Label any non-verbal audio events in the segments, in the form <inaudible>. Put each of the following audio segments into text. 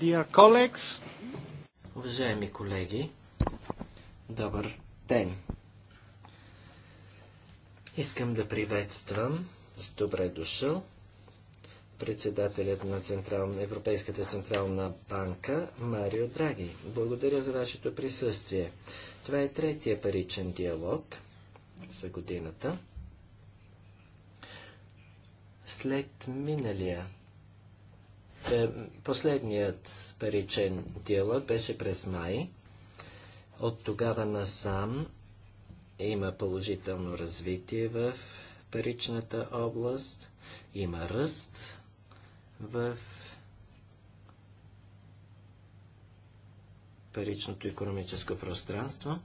Dear colleagues. Уважаеми колеги, добър ден! Искам да приветствам с добре дошъл председателят на Централна, Европейската Централна банка Марио Драги. Благодаря за вашето присъствие. Това е третия паричен диалог за годината. След миналия е, последният паричен диалог беше през май. От тогава насам има положително развитие в паричната област, има ръст в паричното економическо пространство.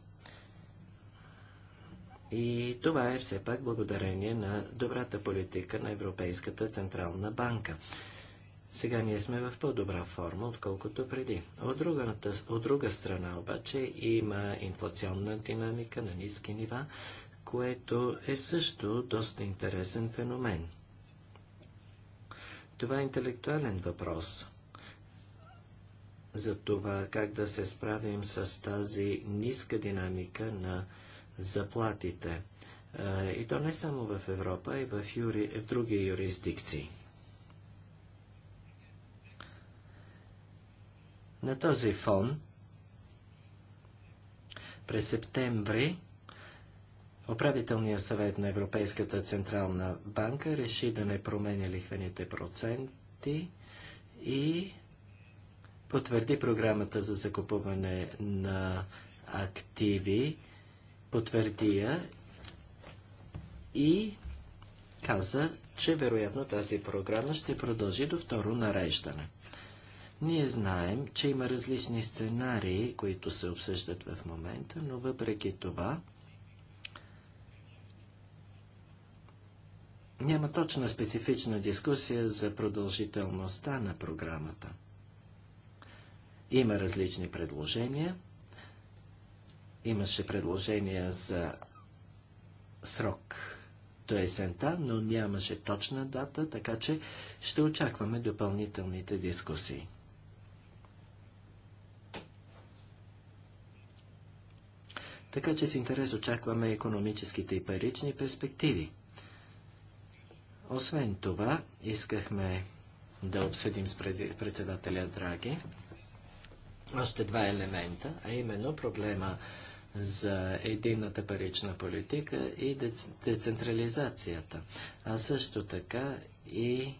И това е все пак благодарение на добрата политика на Европейската Централна банка. Сега ние сме в по-добра форма, отколкото преди. От, другата, от друга страна обаче има инфлационна динамика на ниски нива, което е също доста интересен феномен. Това е интелектуален въпрос за това как да се справим с тази ниска динамика на заплатите. И то не само в Европа, и в, юри... в други юрисдикции. На този фон през септември Управителният съвет на Европейската централна банка реши да не променя лихвените проценти и потвърди програмата за закупуване на активи, потвърди я и каза, че вероятно тази програма ще продължи до второ нареждане. Ние знаем, че има различни сценарии, които се обсъждат в момента, но въпреки това няма точна специфична дискусия за продължителността на програмата. Има различни предложения. Имаше предложения за срок до е есента, но нямаше точна дата, така че ще очакваме допълнителните дискусии. Така че с интерес очакваме економическите и парични перспективи. Освен това, искахме да обсъдим с председателя Драги още два елемента, а именно проблема за единната парична политика и децентрализацията, а също така и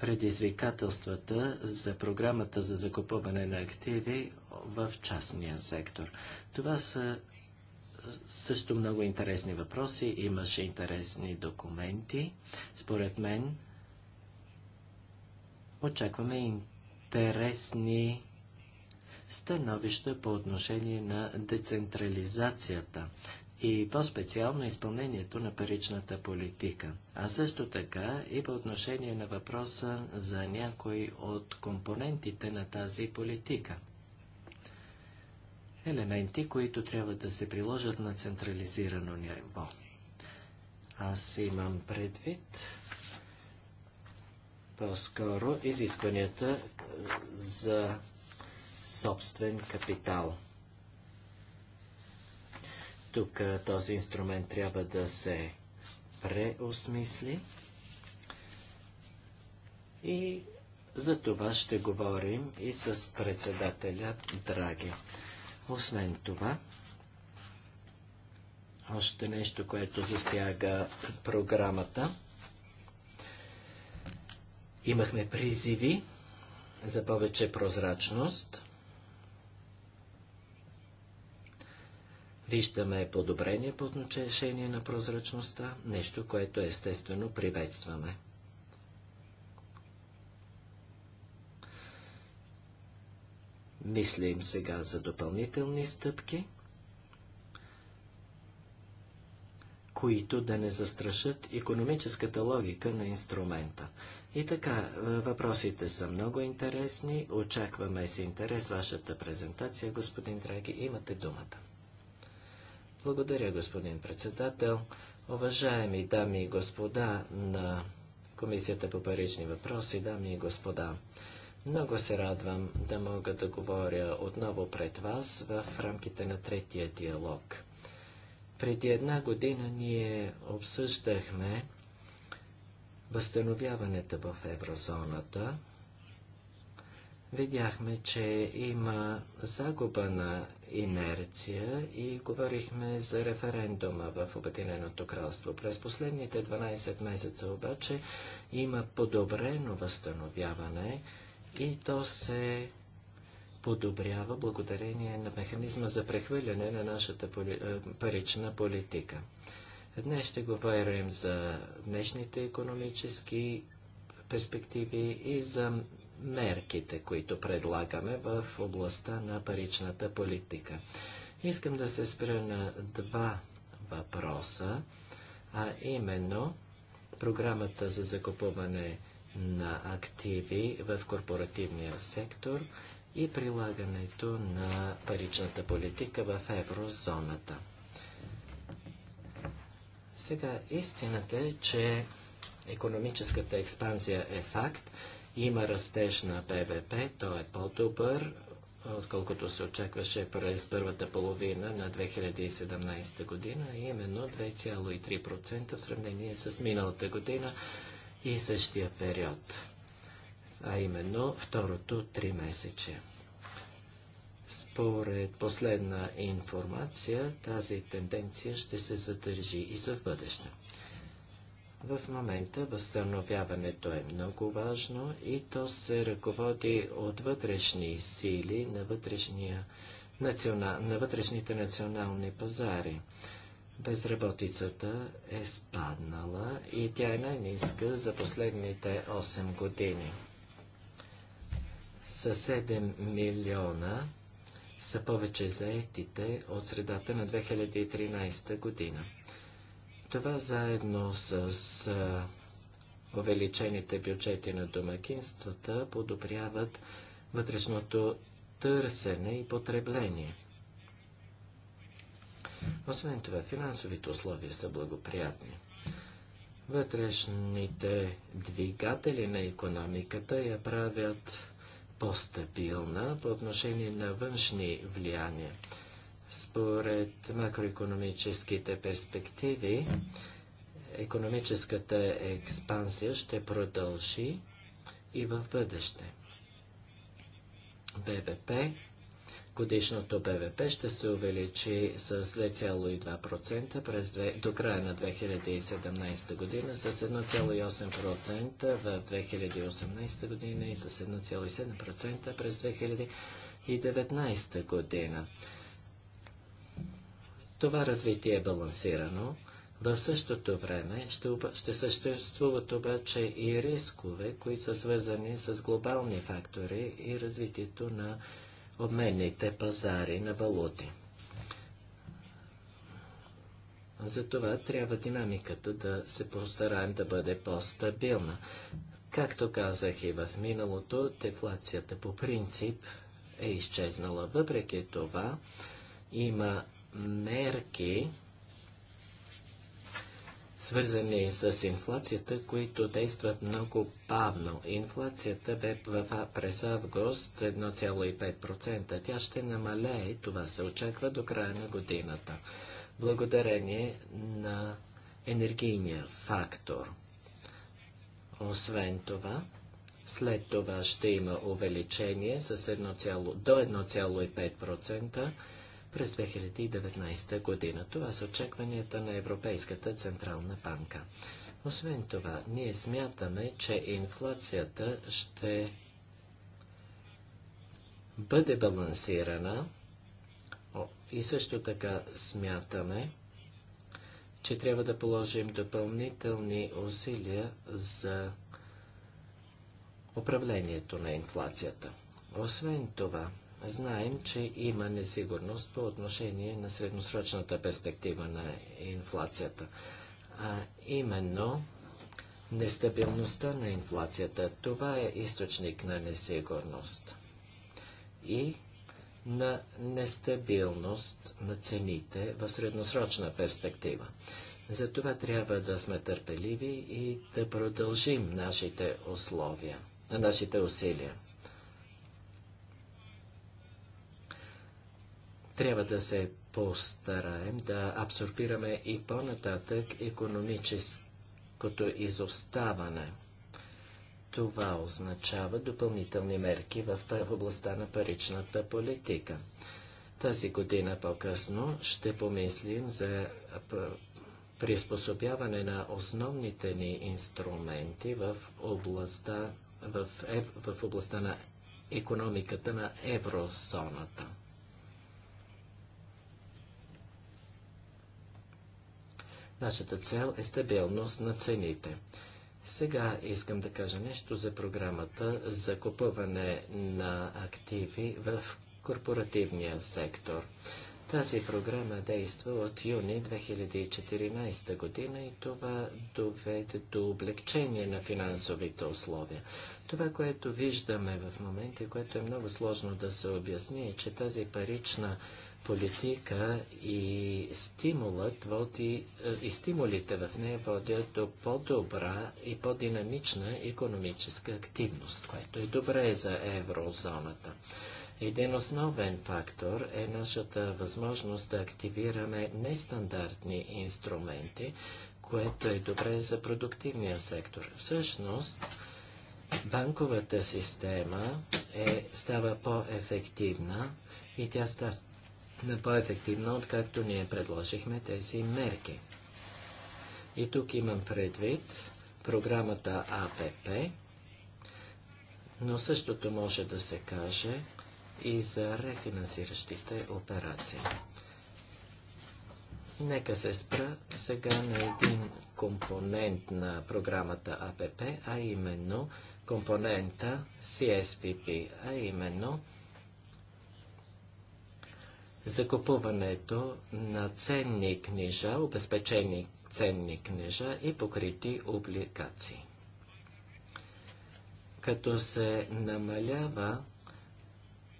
предизвикателствата за програмата за закупуване на активи в частния сектор. Това са също много интересни въпроси, имаше интересни документи. Според мен очакваме интересни становища по отношение на децентрализацията и по-специално изпълнението на паричната политика, а също така и по отношение на въпроса за някои от компонентите на тази политика – елементи, които трябва да се приложат на централизирано ниво. Аз имам предвид по-скоро изискванията е, за собствен капитал. Тук е, този инструмент трябва да се преосмисли и за това ще говорим и с председателя Драги. Освен това, още нещо, което засяга програмата. Имахме призиви за повече прозрачност. Виждаме подобрение по отношение на прозрачността, нещо, което естествено приветстваме. Мисля им сега за допълнителни стъпки, които да не застрашат економическата логика на инструмента. И така, е, въпросите са много интересни. Очакваме с интерес вашата презентация, господин Драги. Имате думата. Благодаря, господин председател. Уважаеми дами и господа на Комисията по парични въпроси, дами и господа. Много се радвам да мога да говоря отново пред вас в рамките на третия диалог. Преди една година ние обсъждахме възстановяването в еврозоната. Видяхме, че има загуба на инерция и говорихме за референдума в Обединеното кралство. През последните 12 месеца обаче има подобрено възстановяване и то се подобрява благодарение на механизма за прехвърляне на нашата поли... Е, парична политика. Днес ще говорим за днешните економически перспективи и за мерките, които предлагаме в областта на паричната политика. Искам да се спра на два въпроса, а именно програмата за закупуване на активи в корпоративния сектор и прилагането на паричната политика в еврозоната. Сега, истината е, че економическата експанзия е факт. Има растеж на ПВП, той е по-добър, отколкото се очакваше през първата половина на 2017 година, именно 2,3% в сравнение с миналата година и същия период, а именно второто три месече. Според последна информация, тази тенденция ще се задържи и за в бъдеще. В момента възстановяването е много важно и то се ръководи от вътрешни сили на, вътрешния, на вътрешните национални пазари. Безработицата е спаднала и тя е най-ниска за последните 8 години. с 7 милиона са повече заетите от средата на 2013 година. Това заедно с увеличените бюджети на домакинствата подобряват вътрешното търсене и потребление. Освен това, финансовите условия са благоприятни. Вътрешните двигатели на економиката я правят по-стабилна по отношение на външни влияния. Според макроекономическите перспективи, економическата експансия ще продължи и в бъдеще. БВП годишното БВП ще се увеличи с 2,2% през две, до края на 2017 година, с 1,8% в 2018 година и с 1,7% през 2019 година. Това развитие е балансирано. В същото време ще, ще съществуват обаче и рискове, които са свързани с глобални фактори и развитието на обменните пазари на валути. Затова трябва динамиката да се постараем да бъде по-стабилна. Както казах и в миналото, дефлацията по принцип е изчезнала. Въпреки това, има мерки, свързани с инфлацията, които действат много бавно. Инфлацията бе през август 1,5%. Тя ще намалее, това се очаква до края на годината, благодарение на енергийния фактор. Освен това, след това ще има увеличение с 1, до 1,5% през 2019 година. Това са очакванията на Европейската Централна банка. Освен това, ние смятаме, че инфлацията ще бъде балансирана и също така смятаме, че трябва да положим допълнителни усилия за управлението на инфлацията. Освен това, Знаем, че има несигурност по отношение на средносрочната перспектива на инфлацията. А именно нестабилността на инфлацията. Това е източник на несигурност и на нестабилност на цените в средносрочна перспектива. Затова трябва да сме търпеливи и да продължим нашите условия, нашите усилия. трябва да се постараем да абсорбираме и по-нататък економическото изоставане. Това означава допълнителни мерки в, областта на паричната политика. Тази година по-късно ще помислим за приспособяване на основните ни инструменти в областта, в, в областта на економиката на еврозоната. Нашата цел е стабилност на цените. Сега искам да кажа нещо за програмата за купуване на активи в корпоративния сектор. Тази програма действа от юни 2014 година и това доведе до облегчение на финансовите условия. Това, което виждаме в момента и което е много сложно да се обясни, е, че тази парична политика и стимулът води, и стимулите в нея водят до по-добра и по-динамична економическа активност, което е добре за еврозоната. Един основен фактор е нашата възможност да активираме нестандартни инструменти, което е добре за продуктивния сектор. Всъщност, банковата система е, става по-ефективна и тя става по-ефективно, откакто ние предложихме тези мерки. И тук имам предвид програмата АПП, но същото може да се каже и за рефинансиращите операции. Нека се спра сега на един компонент на програмата АПП, а именно компонента CSPP, а именно закупуването на ценни книжа, обезпечени ценни книжа и покрити облигации. Като се намалява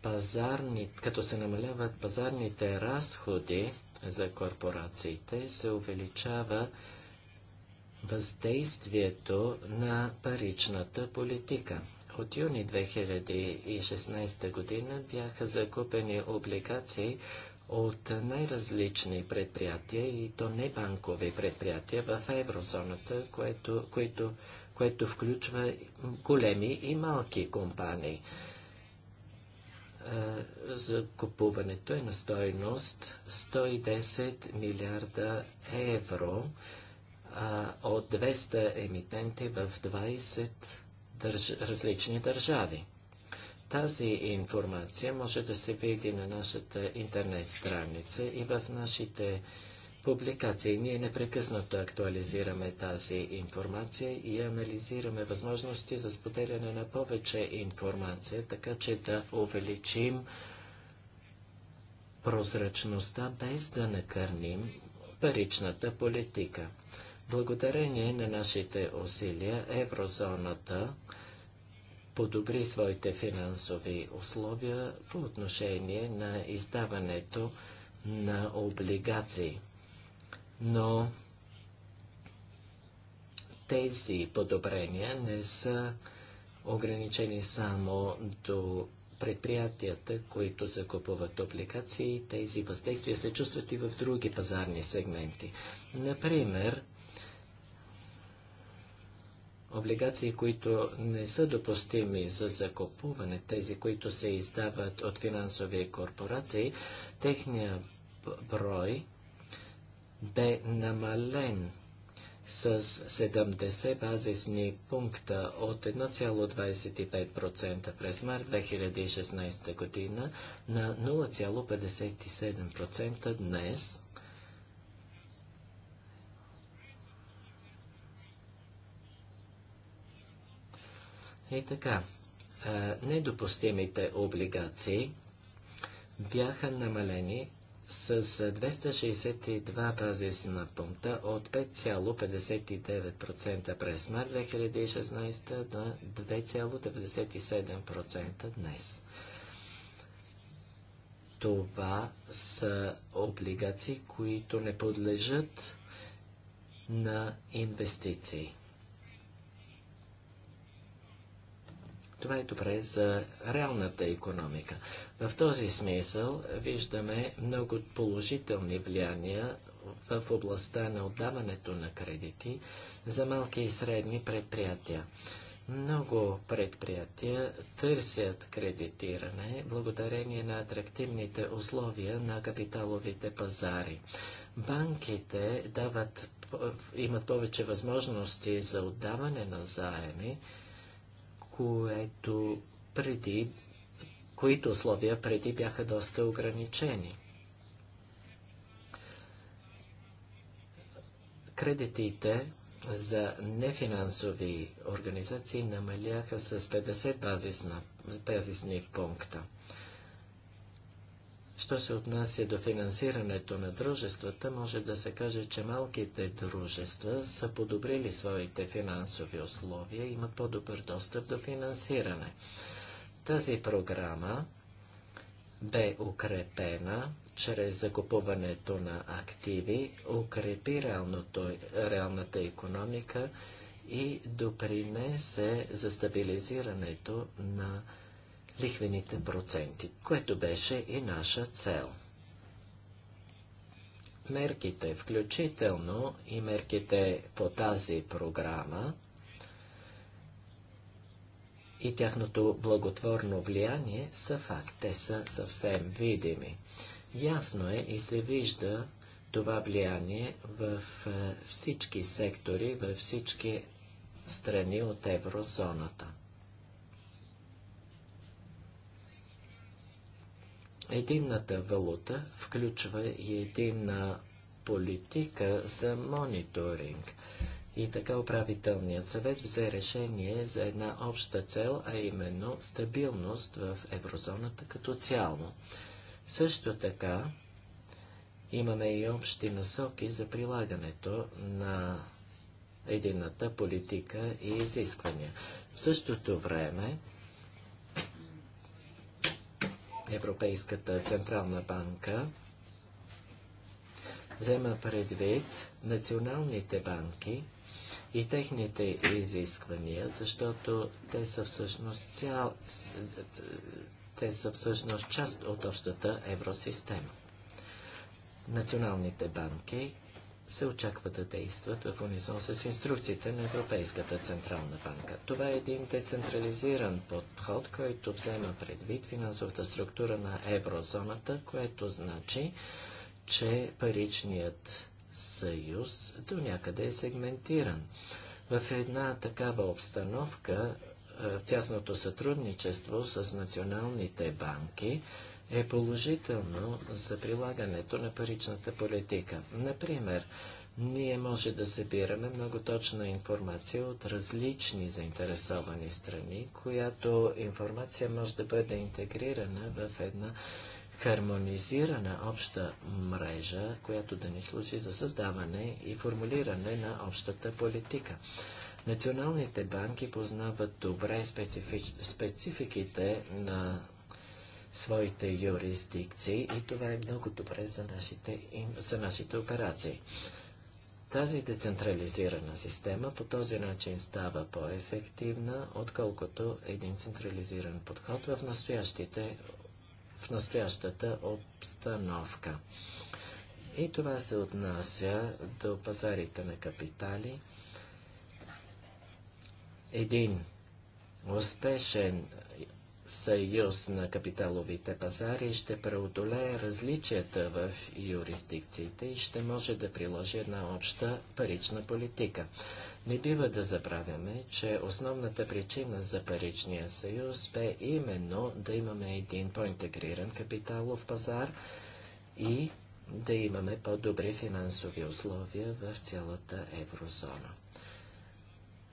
пазарни, като се намаляват пазарните разходи за корпорациите, се увеличава въздействието на паричната политика. От юни 2016 година бяха закупени облигации от най-различни предприятия и то не банкови предприятия в еврозоната, което, което, което включва големи и малки компании. Е, закупуването е на стоеност 110 милиарда евро от 200 емитенти в 20 държ... различни държави. Тази информация може да се види на нашата интернет страница и в нашите публикации. Ние непрекъснато актуализираме тази информация и анализираме възможности за споделяне на повече информация, така че да увеличим прозрачността без да накърним паричната политика. Благодарение на нашите усилия, еврозоната подобри своите финансови условия по отношение на издаването на облигации. Но тези подобрения не са ограничени само до предприятията, които закупуват облигации. Тези въздействия се чувстват и в други пазарни сегменти. Например, облигации, които не са допустими за закупуване, тези, които се издават от финансови корпорации, техният брой бе намален с 70 базисни пункта от 1,25% през март 2016 година на 0,57% днес И е, така, недопустимите облигации бяха намалени с 262 базисна пункта от 5,59% през март 2016 до 2,97% днес. Това са облигации, които не подлежат на инвестиции. Това е добре за реалната економика. В този смисъл е, виждаме много положителни влияния в областта на отдаването на кредити за малки и средни предприятия. Много предприятия търсят кредитиране благодарение на атрактивните условия на капиталовите пазари. Банките дават, имат повече възможности за отдаване на заеми, което преди, които условия преди бяха доста ограничени. Кредитите за нефинансови организации намаляха с 50 базисни пункта. Що се отнася до финансирането на дружествата, може да се каже, че малките дружества са подобрили своите финансови условия и имат по-добър достъп до финансиране. Тази програма бе укрепена чрез закупуването на активи, укрепи реалното, реалната економика и допринесе за стабилизирането на лихвените проценти, което беше и наша цел. Мерките, включително и мерките по тази програма и тяхното благотворно влияние са факт. Те са съвсем видими. Ясно е и се вижда това влияние в е, всички сектори, във всички страни от еврозоната. Единната валута включва и единна политика за мониторинг. И така управителният съвет взе решение за една обща цел, а именно стабилност в еврозоната като цяло. Също така имаме и общи насоки за прилагането на едината политика и изисквания. В същото време Европейската Централна банка взема предвид националните банки и техните изисквания, защото те са всъщност, цял, те са всъщност част от общата евросистема. Националните банки се очаква да действат в унисон с инструкциите на Европейската Централна банка. Това е един децентрализиран подход, който взема предвид финансовата структура на еврозоната, което значи, че паричният съюз до някъде е сегментиран. В една такава обстановка е, в тясното сътрудничество с националните банки е положително за прилагането на паричната политика. Например, ние може да събираме много точна информация от различни заинтересовани страни, която информация може да бъде интегрирана в една хармонизирана обща мрежа, която да ни служи за създаване и формулиране на общата политика. Националните банки познават добре спецификите на своите юрисдикции и това е много добре за нашите, за нашите операции. Тази децентрализирана система по този начин става по-ефективна, отколкото един централизиран подход в, настоящите, в настоящата обстановка. И това се отнася до пазарите на капитали. Един успешен съюз на капиталовите пазари ще преодолее различията в юрисдикциите и ще може да приложи една обща парична политика. Не бива да забравяме, че основната причина за паричния съюз бе именно да имаме един по-интегриран капиталов пазар и да имаме по-добри финансови условия в цялата еврозона.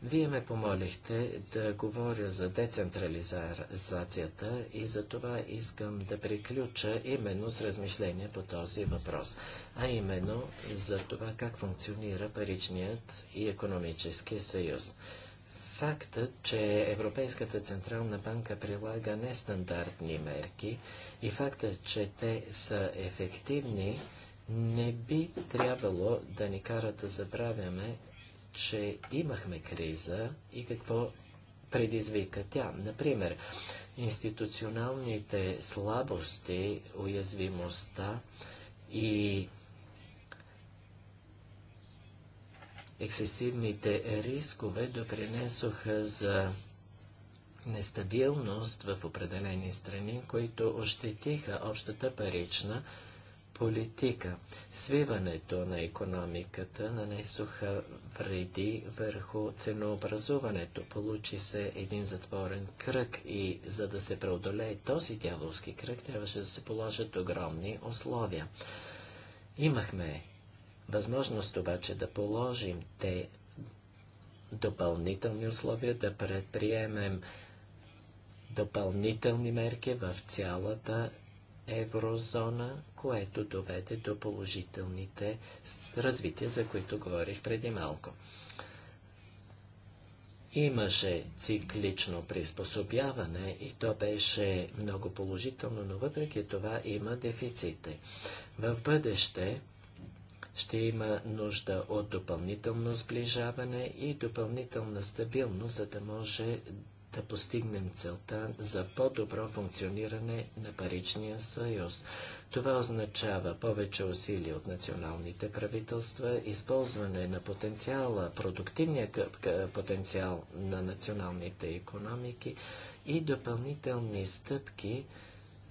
Вие ме помолихте да говоря за децентрализацията и за това искам да приключа именно с размишление по този въпрос, а именно за това как функционира паричният и економически съюз. Фактът, че Европейската Централна банка прилага нестандартни мерки и фактът, че те са ефективни, не би трябвало да ни кара да забравяме че имахме криза и какво предизвика тя. Например, институционалните слабости, уязвимостта и ексесивните рискове допринесоха за нестабилност в определени страни, които ощетиха общата парична политика. Свиването на економиката нанесоха вреди върху ценообразуването. Получи се един затворен кръг и за да се преодолее този дяволски кръг, трябваше да се положат огромни условия. Имахме възможност обаче да положим те допълнителни условия, да предприемем допълнителни мерки в цялата еврозона, което доведе до положителните развития, за които говорих преди малко. Имаше циклично приспособяване и то беше много положително, но въпреки това има дефицити. В бъдеще ще има нужда от допълнително сближаване и допълнителна стабилност, за да може да постигнем целта за по-добро функциониране на паричния съюз. Това означава повече усилия от националните правителства, използване на потенциала, продуктивния потенциал на националните економики и допълнителни стъпки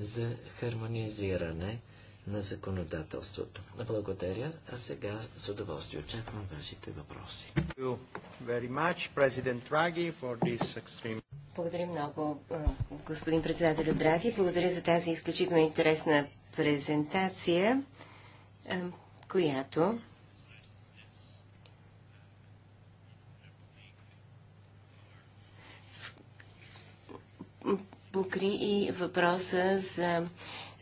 за хармонизиране – на законодателството. Благодаря, а сега с удоволствие очаквам вашите въпроси. Благодаря много, господин председател Драги. Благодаря за тази изключително интересна презентация, която покри и въпроса за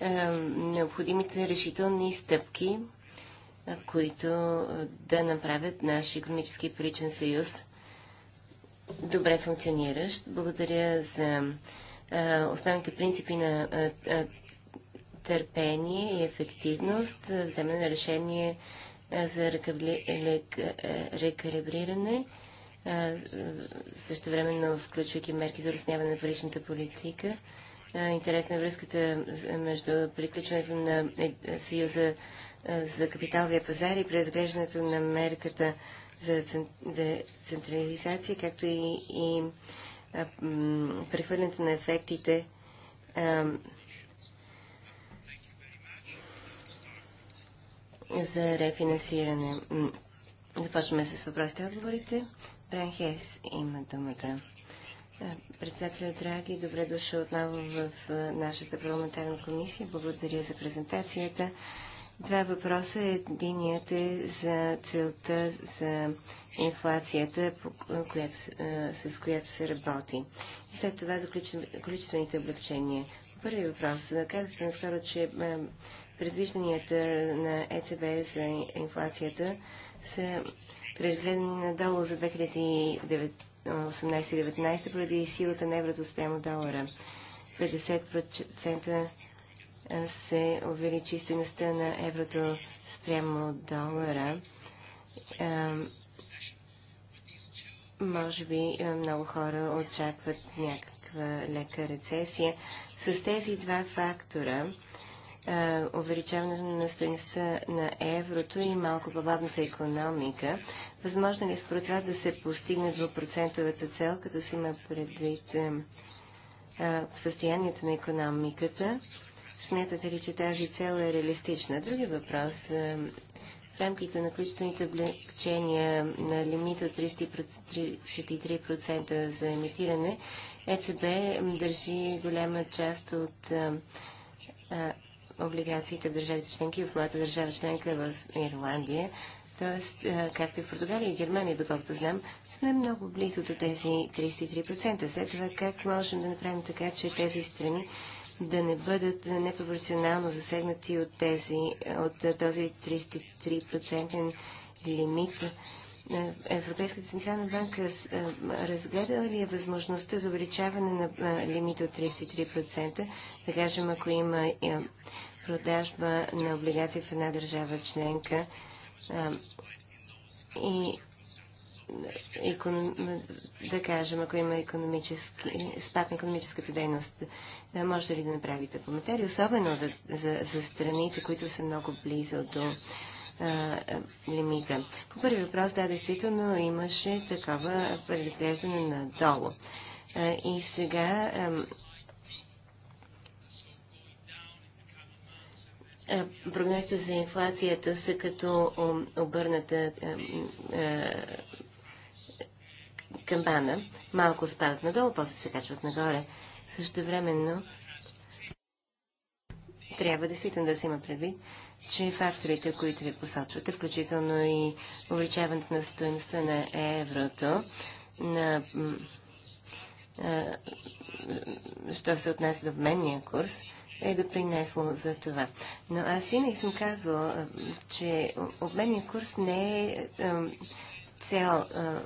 е, необходимите решителни стъпки, е, които е, да направят наш економически приличен съюз добре функциониращ. Благодаря за основните принципи на търпение и ефективност, вземане на решение за рекалибриране, също времено включвайки мерки за улесняване на паричната политика, интересна е връзката между приключването на е, е, Съюза за капиталвия пазар и преразглеждането на мерката за централизация, както и, и прехвърлянето на ефектите за рефинансиране. Започваме с въпросите и отговорите. Бранхес Хес има думата. Председателя Драги, добре дошъл отново в нашата парламентарна комисия. Благодаря за презентацията. Два въпроса. Единият е за целта за инфлацията, с която се работи. И след това за количествените облегчения. Първи въпрос. Казахте наскоро, че предвижданията на ЕЦБ за инфлацията са преразгледани надолу за 2009 18-19 поради силата на еврото спрямо долара. 50% се увеличи стоеността на еврото спрямо долара. Е, може би е, много хора очакват някаква лека рецесия. С тези два фактора е, увеличаване на стоеността на еврото и малко по-бавната економика. Възможно ли според вас да се постигне 2% цел, като си има предвид е, е, състоянието на економиката? Смятате ли, че тази цел е реалистична? Други въпрос. в рамките на количествените облегчения на лимит от 33% за емитиране, ЕЦБ държи голяма част от облигациите в държавите членки, в моята държава членка е в Ирландия. Тоест, е, както и в Португалия и Германия, доколкото знам, сме много близо до тези 33%. След това как можем да направим така, че тези страни да не бъдат непропорционално засегнати от, тези, от този 33% лимит е, Европейската централна банка е, разгледа ли е възможността за увеличаване на е, лимита от 33%? Да кажем, ако има продажба на облигации в една държава членка и да кажем, ако има економически, спад на економическата дейност, може ли да направите коментари, особено за, за, за страните, които са много близо до а, лимита. По първи въпрос, да, действително имаше такова преразглеждане надолу. А, и сега прогнозите за инфлацията са като обърната камбана. Малко спадат надолу, после се качват нагоре. Също времено трябва действително да се има предвид, че факторите, които ви посочвате, включително и увеличаването на стоеността на еврото, на, а, що се отнася до обменния курс, е допринесло за това. Но аз винаги съм казвала, че обменния курс не е цел а,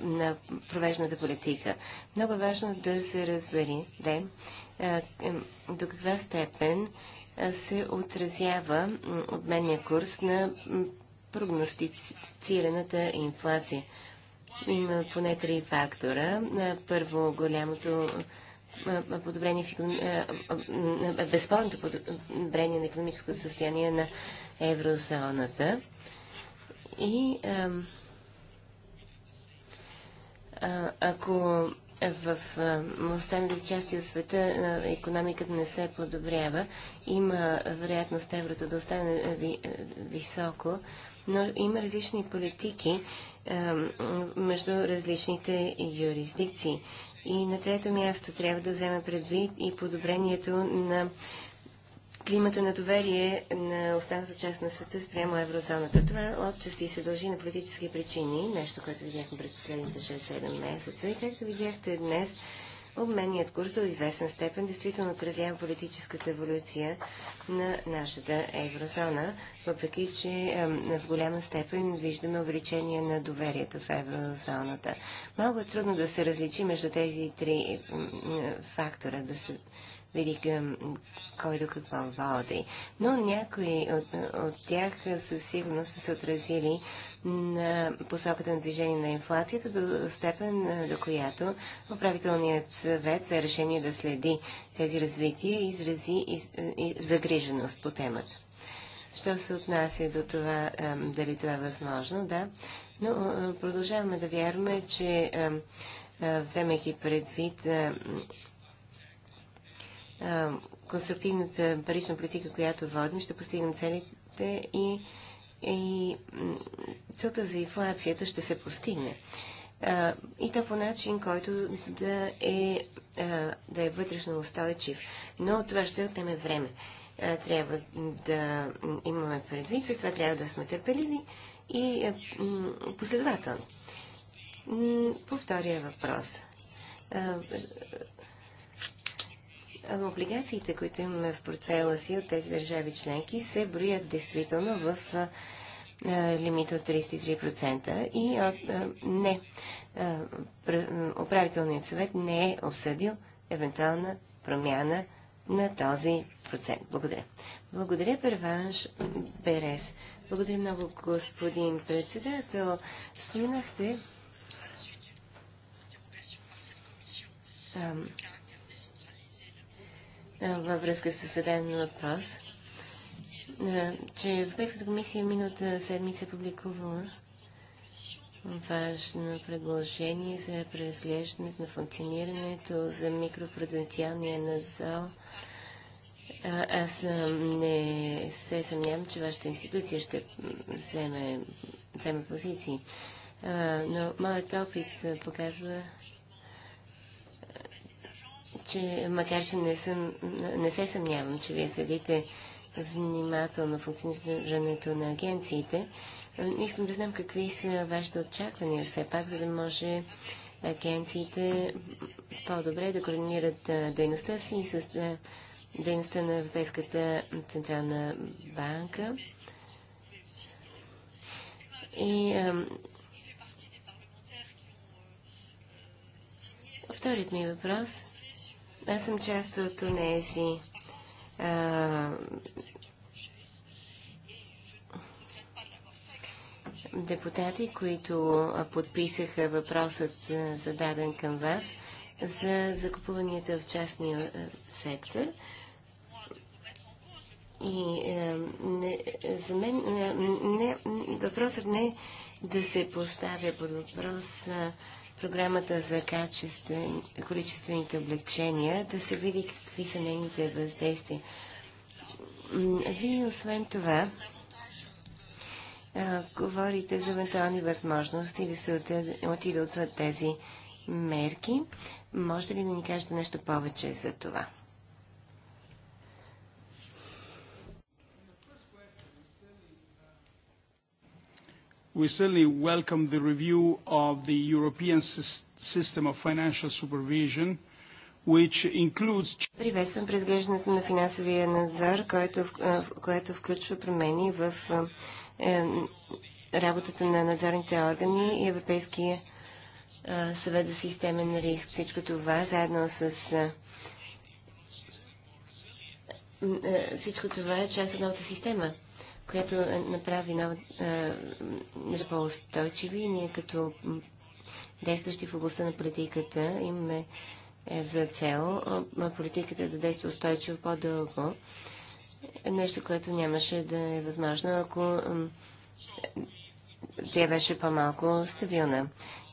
на провежната политика. Много е важно да се разбере да, до каква степен се отразява обменния курс на прогностицираната инфлация. Има поне три фактора. Първо, голямото подобрение, безспорното подобрение на економическото състояние на еврозоната. И ако в останали части от света економиката не се подобрява. Има вероятност еврото да остане високо, но има различни политики между различните юрисдикции. И на трето място трябва да вземе предвид и подобрението на климата на доверие на останалата част на света спрямо еврозоната. Това отчасти се дължи на политически причини, нещо, което видяхме през последните 6-7 месеца. И както видяхте днес, обменният курс до известен степен действително отразява политическата еволюция на нашата еврозона, въпреки че в голяма степен виждаме увеличение на доверието в еврозоната. Малко е трудно да се различи между тези три фактора, да се види кой до какво води. Но някои от, от тях е, със сигурност са се отразили на посоката на движение на инфлацията до степен, е, до която управителният съвет за решение да следи тези развития изрази е, и загриженост по темата. Що се отнася до това, дали това е възможно, да. Но продължаваме да вярваме, че вземайки предвид конструктивната парична политика, която водим, ще постигнем целите и, и целта за инфлацията ще се постигне. и то по начин, който да е, да е вътрешно устойчив. Но това ще отнеме време. трябва да имаме предвид, че това трябва да сме търпеливи и последователни. По втория въпрос облигациите, които имаме в портфела си от тези държави членки, се броят действително в лимит от 33% и от, не, управителният съвет не е обсъдил евентуална промяна на този процент. Благодаря. Благодаря, Перванш Берес. Благодаря много, господин председател. Споменахте ам, във връзка с даден въпрос, че Европейската комисия миналата седмица е публикувала важно предложение за преразглеждането на функционирането за микропруденциалния надзор. Аз не се съмнявам, че вашата институция ще вземе, вземе позиции. но моят опит показва, че макар, че не, съм, не се съмнявам, че вие следите внимателно функционирането на агенциите, искам да знам какви са вашите очаквания все пак, за да може агенциите по-добре да координират дейността си с дейността на Европейската Централна банка. И вторият ми въпрос – аз съм част от тези депутати, които подписаха въпросът зададен към вас за закупуванията в частния сектор. И не, за мен не, въпросът не е да се поставя под въпрос програмата за качествен, количествените облегчения, да се види какви са нейните въздействия. Вие, освен това, а, говорите за евентуални възможности да се отидат от тези мерки. Може ли да ни кажете нещо повече за това? we certainly welcome the review of the European System of Financial Supervision, which includes... Приветствам преразглеждането на финансовия надзор, което включва промени в е, работата на надзорните органи и Европейския съвет за системен риск. Всичко това заедно с всичко това е част от новата система която направи нова, е, по-устойчиви. Ние като действащи в областта на политиката имаме е, за цел е, политиката да действа устойчиво по-дълго. Нещо, което нямаше да е възможно, ако е, тя беше по-малко стабилна.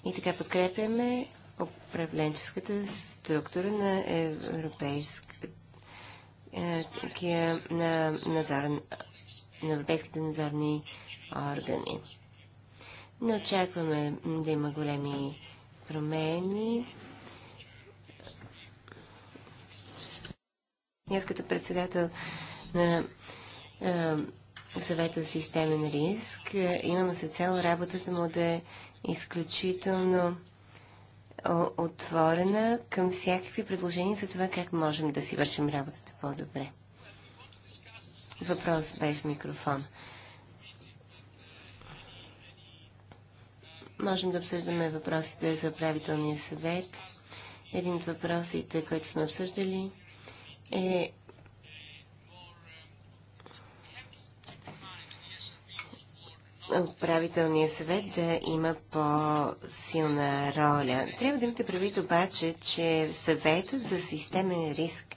И така подкрепяме управленческата структура на европейския на надзорен на европейските надзорни органи. Не очакваме да има големи промени. Аз като председател на съвета за системен риск имаме за цел работата му да е изключително отворена към всякакви предложения за това как можем да си вършим работата по-добре. Въпрос без микрофон. Можем да обсъждаме въпросите за управителния съвет. Един от въпросите, който сме обсъждали, е управителния съвет да има по-силна роля. Трябва да имате правит обаче, че съветът за системен риск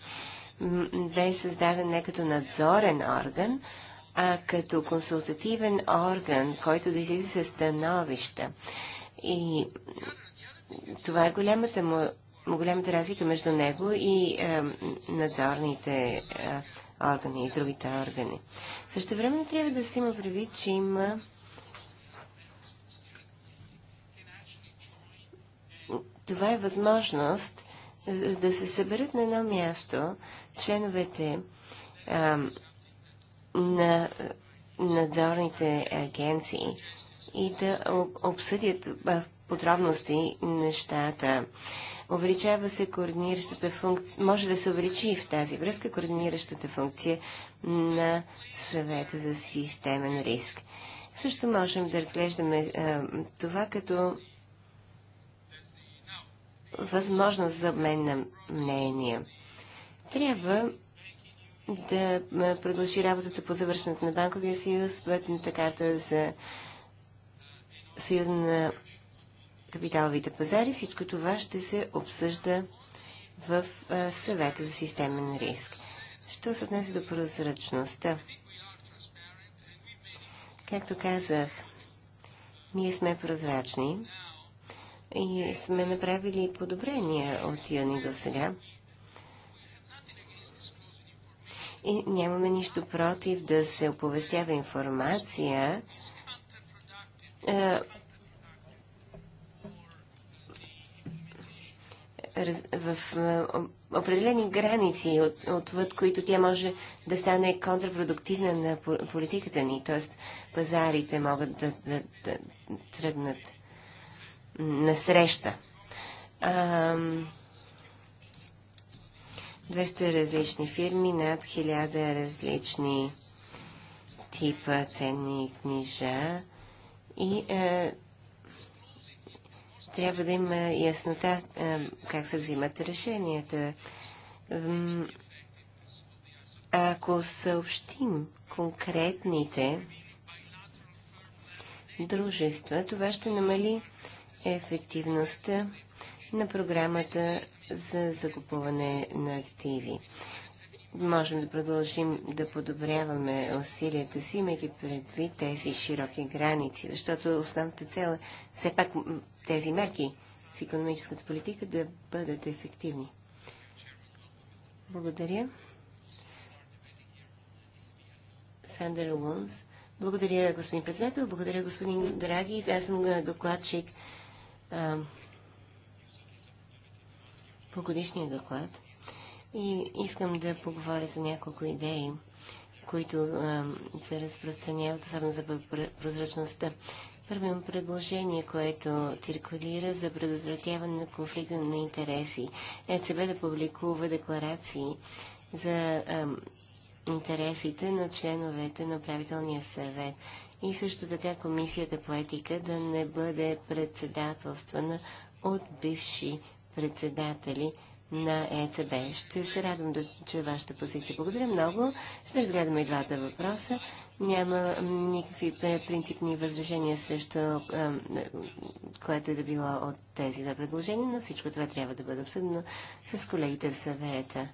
бе създаден не като надзорен орган, а като консултативен орган, който да излиза със становища. И това е голямата му голямата разлика между него и е, надзорните е, органи и другите органи. Също време трябва да се има предвид, че има това е възможност е, да се съберат на едно място членовете а, на надзорните агенции и да обсъдят в подробности нещата. Увеличава се координиращата функция, може да се увеличи в тази връзка координиращата функция на съвета за системен риск. Също можем да разглеждаме а, това като възможност за обмен на мнения. Трябва да продължи работата по завършването на Банковия съюз, пътната карта за съюз на капиталовите пазари. Всичко това ще се обсъжда в съвета за системен риск. Що се отнесе до прозрачността? Както казах, ние сме прозрачни и сме направили подобрения от юни до сега. И нямаме нищо против да се оповестява информация е, в е, определени граници, отвъд които тя може да стане контрапродуктивна на политиката ни, т.е. пазарите могат да, да, да тръгнат насреща. среща. 200 различни фирми, над 1000 различни типа ценни книжа и е, трябва да има яснота е, как се взимат решенията. Ако съобщим конкретните дружества, това ще намали ефективността на програмата за закупуване на активи. Можем да продължим да подобряваме усилията си, имайки предвид тези широки граници, защото основната цел е все пак тези мерки в економическата политика да бъдат ефективни. Благодаря. Сандър Лунс. Благодаря, господин председател. Благодаря, господин Драги. Аз съм докладчик по годишния доклад и искам да поговоря за няколко идеи, които а, се разпространяват, особено за прозрачността. Първим предложение, което циркулира за предотвратяване на конфликта на интереси, е ЕЦБ да публикува декларации за а, интересите на членовете на правителния съвет и също така комисията по етика да не бъде председателствана от бивши председатели на ЕЦБ. Ще се радвам да чуя вашата позиция. Благодаря много. Ще разгледаме и двата въпроса. Няма никакви принципни възражения срещу което е да било от тези две предложения, но всичко това трябва да бъде обсъдено с колегите в съвета.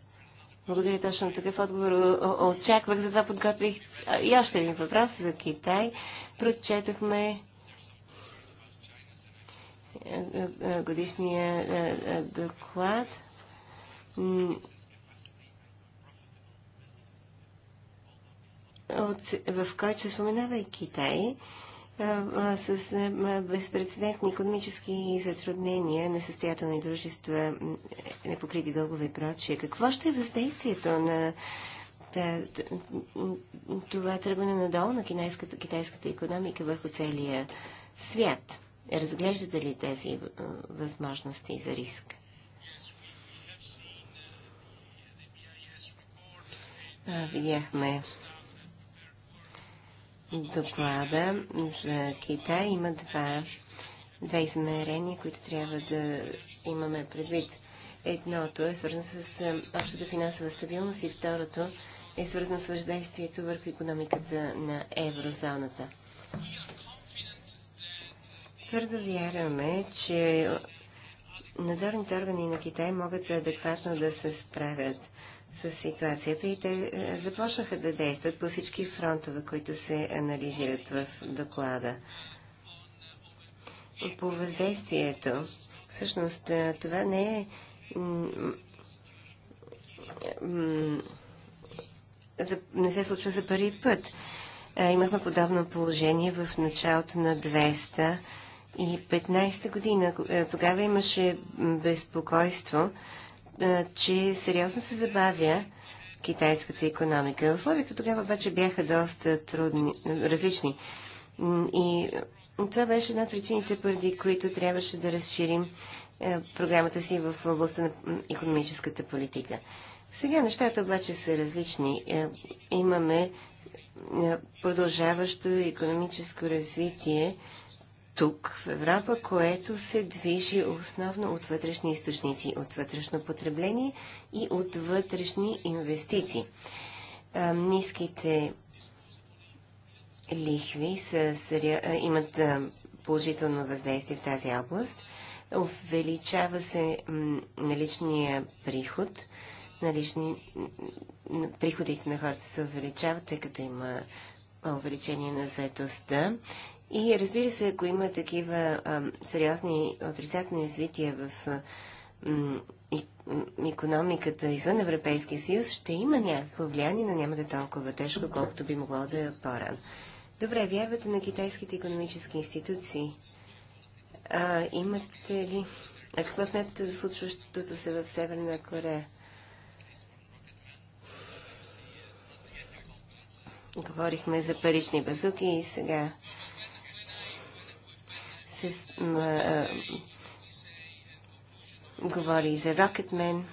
Благодаря точно такъв отговор. Очаквах, затова подготвих и още един въпрос за Китай. Прочетохме годишния е, е, доклад. От, в който се споменава и Китай е, с безпредседентни економически затруднения, несъстоятелни дружества, непокрити дългове и прочие. Какво ще е въздействието на това тръгване надолу на китайската, китайската економика върху целия свят? Разглеждате ли тези възможности за риск? Видяхме доклада за Китай. Има два, два измерения, които трябва да имаме предвид. Едното е свързано с общата финансова стабилност и второто е свързано с въздействието върху економиката на еврозоната. Твърдо вярваме, че надзорните органи на Китай могат адекватно да се справят с ситуацията и те е, започнаха да действат по всички фронтове, които се анализират в доклада. По въздействието, всъщност е, това не е не се случва за първи път. Е, имахме подобно положение в началото на 200 и 15-та година. Е, тогава имаше безпокойство, че сериозно се забавя китайската економика. Условията тогава обаче бяха доста трудни, е, различни. И е, това беше една от причините, поради които трябваше да разширим програмата си в областта на економическата политика. Сега нещата обаче са различни. Имаме продължаващо економическо развитие тук, в Европа, което се движи основно от вътрешни източници, от вътрешно потребление и от вътрешни инвестиции. ниските лихви са, имат положително въздействие в тази област. Увеличава се наличния приход. Налични... Приходите на хората се увеличават, тъй като има увеличение на заетостта. И разбира се, ако има такива а, сериозни отрицателни развития в а, м, и, м, економиката извън Европейския съюз, ще има някакво влияние, но няма да е толкова тежко, колкото би могло да е по-рано. Добре, вярвате на китайските економически институции. А, имате ли... А какво смятате за случващото се в Северна Корея? Говорихме за парични базуки и сега се говори за Рокетмен.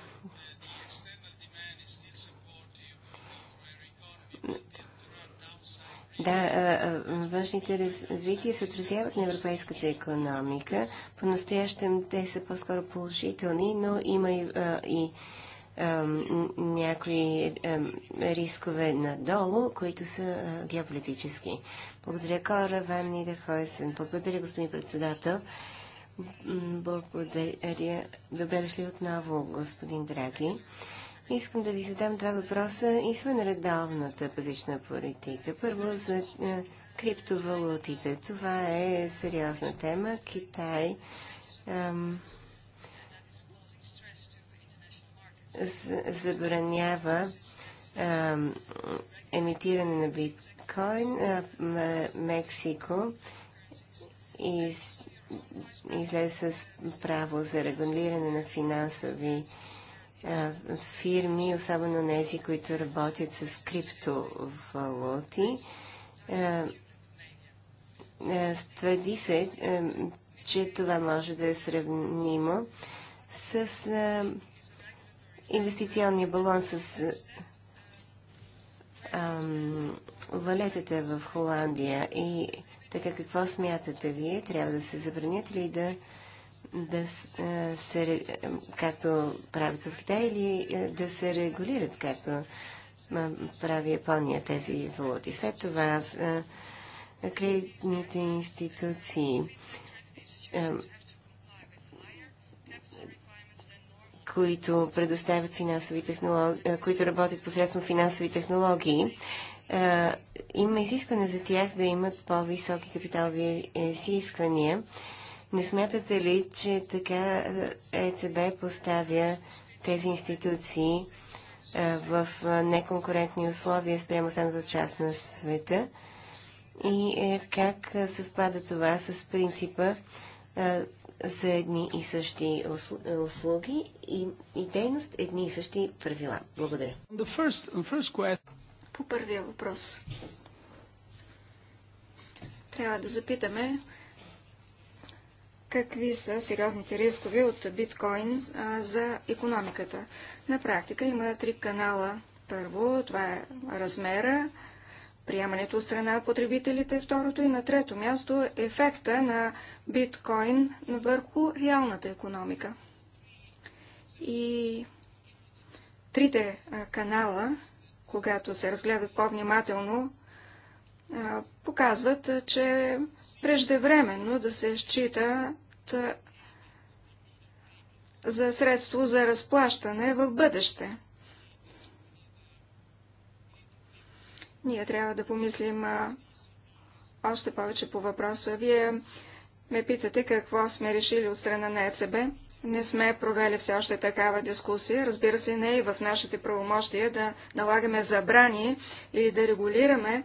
Да, външните развития се отразяват на европейската економика. По-настоящем те са по-скоро положителни, но има и, а, и някои рискове надолу, които са геополитически. Благодаря, Кора Ван Нидерхойсен. Благодаря, господин председател. Благодаря. Добре дошли отново, господин Драги. Искам да ви задам два въпроса извън редовната пазична политика. Първо за криптовалутите. Това е сериозна тема. Китай ам, забранява а, емитиране на биткоин. А, Мексико из, излезе с право за регулиране на финансови а, фирми, особено тези, които работят с криптовалути. Твърди се, че това може да е сравнимо с инвестиционния балон с ам, валетата в Холандия и така какво смятате вие? Трябва да се забранят ли да, да се, както правят в Китай, или да се регулират, както прави Япония тези валути? След това кредитните институции. Ам, които предоставят финансови технологии, които работят посредством финансови технологии. Има изискване за тях да имат по-високи капиталови е, изисквания. Не смятате ли, че така ЕЦБ поставя тези институции в неконкурентни условия спрямо само за част на света? И е, как съвпада това с принципа за едни и същи услуги и, и дейност, едни и същи правила. Благодаря. The first, the first По първия въпрос. Трябва да запитаме какви са сериозните рискове от биткоин а, за економиката. На практика има три канала. Първо, това е размера, приемането от страна на потребителите, е второто и на трето място ефекта на биткоин върху реалната економика. И трите канала, когато се разгледат по-внимателно, показват, че преждевременно да се считат за средство за разплащане в бъдеще – Ние трябва да помислим а, още повече по въпроса. Вие ме питате какво сме решили от страна на ЕЦБ. Не сме провели все още такава дискусия. Разбира се, не е и в нашите правомощия да налагаме забрани или да регулираме,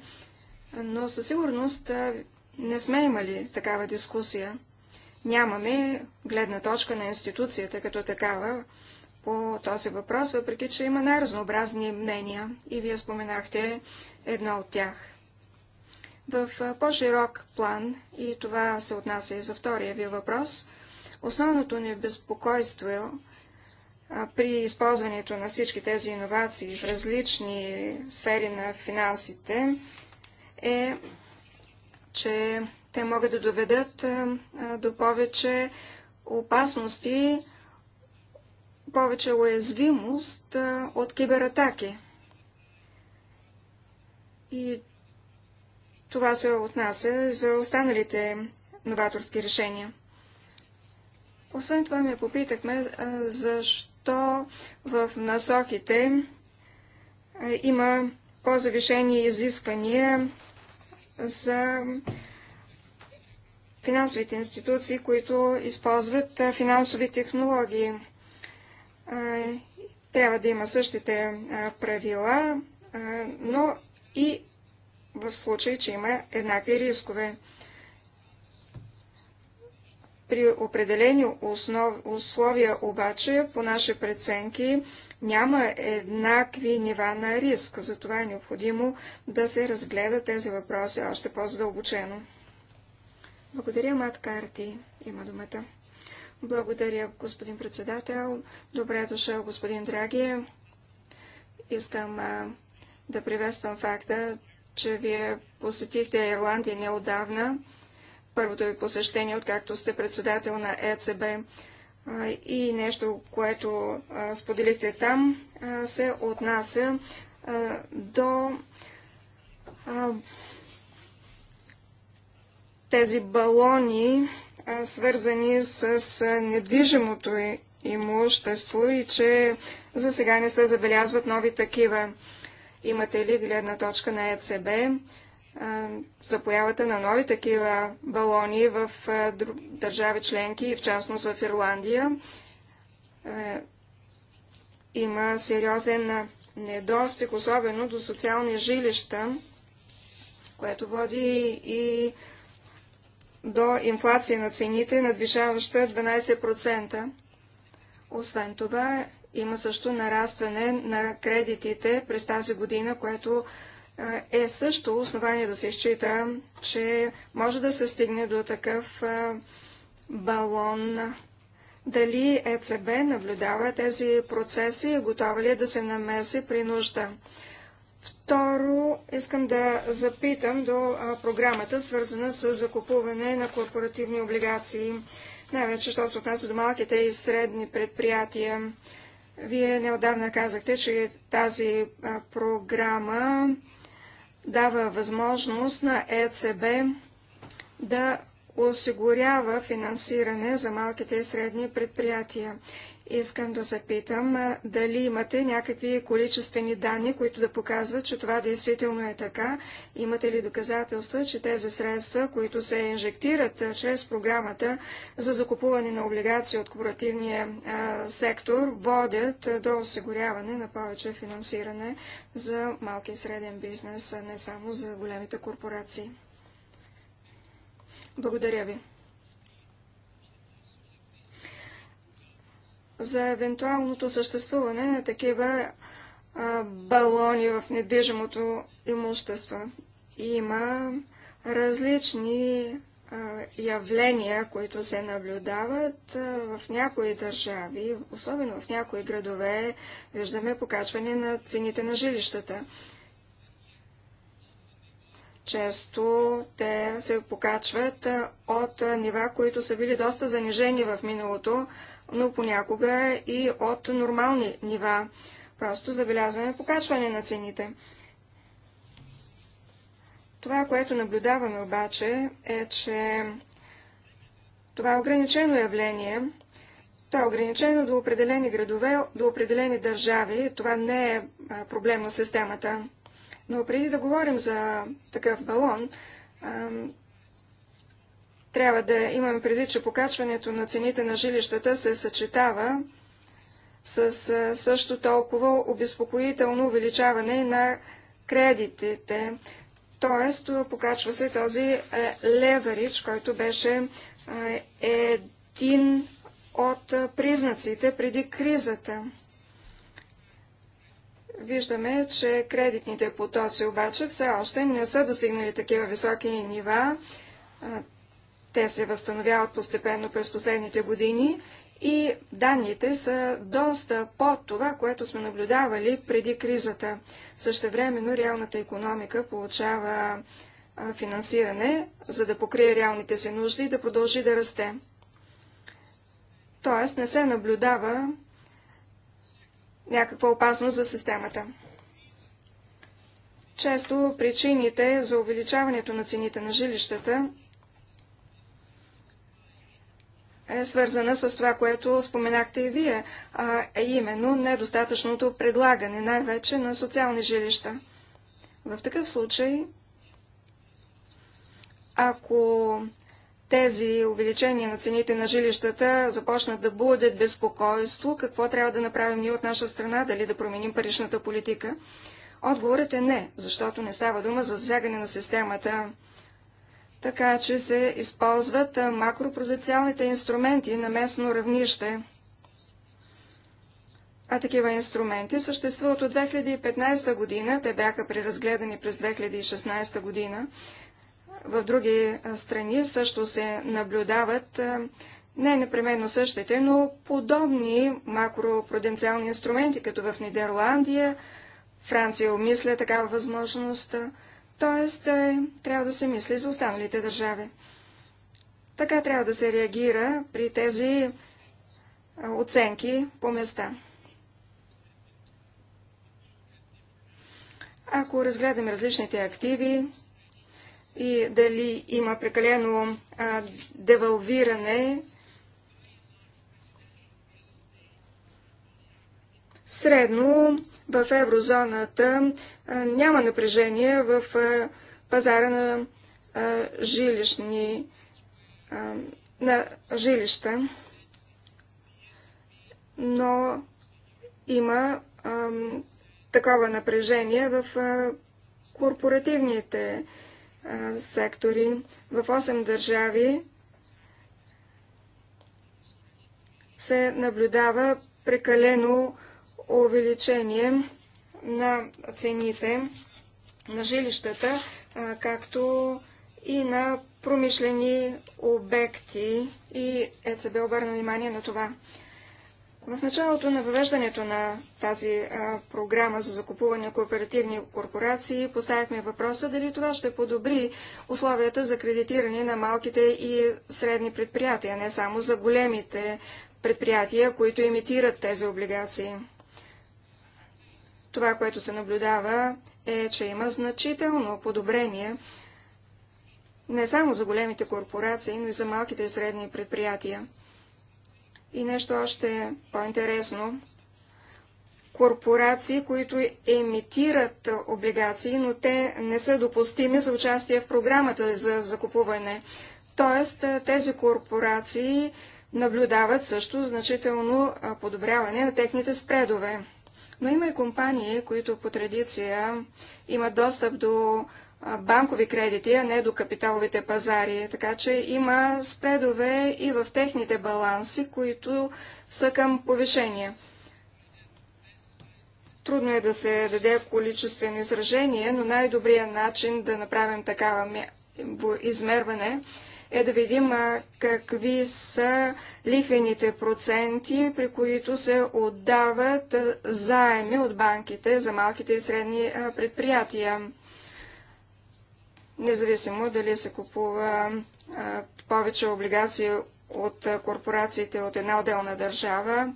но със сигурност не сме имали такава дискусия. Нямаме гледна точка на институцията като такава по този въпрос, въпреки че има най-разнообразни мнения и вие споменахте едно от тях. В по-широк план, и това се отнася и за втория ви въпрос, основното ни безпокойство при използването на всички тези иновации в различни сфери на финансите е, че те могат да доведат до повече опасности повече уязвимост от кибератаки. И това се отнася за останалите новаторски решения. Освен това ме попитахме защо в насоките има по-завишени изисквания за финансовите институции, които използват финансови технологии трябва да има същите правила, но и в случай, че има еднакви рискове. При определени основ... условия обаче, по наши преценки, няма еднакви нива на риск. Затова е необходимо да се разгледат тези въпроси още по-задълбочено. Благодаря, Мат Карти. Има думата. Благодаря, господин председател. Добре дошъл, господин Драги. Искам а, да приветствам факта, че вие посетихте Ирландия неодавна, първото ви посещение, откакто сте председател на ЕЦБ. А, и нещо, което а, споделихте там, а, се отнася до тези балони свързани с недвижимото имущество и че за сега не се забелязват нови такива. Имате ли гледна точка на ЕЦБ за появата на нови такива балони в държави членки и в частност в Ирландия? Има сериозен недостиг, особено до социални жилища, което води и до инфлация на цените, надвижаваща 12%. Освен това, има също нарастване на кредитите през тази година, което е също основание да се счита, че може да се стигне до такъв балон. Дали ЕЦБ наблюдава тези процеси и готова ли е да се намеси при нужда? Второ, искам да запитам до програмата, свързана с закупуване на корпоративни облигации. Най-вече, що се отнася до малките и средни предприятия. Вие неодавна казахте, че тази а, програма дава възможност на ЕЦБ да осигурява финансиране за малките и средни предприятия. Искам да се питам дали имате някакви количествени данни, които да показват, че това действително е така. Имате ли доказателства, че тези средства, които се инжектират чрез програмата за закупуване на облигации от корпоративния сектор, водят до осигуряване на повече финансиране за малки и среден бизнес, а не само за големите корпорации? Благодаря ви. за евентуалното съществуване на такива а, балони в недвижимото имущество. Има различни а, явления, които се наблюдават а, в някои държави, особено в някои градове, виждаме покачване на цените на жилищата. Често те се покачват от нива, които са били доста занижени в миналото, но понякога и от нормални нива. Просто забелязваме покачване на цените. Това, което наблюдаваме обаче, е, че това е ограничено явление. То е ограничено до определени градове, до определени държави. Това не е проблем на системата. Но преди да говорим за такъв балон, трябва да имаме предвид, че покачването на цените на жилищата се съчетава с също толкова обезпокоително увеличаване на кредитите. Тоест, покачва се този леверидж, който беше един от признаците преди кризата. Виждаме, че кредитните потоци обаче все още не са достигнали такива високи нива. Те се възстановяват постепенно през последните години и данните са доста под това, което сме наблюдавали преди кризата. Същевременно реалната економика получава финансиране, за да покрие реалните си нужди и да продължи да расте. Тоест не се наблюдава някаква опасност за системата. Често причините за увеличаването на цените на жилищата е свързана с това, което споменахте и вие, а именно недостатъчното предлагане, най-вече на социални жилища. В такъв случай, ако тези увеличения на цените на жилищата започнат да будят безпокойство, какво трябва да направим ние от наша страна, дали да променим паричната политика? Отговорът е не, защото не става дума за засягане на системата така че се използват макропруденциалните инструменти на местно равнище. А такива инструменти съществуват от 2015 година, те бяха преразгледани през 2016 година. В други страни също се наблюдават не непременно същите, но подобни макропруденциални инструменти, като в Нидерландия, Франция умисля такава възможност, Тоест, е, трябва да се мисли за останалите държави. Така трябва да се реагира при тези е, оценки по места. Ако разгледаме различните активи и дали има прекалено девалвиране Средно в еврозоната няма напрежение в пазара на жилищни на жилища, но има такова напрежение в корпоративните сектори. В 8 държави се наблюдава прекалено увеличение на цените на жилищата, както и на промишлени обекти и ЕЦБ обърна внимание на това. В началото на въвеждането на тази а, програма за закупуване на кооперативни корпорации поставихме въпроса дали това ще подобри условията за кредитиране на малките и средни предприятия, не само за големите предприятия, които имитират тези облигации. Това, което се наблюдава, е, че има значително подобрение не само за големите корпорации, но и за малките и средни предприятия. И нещо още по-интересно. Корпорации, които емитират облигации, но те не са допустими за участие в програмата за закупуване. Тоест, тези корпорации наблюдават също значително подобряване на техните спредове. Но има и компании, които по традиция имат достъп до банкови кредити, а не до капиталовите пазари. Така че има спредове и в техните баланси, които са към повишение. Трудно е да се даде количествено изражение, но най-добрият начин да направим такава измерване е е да видим какви са лихвените проценти, при които се отдават заеми от банките за малките и средни предприятия. Независимо дали се купува повече облигации от корпорациите от една отделна държава.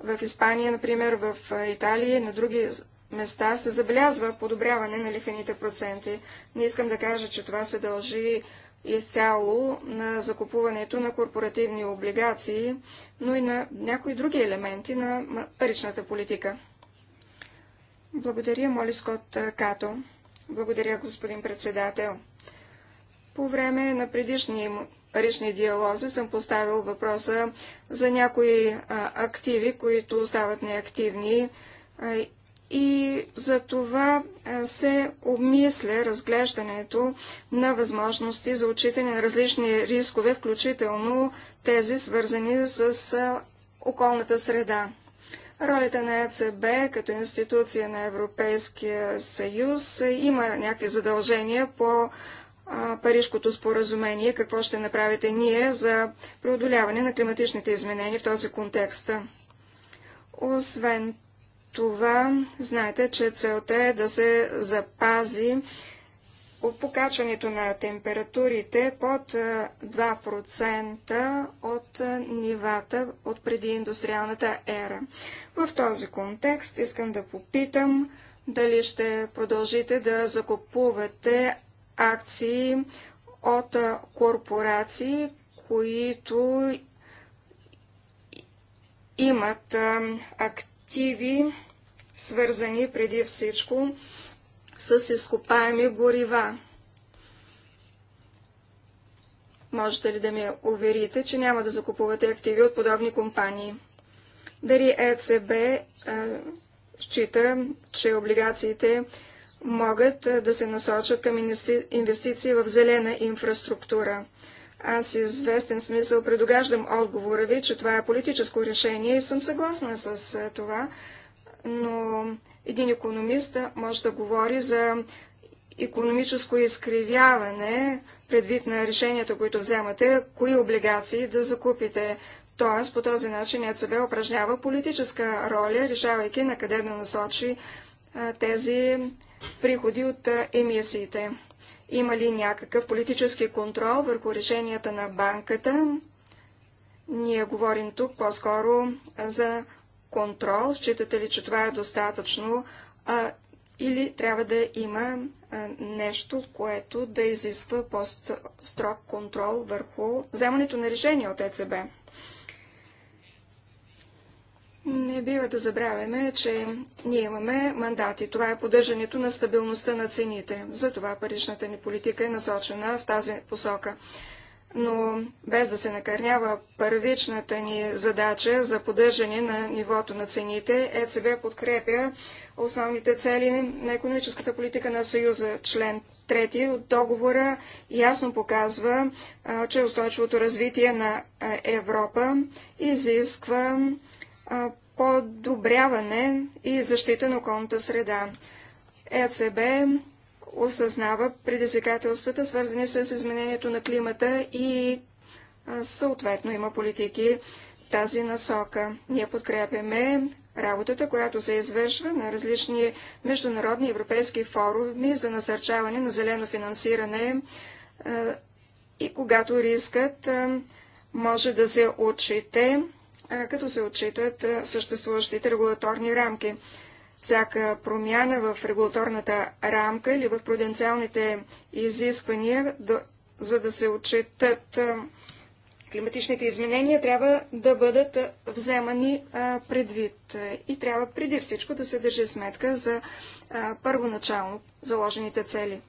В Испания, например, в Италия и на други места се забелязва подобряване на лихвените проценти. Не искам да кажа, че това се дължи изцяло на закупуването на корпоративни облигации, но и на някои други елементи на паричната политика. Благодаря, моли Скот Като. Благодаря, господин председател. По време на предишни парични диалози съм поставил въпроса за някои активи, които остават неактивни и за това се обмисля разглеждането на възможности за отчитане на различни рискове, включително тези свързани с околната среда. Ролята на ЕЦБ като институция на Европейския съюз има някакви задължения по Парижкото споразумение, какво ще направите ние за преодоляване на климатичните изменения в този контекст. Освен това знаете, че целта е да се запази от покачването на температурите под 2% от нивата от преди индустриалната ера. В този контекст искам да попитам дали ще продължите да закупувате акции от корпорации, които имат активност активи, свързани преди всичко с изкопаеми горива. Можете ли да ми уверите, че няма да закупувате активи от подобни компании? Дали ЕЦБ е, счита, че облигациите могат е, да се насочат към инвестиции в зелена инфраструктура? Аз известен смисъл предогаждам отговора ви, че това е политическо решение и съм съгласна с това, но един економист може да говори за економическо изкривяване предвид на решенията, които вземате, кои облигации да закупите. Тоест, по този начин ЕЦБ упражнява политическа роля, решавайки на къде да насочи тези приходи от емисиите. Има ли някакъв политически контрол върху решенията на банката? Ние говорим тук по-скоро за контрол. Считате ли, че това е достатъчно а, или трябва да има а, нещо, което да изисква по-строг контрол върху вземането на решения от ЕЦБ? Не бива да забравяме, че ние имаме мандати. Това е поддържането на стабилността на цените. Затова паричната ни политика е насочена в тази посока. Но без да се накърнява първичната ни задача за поддържане на нивото на цените, ЕЦБ подкрепя основните цели на економическата политика на Съюза. Член 3 от договора ясно показва, че устойчивото развитие на Европа изисква подобряване и защита на околната среда. ЕЦБ осъзнава предизвикателствата, свързани с изменението на климата и съответно има политики в тази насока. Ние подкрепяме работата, която се извършва на различни международни европейски форуми за насърчаване на зелено финансиране и когато рискът може да се отчете като се отчитат съществуващите регулаторни рамки. Всяка промяна в регулаторната рамка или в пруденциалните изисквания, за да се отчитат климатичните изменения, трябва да бъдат вземани предвид и трябва преди всичко да се държи сметка за първоначално заложените цели.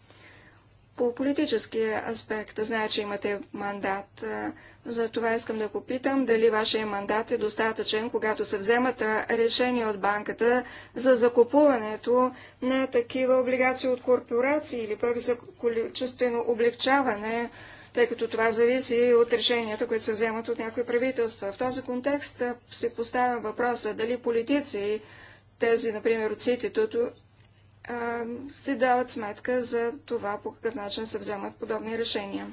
По политическия аспект, знае, че имате мандат. За това искам да попитам дали вашия мандат е достатъчен, когато се вземат решения от банката за закупуването на такива облигации от корпорации или пък за количествено облегчаване, тъй като това зависи от решенията, които се вземат от някои правителства. В този контекст се поставя въпроса дали политици, тези, например, от сититото си дават сметка за това по какъв начин се вземат подобни решения.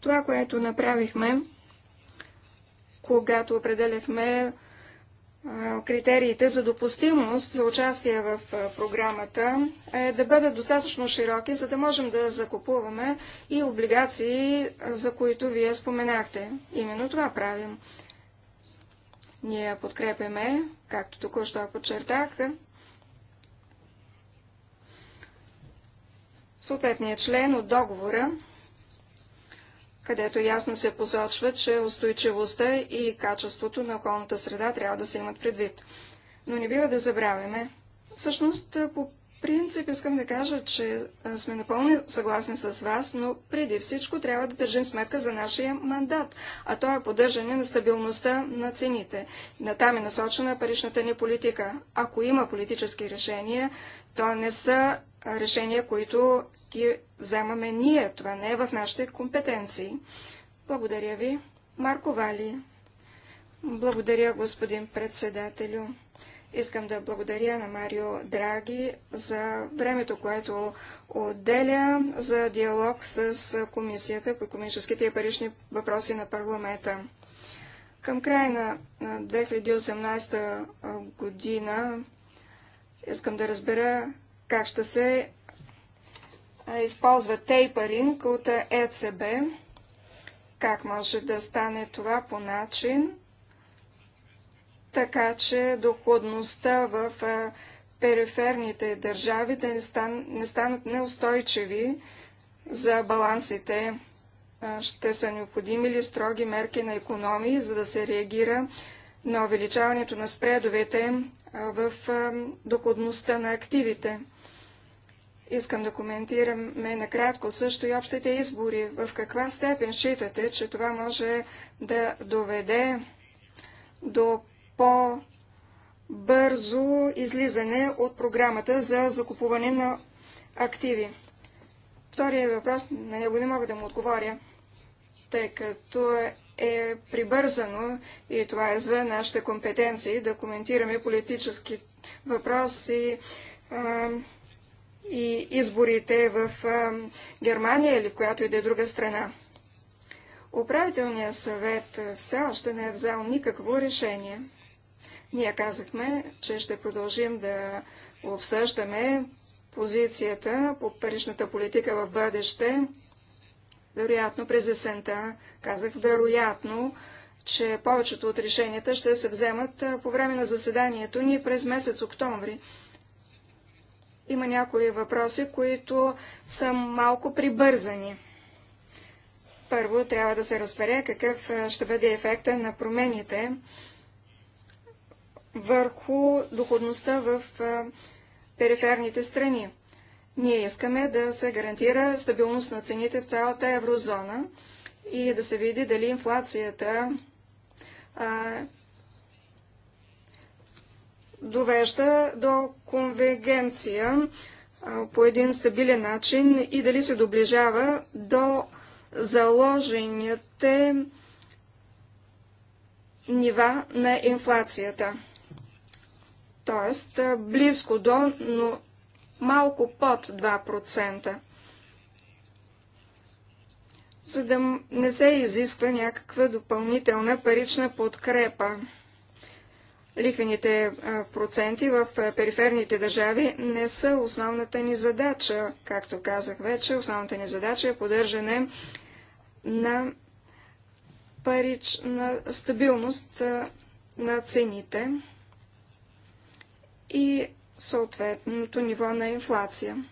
Това, което направихме, когато определяхме критериите за допустимост за участие в програмата е да бъдат достатъчно широки, за да можем да закупуваме и облигации, за които вие споменахте. Именно това правим. Ние подкрепяме, както току-що подчертах, съответния член от договора, където ясно се посочва, че устойчивостта и качеството на околната среда трябва да се имат предвид. Но не бива да забравяме. Всъщност, по принцип искам да кажа, че сме напълно съгласни с вас, но преди всичко трябва да държим сметка за нашия мандат, а то е поддържане на стабилността на цените. На там е насочена паричната ни политика. Ако има политически решения, то не са решения, които ги вземаме ние. Това не е в нашите компетенции. Благодаря ви. Марко Вали. Благодаря, господин председателю. Искам да благодаря на Марио Драги за времето, което отделя за диалог с Комисията по економическите и парични въпроси на парламента. Към края на 2018 година искам да разбера как ще се използва тейпаринг от ЕЦБ, как може да стане това по начин, така че доходността в периферните държави да не, стан, не станат неустойчиви за балансите. Ще са необходими ли строги мерки на економии, за да се реагира на увеличаването на спредовете в доходността на активите? Искам да коментираме накратко също и общите избори. В каква степен считате, че това може да доведе до по-бързо излизане от програмата за закупуване на активи? Втория въпрос, на него не мога да му отговоря, тъй като е прибързано и това е за нашите компетенции да коментираме политически въпроси, и изборите в Германия или в която и да е друга страна. Управителният съвет все още не е взел никакво решение. Ние казахме, че ще продължим да обсъждаме позицията по паричната политика в бъдеще. Вероятно през есента, казах вероятно, че повечето от решенията ще се вземат по време на заседанието ни през месец октомври. Има някои въпроси, които са малко прибързани. Първо трябва да се разбере какъв ще бъде ефекта на промените върху доходността в периферните страни. Ние искаме да се гарантира стабилност на цените в цялата еврозона и да се види дали инфлацията довежда до конвергенция по един стабилен начин и дали се доближава до заложените нива на инфлацията. Тоест близко до, но малко под 2%. За да не се изисква някаква допълнителна парична подкрепа ликвените проценти в периферните държави не са основната ни задача. Както казах вече, основната ни задача е поддържане на парична стабилност на цените и съответното ниво на инфлация.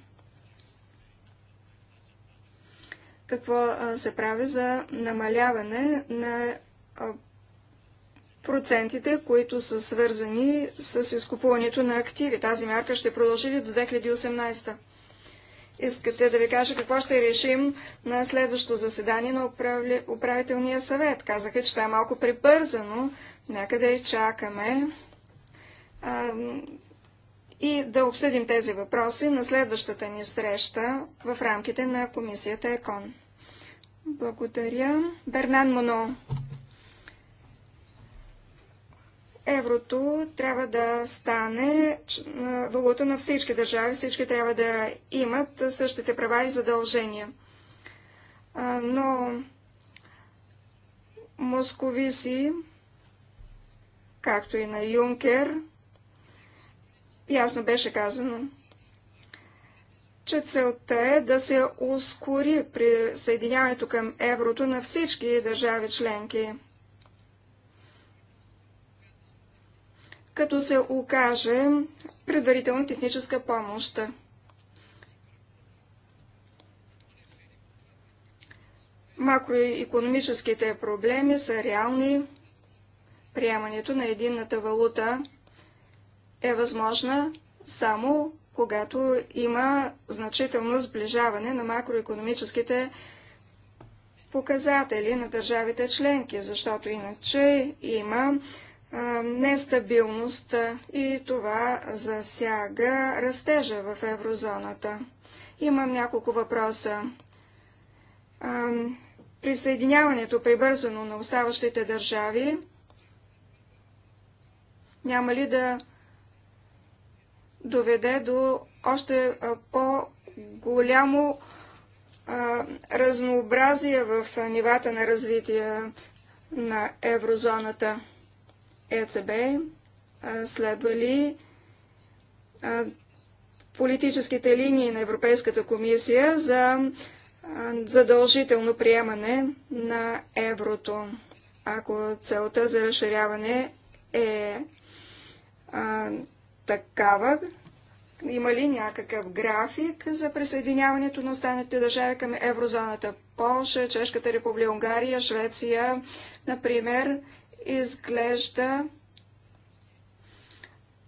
Какво се прави за намаляване на процентите, които са свързани с изкупуването на активи. Тази мярка ще продължи ли до 2018? Искате да ви кажа какво ще решим на следващото заседание на управителния съвет. Казаха, че това е малко прибързано. Нека да изчакаме а, и да обсъдим тези въпроси на следващата ни среща в рамките на комисията ЕКОН. Благодаря. Бернан Моно еврото трябва да стане валута на всички държави. Всички трябва да имат същите права и задължения. Но московиси, както и на Юнкер, ясно беше казано, че целта е да се ускори при съединяването към еврото на всички държави членки. като се окаже предварителна техническа помощ. Макроекономическите проблеми са реални. Приемането на единната валута е възможна само когато има значително сближаване на макроекономическите показатели на държавите членки, защото иначе има нестабилност и това засяга растежа в еврозоната. Имам няколко въпроса. Присъединяването прибързано на оставащите държави няма ли да доведе до още по-голямо разнообразие в нивата на развитие на еврозоната? ЕЦБ следвали политическите линии на Европейската комисия за задължително приемане на еврото. Ако целта за разширяване е а, такава, има ли някакъв график за присъединяването на останалите държави към еврозоната? Полша, Чешката република, Унгария, Швеция, например, изглежда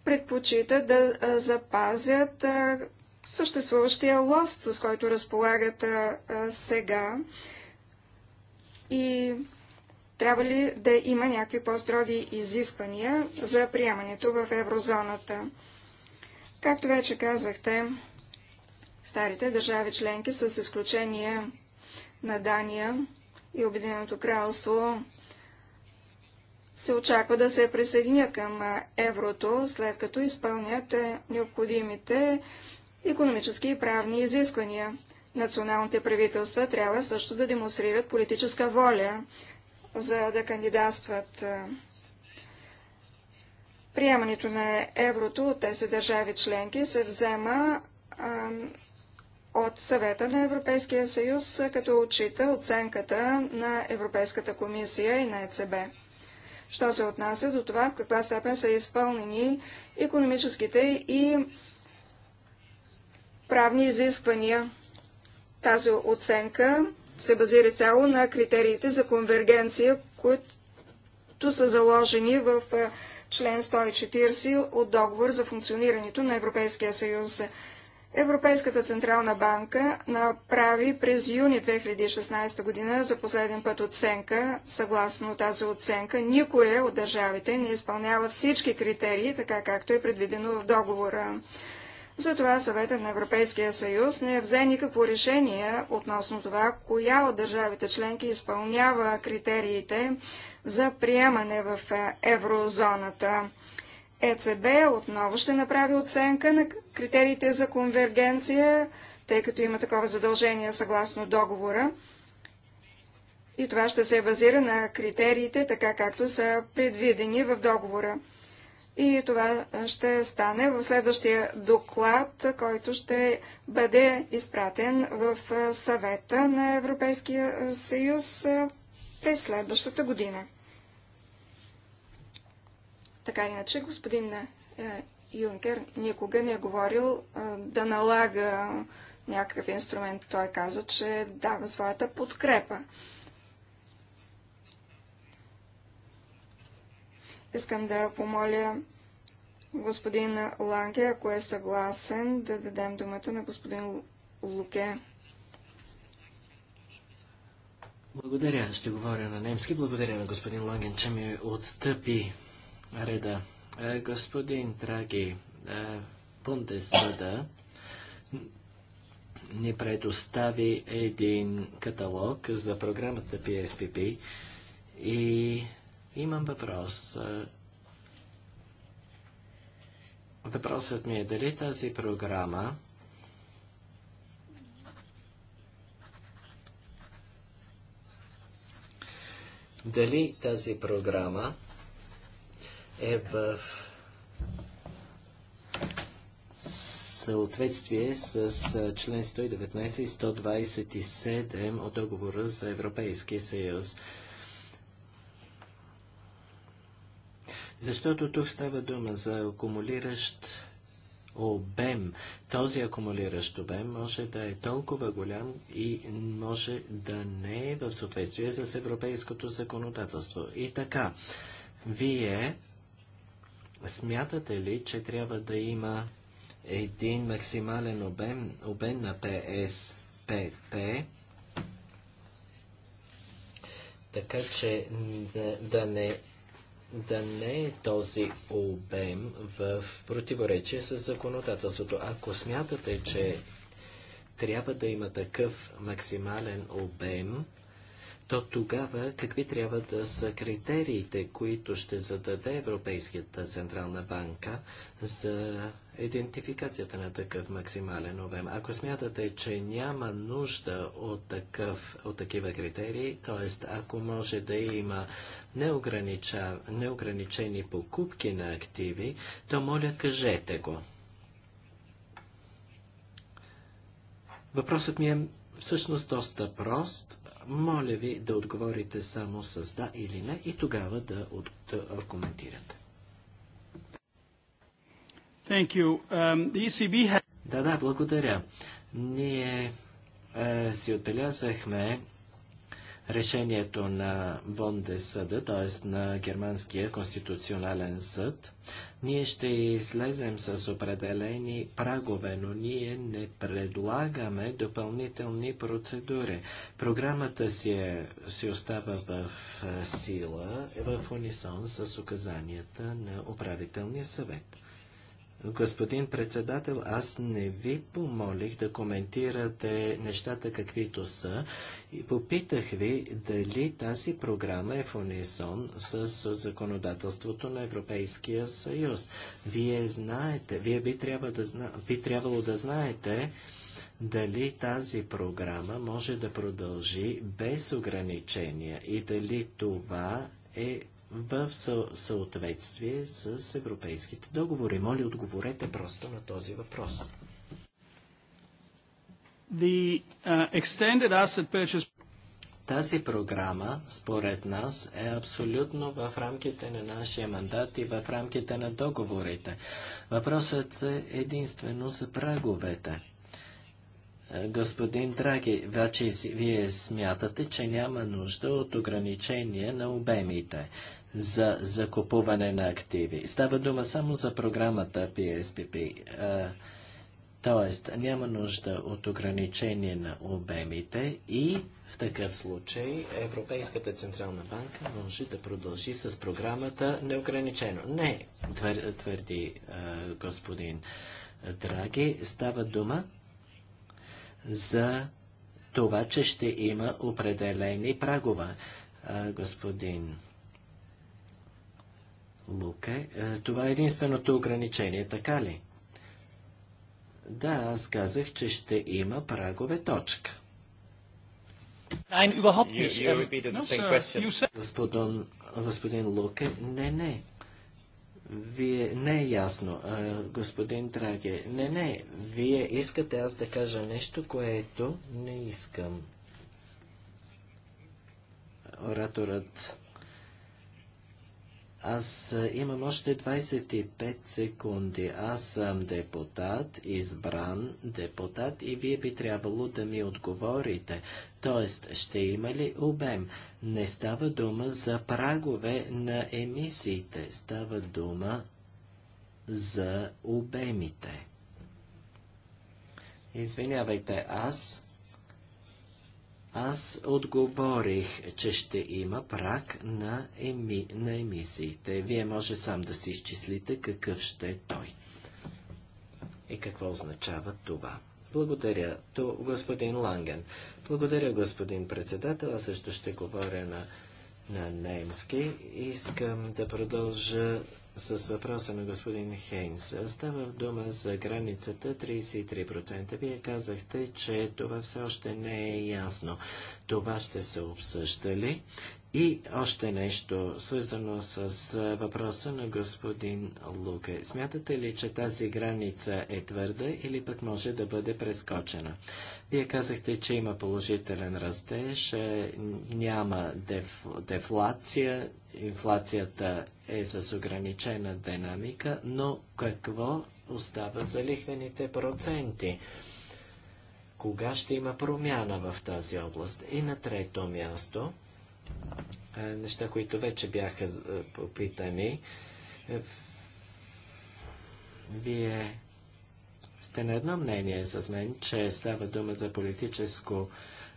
предпочита да запазят съществуващия лост, с който разполагат сега. И трябва ли да има някакви по-строги изисквания за приемането в еврозоната? Както вече казахте, старите държави членки, с изключение на Дания и Обединеното кралство, се очаква да се присъединят към еврото, след като изпълнят необходимите економически и правни изисквания. Националните правителства трябва също да демонстрират политическа воля, за да кандидатстват. Приемането на еврото от тези държави членки се взема от съвета на Европейския съюз, като отчита оценката на Европейската комисия и на ЕЦБ що се отнася до това в каква степен са изпълнени економическите и правни изисквания. Тази оценка се базира цяло на критериите за конвергенция, които са заложени в член 140 от договор за функционирането на Европейския съюз. Европейската Централна банка направи през юни 2016 година за последен път оценка. Съгласно тази оценка, никое от държавите не изпълнява всички критерии, така както е предвидено в договора. Затова съветът на Европейския съюз не е взе никакво решение относно това, коя от държавите членки изпълнява критериите за приемане в еврозоната. ЕЦБ отново ще направи оценка на критериите за конвергенция, тъй като има такова задължение съгласно договора. И това ще се базира на критериите, така както са предвидени в договора. И това ще стане в следващия доклад, който ще бъде изпратен в съвета на Европейския съюз през следващата година. Така иначе, господин е, Юнкер никога не е говорил е, да налага някакъв инструмент. Той каза, че дава своята подкрепа. Искам да помоля господин Ланге, ако е съгласен, да дадем думата на господин Луке. Благодаря. Ще говоря на немски. Благодаря на господин Ланген, че ми отстъпи реда. Е, господин Траги, Бундесъда е, ни предостави един каталог за програмата PSPP и имам въпрос. Е, въпросът ми е дали тази програма дали тази програма е в съответствие с член 119 и 127 от договора за Европейския съюз. Защото тук става дума за акумулиращ обем. Този акумулиращ обем може да е толкова голям и може да не е в съответствие с европейското законодателство. И така, вие Смятате ли, че трябва да има един максимален обем, обем на PSPP, така че да, да, не, да не е този обем в противоречие с законодателството? Ако смятате, че трябва да има такъв максимален обем, то тогава какви трябва да са критериите, които ще зададе Европейската Централна банка за идентификацията на такъв максимален обем? Ако смятате, че няма нужда от, такъв, от такива критерии, т.е. ако може да има неограничени покупки на активи, то моля кажете го. Въпросът ми е всъщност доста прост – моля ви да отговорите само с да или не и тогава да, от, да аргументирате. Thank you. Um, the ECB has... Да, да, благодаря. Ние е, си отбелязахме решението на Бондесъда, т.е. на Германския конституционален съд, ние ще излезем с определени прагове, но ние не предлагаме допълнителни процедури. Програмата си, е, си остава в е, сила, е в унисон с указанията на управителния съвет. Господин председател, аз не ви помолих да коментирате нещата каквито са и попитах ви дали тази програма е в унисон с законодателството на Европейския съюз. Вие знаете, вие би, трябва да зна... би трябвало да знаете дали тази програма може да продължи без ограничения и дали това е в съответствие с европейските договори. Моля, отговорете просто на този въпрос. The, uh, extended asset purchase... Тази програма, според нас, е абсолютно в рамките на нашия мандат и в рамките на договорите. Въпросът е единствено за праговете. Е, господин Драги, вече вие смятате, че няма нужда от ограничение на обемите за закупуване на активи. Става дума само за програмата PSPP. Тоест, няма нужда от ограничение на обемите и в такъв случай Европейската Централна банка може да продължи с програмата неограничено. Не, твърди господин Драги, става дума за това, че ще има определени прагова. господин Луке. Е, това е единственото ограничение, така ли? Да, аз казах, че ще има прагове точка. Господин, господин Луке, не, не. Вие, не е ясно, е, господин Драге. Не, не, вие искате аз да кажа нещо, което не искам. Ораторът аз имам още 25 секунди. Аз съм депутат, избран депутат и вие би трябвало да ми отговорите. Тоест, ще има ли обем? Не става дума за прагове на емисиите. Става дума за обемите. Извинявайте, аз аз отговорих, че ще има прак на, еми... на емисиите. Вие може сам да си изчислите какъв ще е той. И какво означава това? Благодаря, то господин Ланген. Благодаря, господин председател. Аз също ще говоря на, на немски. Искам да продължа с въпроса на господин Хейнс. Става дума за границата 33%. Вие казахте, че това все още не е ясно. Това ще се обсъжда ли? И още нещо, свързано с въпроса на господин Луке. Смятате ли, че тази граница е твърда или пък може да бъде прескочена? Вие казахте, че има положителен растеж, е, няма деф, дефлация, инфлацията е с ограничена динамика, но какво остава за лихвените проценти? Кога ще има промяна в тази област? И на трето място, е, неща, които вече бяха е, попитани, е, вие сте на едно мнение с мен, че става дума за политическо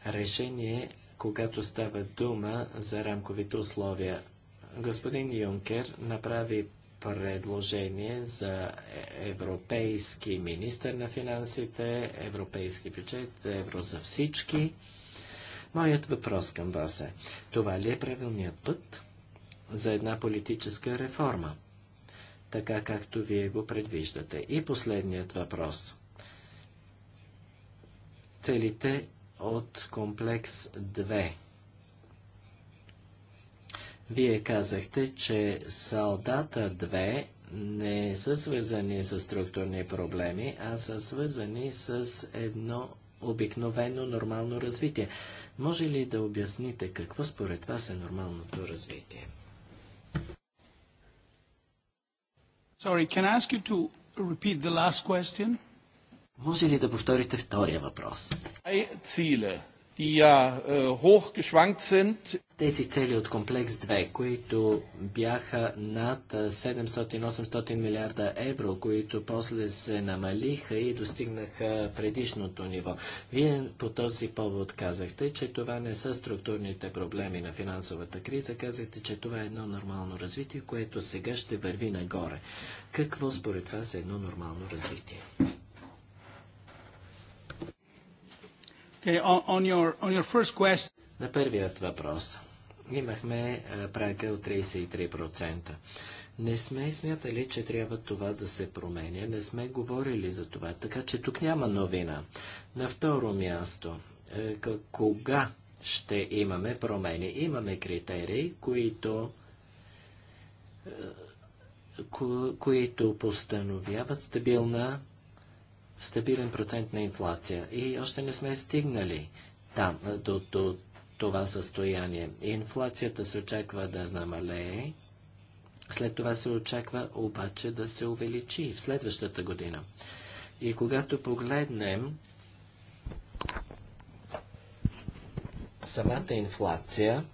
решение, когато става дума за рамковите условия господин Юнкер направи предложение за европейски министр на финансите, европейски бюджет, евро за всички. Моят въпрос към вас е, това ли е правилният път за една политическа реформа, така както вие го предвиждате? И последният въпрос. Целите от комплекс 2 вие казахте, че Салдата 2 не са свързани с структурни проблеми, а са свързани с едно обикновено нормално развитие. Може ли да обясните какво според вас е нормалното развитие? Sorry, can I ask you to repeat the last question? Може ли да повторите втория въпрос? die ja äh, hoch geschwankt sind. Тези цели от комплекс 2, които бяха над 700-800 милиарда евро, които после се намалиха и достигнаха предишното ниво. Вие по този повод казахте, че това не са структурните проблеми на финансовата криза. Казахте, че това е едно нормално развитие, което сега ще върви нагоре. Какво според вас е едно нормално развитие? На първият въпрос имахме прага от 33%. Не сме смятали, че трябва това да се променя, не сме говорили за това, така че тук няма новина. На второ място, кога ще имаме промени? Имаме критерии, които които постановяват стабилна стабилен процент на инфлация. И още не сме стигнали там, до, до това състояние. Инфлацията се очаква да намалее, след това се очаква обаче да се увеличи в следващата година. И когато погледнем самата инфлация,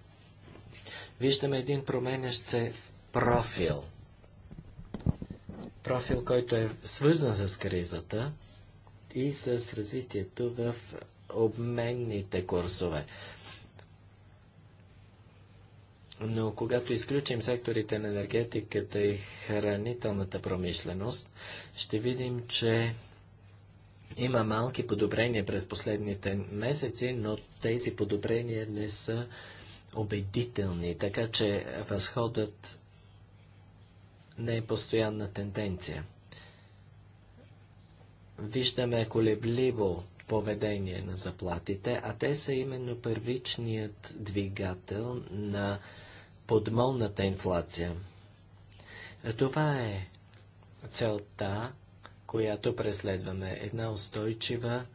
виждаме един променящ се профил. Профил, който е свързан с кризата, и с развитието в обменните курсове. Но когато изключим секторите на енергетиката и хранителната промишленост, ще видим, че има малки подобрения през последните месеци, но тези подобрения не са убедителни, така че възходът не е постоянна тенденция виждаме колебливо поведение на заплатите, а те са именно първичният двигател на подмолната инфлация. Това е целта, която преследваме. Една устойчива,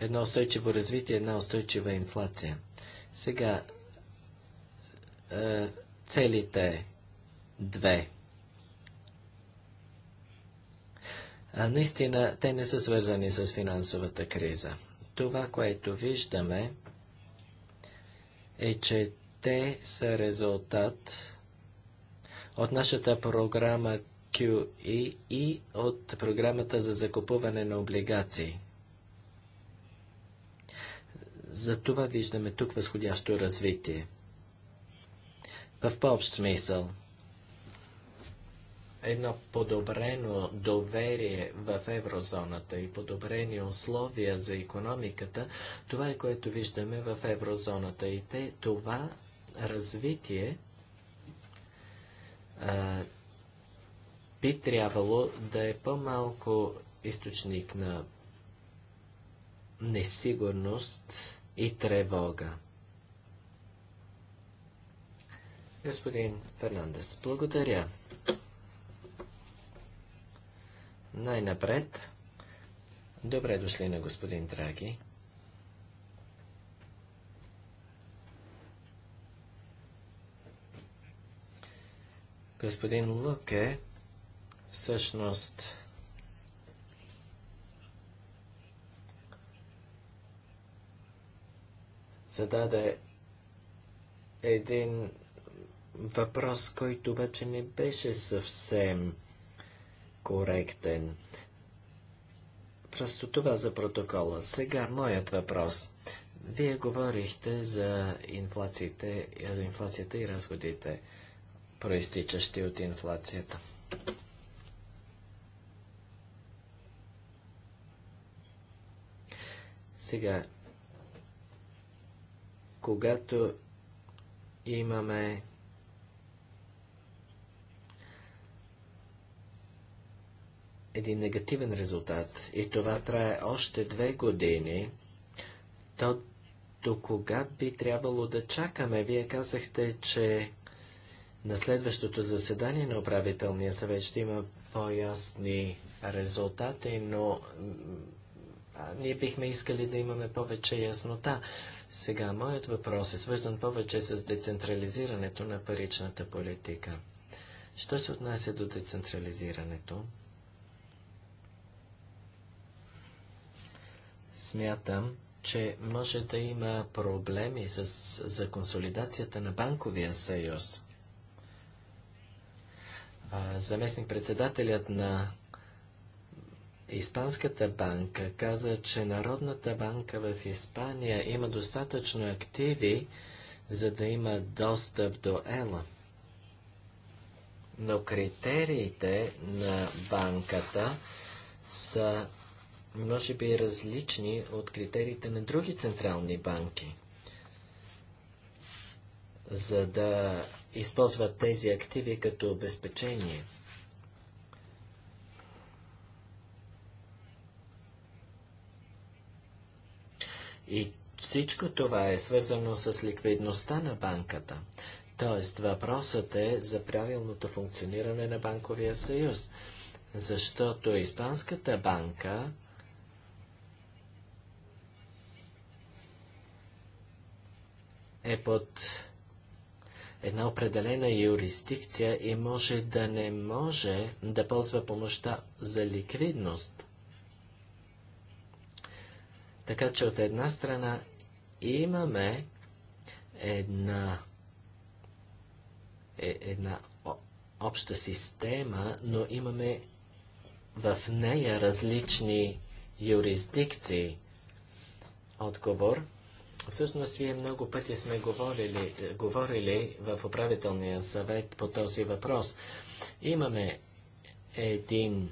едно устойчиво развитие, една устойчива инфлация. Сега, е, целите две – наистина те не са свързани с финансовата криза. Това, което виждаме, е, че те са резултат от нашата програма QE и от програмата за закупуване на облигации. За това виждаме тук възходящо развитие. В по-общ смисъл – едно подобрено доверие в еврозоната и подобрени условия за економиката, това е което виждаме в еврозоната. И те, това развитие а, би трябвало да е по-малко източник на несигурност и тревога. Господин Фернандес, благодаря. Най-напред, добре дошли на господин Драги. Господин Луке, всъщност зададе един въпрос, който обаче не беше съвсем коректен. Просто това за протокола. Сега моят въпрос. Вие говорихте за инфлациите, инфлацията и разходите, проистичащи от инфлацията. Сега, когато имаме един негативен резултат и това трае още две години, то до кога би трябвало да чакаме? Вие казахте, че на следващото заседание на управителния съвет ще има по-ясни резултати, но а, ние бихме искали да имаме повече яснота. Сега, моят въпрос е свързан повече с децентрализирането на паричната политика. Що се отнася до децентрализирането? смятам, че може да има проблеми с, за консолидацията на банковия съюз. Заместник-председателят на Испанската банка каза, че Народната банка в Испания има достатъчно активи, за да има достъп до ЕЛА. Но критериите на банката са може би различни от критериите на други централни банки, за да използват тези активи като обезпечение. И всичко това е свързано с ликвидността на банката. Тоест, въпросът е за правилното функциониране на банковия съюз. Защото Испанската банка е под една определена юрисдикция и може да не може да ползва помощта за ликвидност. Така че от една страна имаме една, е, една обща система, но имаме в нея различни юрисдикции. Отговор Всъщност, вие много пъти сме говорили, е, говорили в управителния съвет по този въпрос. Имаме един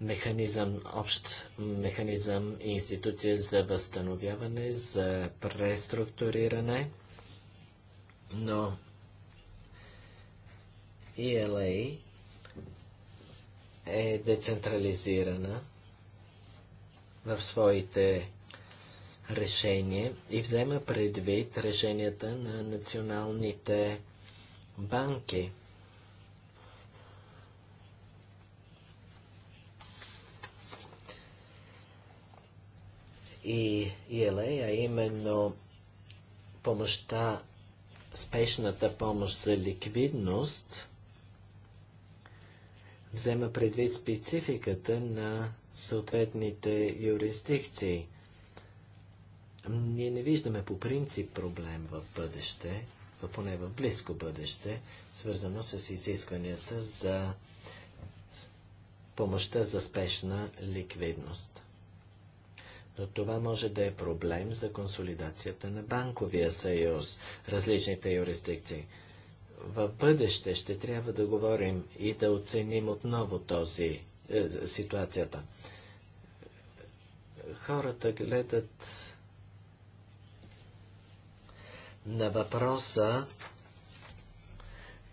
механизъм, общ механизъм и институция за възстановяване, за преструктуриране, но ELA е децентрализирана в своите решение и взема предвид решенията на националните банки. И ИЛА, е, а именно помощта, спешната помощ за ликвидност, взема предвид спецификата на съответните юрисдикции – ние не виждаме по принцип проблем в бъдеще, поне в близко бъдеще, свързано с изискванията за помощта за спешна ликвидност. Но това може да е проблем за консолидацията на банковия съюз, различните юрисдикции. В бъдеще ще трябва да говорим и да оценим отново този е, ситуацията. Хората гледат на въпроса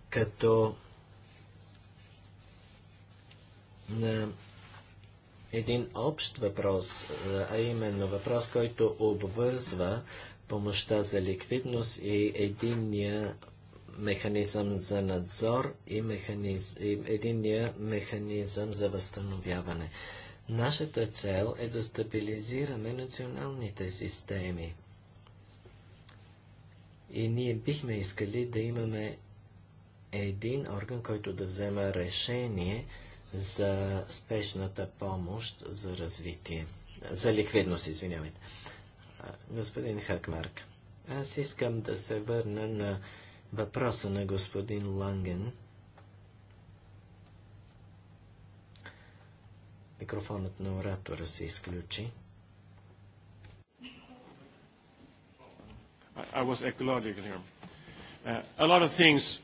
като на един общ въпрос, а именно въпрос, който обвързва помощта за ликвидност и единния механизъм за надзор и, механиз... и единния механизъм за възстановяване. Нашата цел е да стабилизираме националните системи. И ние бихме искали да имаме един орган, който да взема решение за спешната помощ за развитие, за ликвидност, извинявайте. Господин Хакмарк, аз искам да се върна на въпроса на господин Ланген. Микрофонът на оратора се изключи. I, was ecological here. Uh, a lot of things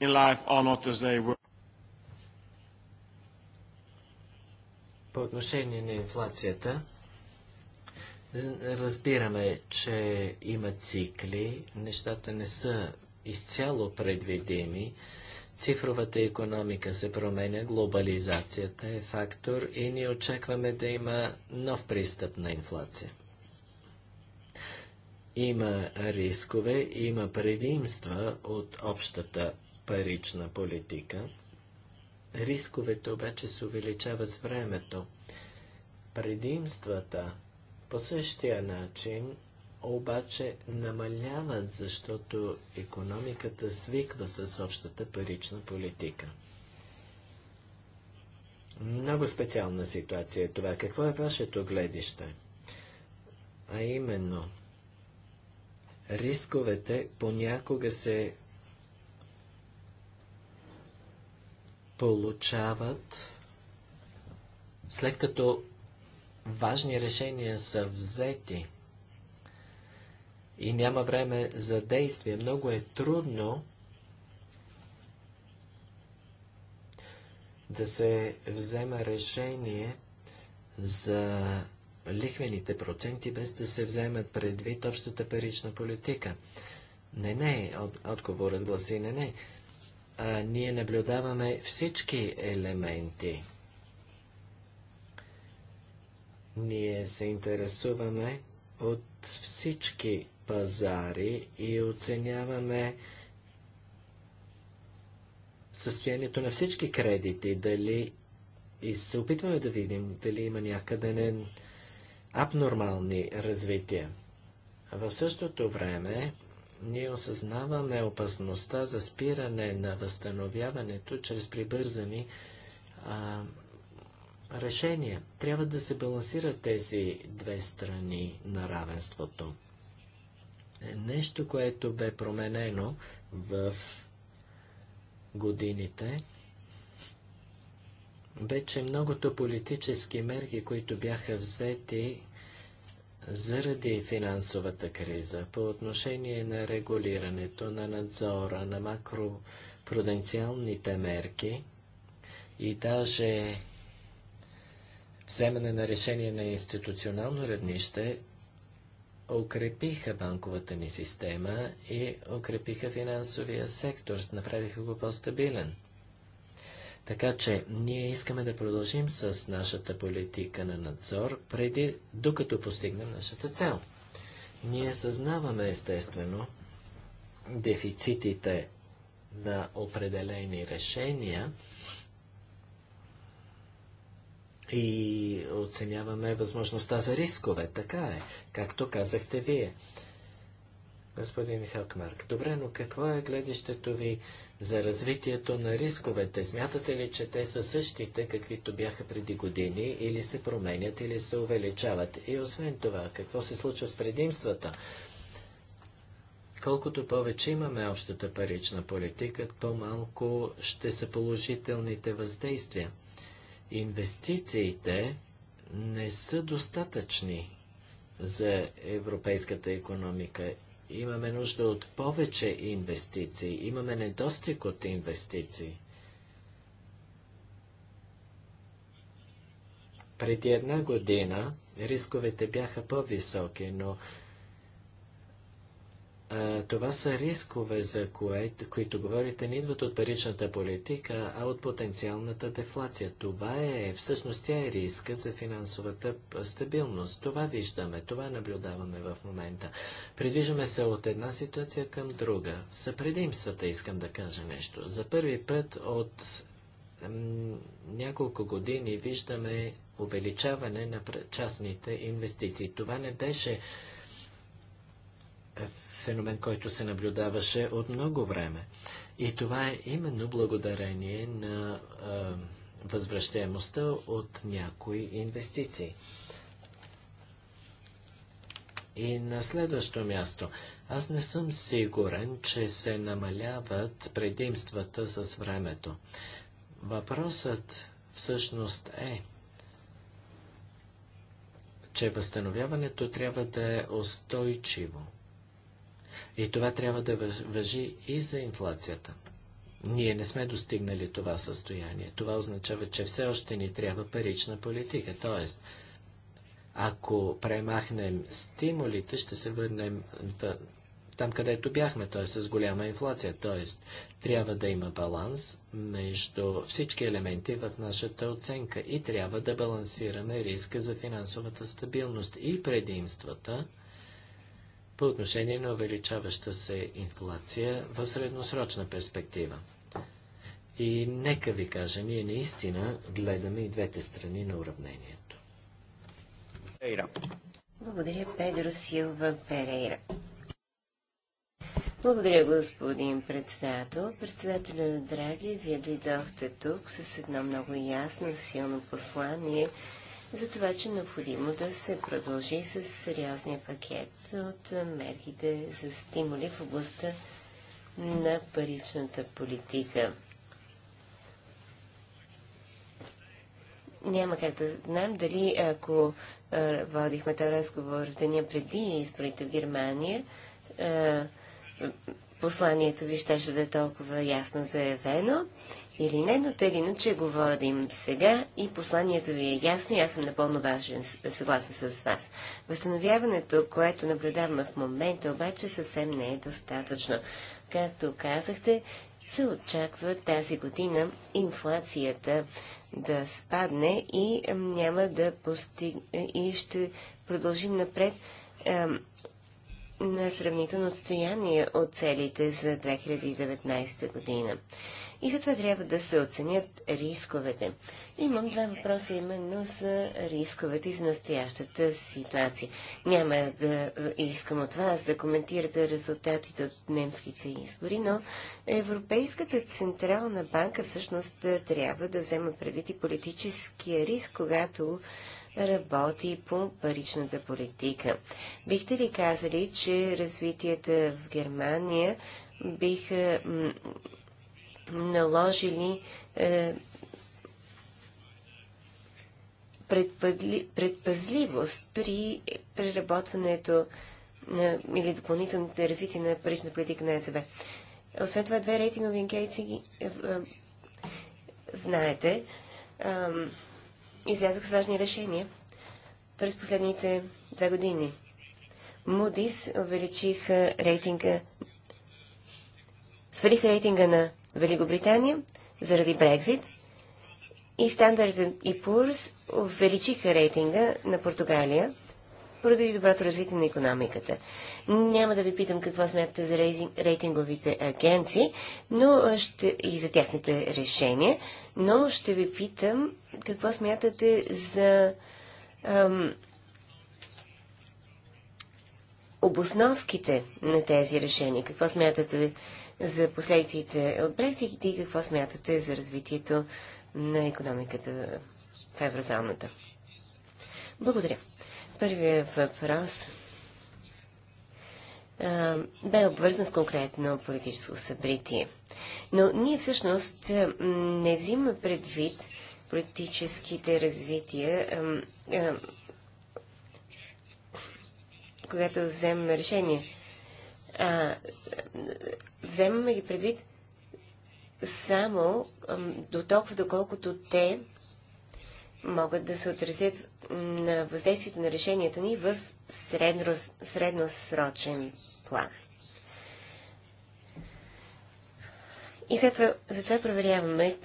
in life are not as they were. По отношение на инфлацията, разбираме, че има цикли, нещата не са изцяло предвидими. Цифровата економика се променя, глобализацията е фактор и ние очакваме да има нов пристъп на инфлация. Има рискове, има предимства от общата парична политика. Рисковете обаче се увеличават с времето. Предимствата по същия начин обаче намаляват, защото економиката свиква с общата парична политика. Много специална ситуация е това. Какво е вашето гледище? А именно, рисковете понякога се получават след като важни решения са взети и няма време за действие. Много е трудно да се взема решение за лихвените проценти, без да се вземат предвид общата парична политика. Не, не, от, отговорът гласи не, не. А, ние наблюдаваме всички елементи. Ние се интересуваме от всички пазари и оценяваме състоянието на всички кредити, дали и се опитваме да видим дали има някъде не, абнормални развития. В същото време ние осъзнаваме опасността за спиране на възстановяването чрез прибързани а, решения. Трябва да се балансират тези две страни на равенството. Е, нещо, което бе променено в годините – вече многото политически мерки, които бяха взети заради финансовата криза по отношение на регулирането, на надзора, на макропруденциалните мерки и даже вземане на решение на институционално равнище, укрепиха банковата ни система и укрепиха финансовия сектор, направиха го по-стабилен. Така че ние искаме да продължим с нашата политика на надзор, преди, докато постигнем нашата цел. Ние съзнаваме естествено дефицитите на определени решения и оценяваме възможността за рискове. Така е, както казахте вие господин Хакмарк. Добре, но какво е гледището ви за развитието на рисковете? Смятате ли, че те са същите, каквито бяха преди години, или се променят, или се увеличават? И освен това, какво се случва с предимствата? Колкото повече имаме общата парична политика, по-малко ще са положителните въздействия. Инвестициите не са достатъчни за европейската економика Имаме нужда от повече инвестиции. Имаме недостиг от инвестиции. Преди една година рисковете бяха по-високи, но това са рискове, за кое, които говорите, не идват от паричната политика, а от потенциалната дефлация. Това е, всъщност, тя е риска за финансовата стабилност. Това виждаме, това наблюдаваме в момента. Придвижваме се от една ситуация към друга. За предимствата искам да кажа нещо. За първи път от няколко години виждаме увеличаване на частните инвестиции. Това не беше в феномен, който се наблюдаваше от много време. И това е именно благодарение на а, възвръщаемостта от някои инвестиции. И на следващо място, аз не съм сигурен, че се намаляват предимствата с времето. Въпросът всъщност е, че възстановяването трябва да е устойчиво. И това трябва да въжи и за инфлацията. Ние не сме достигнали това състояние. Това означава, че все още ни трябва парична политика. Тоест, ако премахнем стимулите, ще се върнем в... там, където бяхме, т.е. с голяма инфлация. Тоест, трябва да има баланс между всички елементи в нашата оценка и трябва да балансираме риска за финансовата стабилност и предимствата по отношение на увеличаваща се инфлация в средносрочна перспектива. И нека ви кажа, ние наистина гледаме и двете страни на уравнението. Пейра. Благодаря, Педро Силва Перейра. Благодаря, господин председател. Председателя на Драги, вие дойдохте тук с едно много ясно, силно послание – за това, че е необходимо да се продължи с сериозния пакет от мерките за стимули в областта на паричната политика. Няма как да знам дали ако водихме този разговор деня преди изборите в Германия, посланието ви щеше да е толкова ясно заявено или не, но тъй или иначе говорим сега и посланието ви е ясно и аз съм напълно важен, съгласен с вас. Възстановяването, което наблюдаваме в момента, обаче съвсем не е достатъчно. Както казахте, се очаква тази година инфлацията да спадне и няма да постиг... и ще продължим напред на сравнително отстояние от целите за 2019 година. И затова трябва да се оценят рисковете. Имам два въпроса именно за рисковете и за настоящата ситуация. Няма да искам от вас да коментирате резултатите от немските избори, но Европейската Централна банка всъщност трябва да взема предвид и политическия риск, когато работи по паричната политика. Бихте ли казали, че развитията в Германия биха наложили е, предпазливост при преработването на, е, или допълнителните развитие на парична политика на ЕЦБ. Освен това, две рейтингови агенции ги е, знаете излязох с важни решения през последните две години. Moody's увеличиха рейтинга, свалих рейтинга на Великобритания заради Брекзит и Standard и Poor's увеличиха рейтинга на Португалия поради доброто развитие на економиката. Няма да ви питам какво смятате за рейтинговите агенции но ще, и за тяхните решения, но ще ви питам какво смятате за ам, обосновките на тези решения. Какво смятате за последиците от Брексит и какво смятате за развитието на економиката в еврозалната? Благодаря. Първият въпрос а, бе обвързан с конкретно политическо събитие. Но ние всъщност не взимаме предвид политическите развития, а, а, когато вземем решение. А, вземаме ги предвид само до толкова, доколкото те могат да се отразят на въздействието на решенията ни в средно, средносрочен план. И след това, затова проверяваме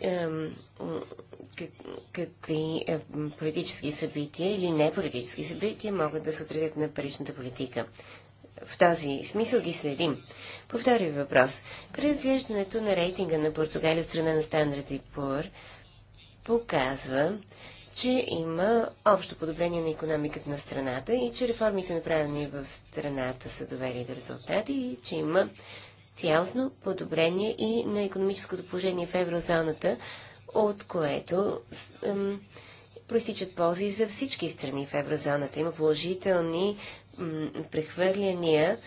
как, какви е, политически събития или не политически събития могат да се отразят на паричната политика. В този смисъл ги следим. По втори въпрос. Преразглеждането на рейтинга на Португалия от страна на Стандарт и Пур показва, че има общо подобрение на економиката на страната и че реформите, направени в страната, са довели до резултати и че има цялостно подобрение и на економическото положение в еврозоната, от което ем, проистичат ползи за всички страни в еврозоната. Има положителни прехвърляния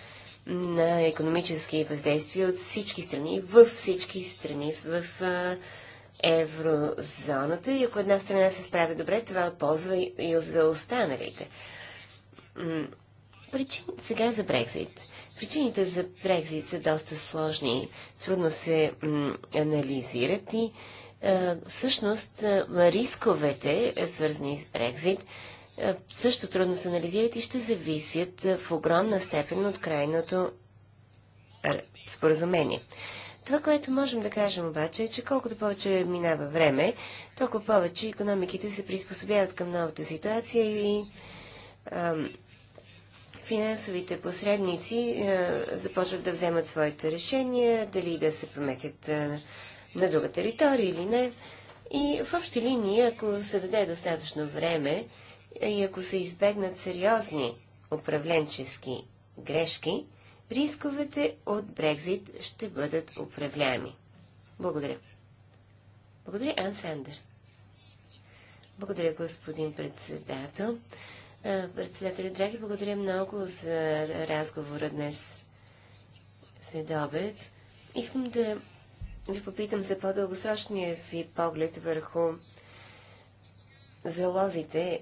на економически въздействия от всички страни, в всички страни в а, еврозоната и ако една страна се справя добре, това е от ползва и за останалите. Причин... Сега за Брекзит. Причините за Брекзит са доста сложни, трудно се анализират и всъщност рисковете, е, свързани с Брекзит, също трудно се анализират и ще зависят в огромна степен от крайното споразумение. Това, което можем да кажем обаче е, че колкото повече минава време, толкова повече економиките се приспособяват към новата ситуация и ам, финансовите посредници а, започват да вземат своите решения, дали да се поместят а, на друга територия или не. И в общи линии, ако се даде достатъчно време и ако се избегнат сериозни управленчески грешки, рисковете от Брекзит ще бъдат управляеми. Благодаря. Благодаря, Ан Сандър. Благодаря, господин председател. Председатели, драги, благодаря много за разговора днес след обед. Искам да ви попитам за по-дългосрочния ви поглед върху залозите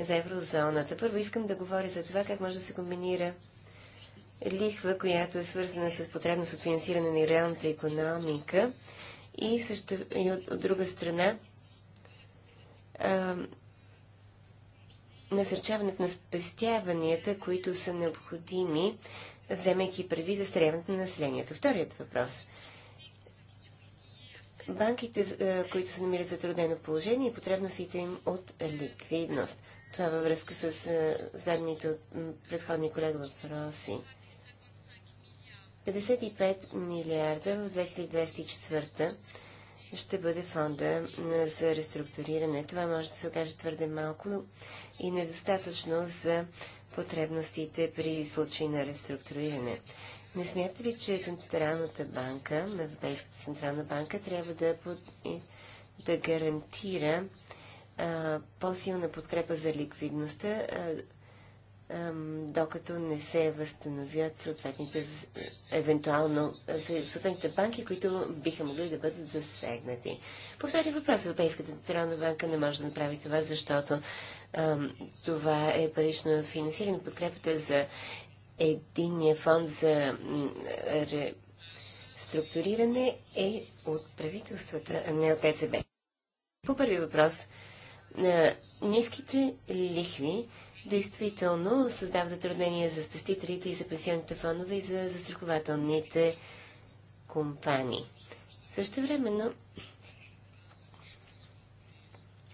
за еврозоната. Първо искам да говоря за това как може да се комбинира лихва, която е свързана с потребност от финансиране на реалната економика и, също, и от, от друга страна а, насърчаването на спестяванията, които са необходими, вземайки преди застаряването на населението. Вторият въпрос. Банките, които се намират в затруднено положение и потребностите им от ликвидност. Това във връзка с задните от предходни колега въпроси. 55 милиарда в 2024 ще бъде фонда за реструктуриране. Това може да се окаже твърде малко и недостатъчно за потребностите при случай на реструктуриране. Не смятате ли, че Централната банка, Европейската Централна банка, трябва да, под... да гарантира по-силна подкрепа за ликвидността а, докато не се възстановят съответните, е, евентуално, е, съответните банки, които биха могли да бъдат засегнати. Последен въпрос. Европейската централна банка не може да направи това, защото това е парично финансиране. Подкрепата за единния фонд за реструктуриране е от правителствата, а не от ЕЦБ. По първи въпрос, на ниските лихви действително създава затруднения за спестителите и за пенсионните фондове и за застрахователните компании. Също времено,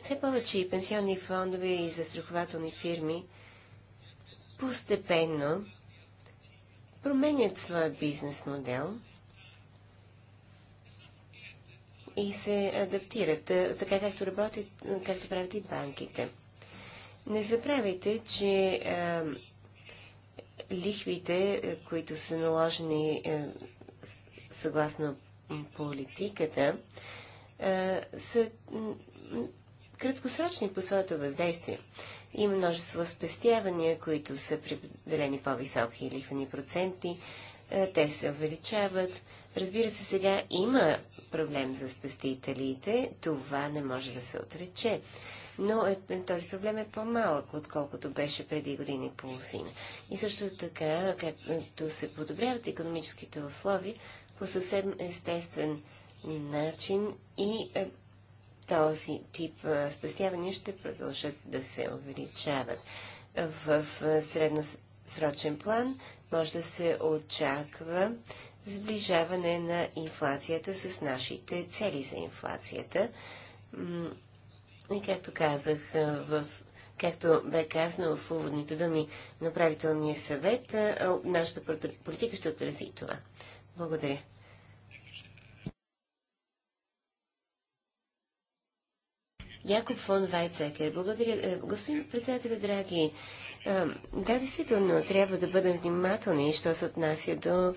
все повече и пенсионни фондове и застрахователни фирми постепенно променят своя бизнес модел и се адаптират, така както работят, както правят и банките. Не забравяйте, че е, лихвите, е, които са наложени е, съгласно политиката, са краткосрочни по своето въздействие. Има множество спестявания, които са определени по-високи лихвени проценти. Те се увеличават. Разбира се, сега има проблем за спестителите. Това не може да се отрече но е, е, този проблем е по-малък, отколкото беше преди година и половина. И също така, както се подобряват економическите условия, по съвсем естествен начин и е, този тип е, спестявания ще продължат да се увеличават. В, в е, средносрочен план може да се очаква сближаване на инфлацията с нашите цели за инфлацията. И както казах, в, както бе казано в уводните думи на правителния съвет, нашата политика ще отрази и това. Благодаря. Якоб фон Вайцекер. Благодаря. Е, господин председател, драги, да, действително, трябва да бъдем внимателни, що се отнася до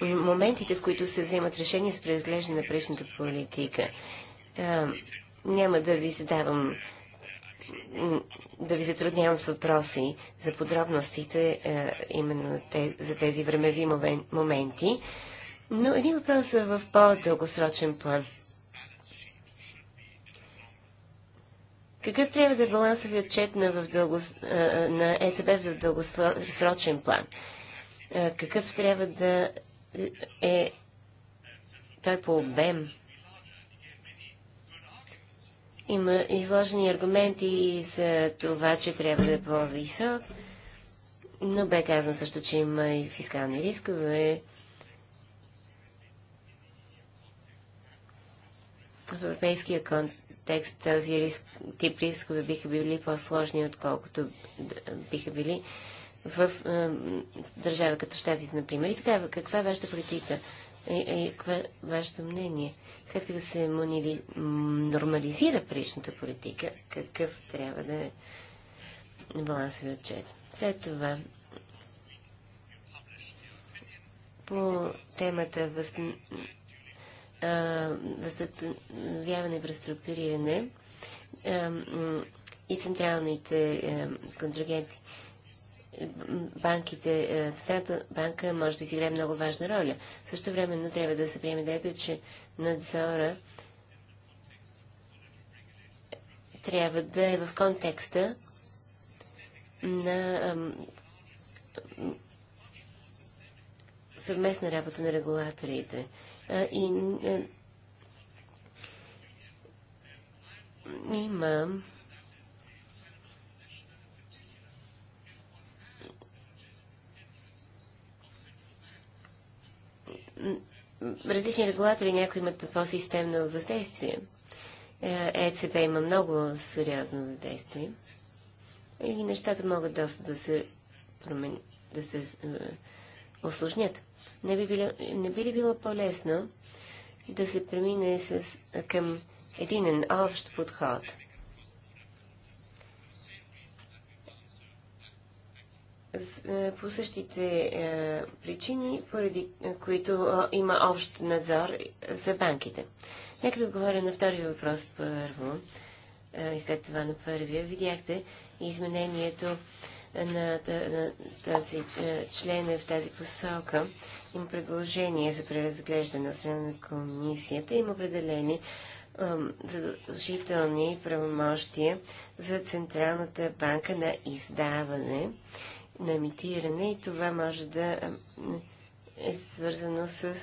моментите, в които се вземат решения с преразглеждане на прежната политика. Няма да ви задавам да ви затруднявам с въпроси за подробностите, е, именно за тези времеви моменти. Но един въпрос е в по-дългосрочен план. Какъв трябва да е балансовият отчет на, в дълго, е, е, на ЕЦБ в дългосрочен план? какъв трябва да е той по обем? Има изложени аргументи и за това, че трябва да е по-висок, но бе казано също, че има и фискални рискове. В европейския контекст този риск, тип рискове биха били по-сложни, отколкото биха били в, в, в държава като щатите, например. И така, каква е вашата политика е, е вашето мнение? След като се монили... нормализира паричната политика, какъв трябва да е балансови отчет? След това, по темата въз... възстановяване и преструктуриране и централните контрагенти банките, е, Централната банка може да изиграе много важна роля. Също времено трябва да се приеме идеята, че надзора трябва да е в контекста на съвместна работа на регулаторите. и е, има различни регулатори, някои имат по-системно въздействие. ЕЦБ е има много сериозно въздействие и нещата могат доста да се променят, да се е, осложнят. Не би, било, не би ли било по-лесно да се премине с, към единен общ подход – Е, по същите е, причини, поради които е, има общ надзор за банките. Нека да отговоря на втория въпрос първо и след това на първия. Видяхте изменението на, тази член в тази посока. Има предложение за преразглеждане от страна на комисията. Има определени задължителни правомощия за Централната банка на издаване на емитиране и това може да е, е свързано с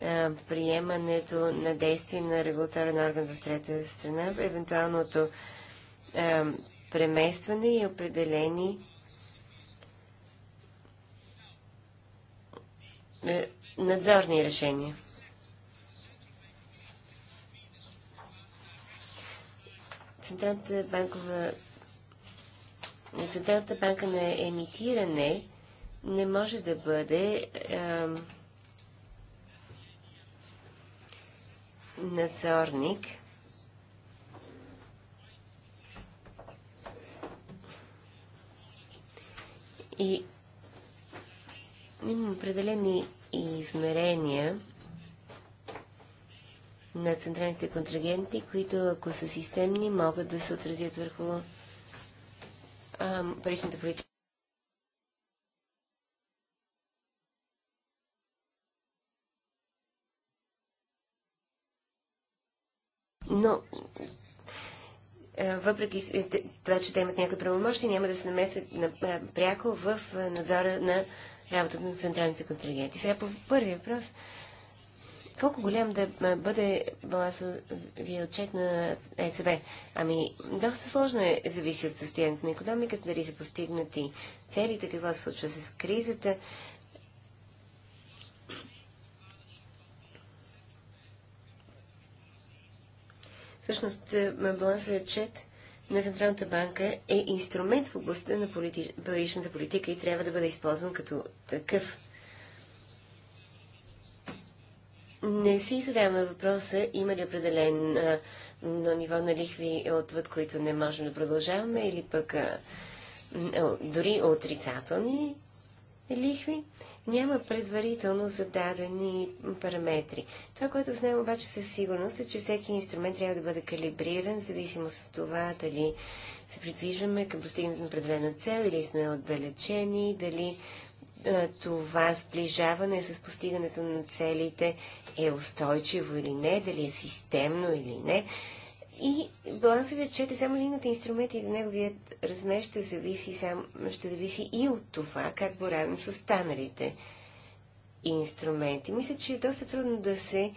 е, приемането на действие на регулаторен орган в трета страна, евентуалното е, преместване и определени надзорни решения. Централната банкова Централната банка на емитиране не може да бъде а, надзорник и има определени измерения на централните контрагенти, които ако са системни, могат да се отразят върху паричната политика. Но е, въпреки е, това, че те имат някои правомощи, няма да се намесят е, пряко в надзора на работата на централните контрагенти. Сега по първия въпрос колко голям да е- бъде балансовия е отчет на ЕЦБ? Ами, доста сложно е, зависи от състоянието на економиката, дали са постигнати целите, какво се случва с кризата. Всъщност, е, балансовият отчет на Централната банка е инструмент в областта на парижната политика и трябва да бъде използван като такъв. Не си задаваме въпроса, има ли определен а, на ниво на лихви, отвъд които не можем да продължаваме, или пък а, дори отрицателни лихви, няма предварително зададени параметри. Това, което знаем обаче със сигурност е, че всеки инструмент трябва да бъде калибриран, в зависимост от това дали се придвижваме към постигането на определена цел или сме отдалечени, дали е, това сближаване с постигането на целите е устойчиво или не, дали е системно или не. И балансовият чет е само един от инструментите, неговият размер ще зависи, сам, ще зависи и от това, как боравим с останалите инструменти. Мисля, че е доста трудно да се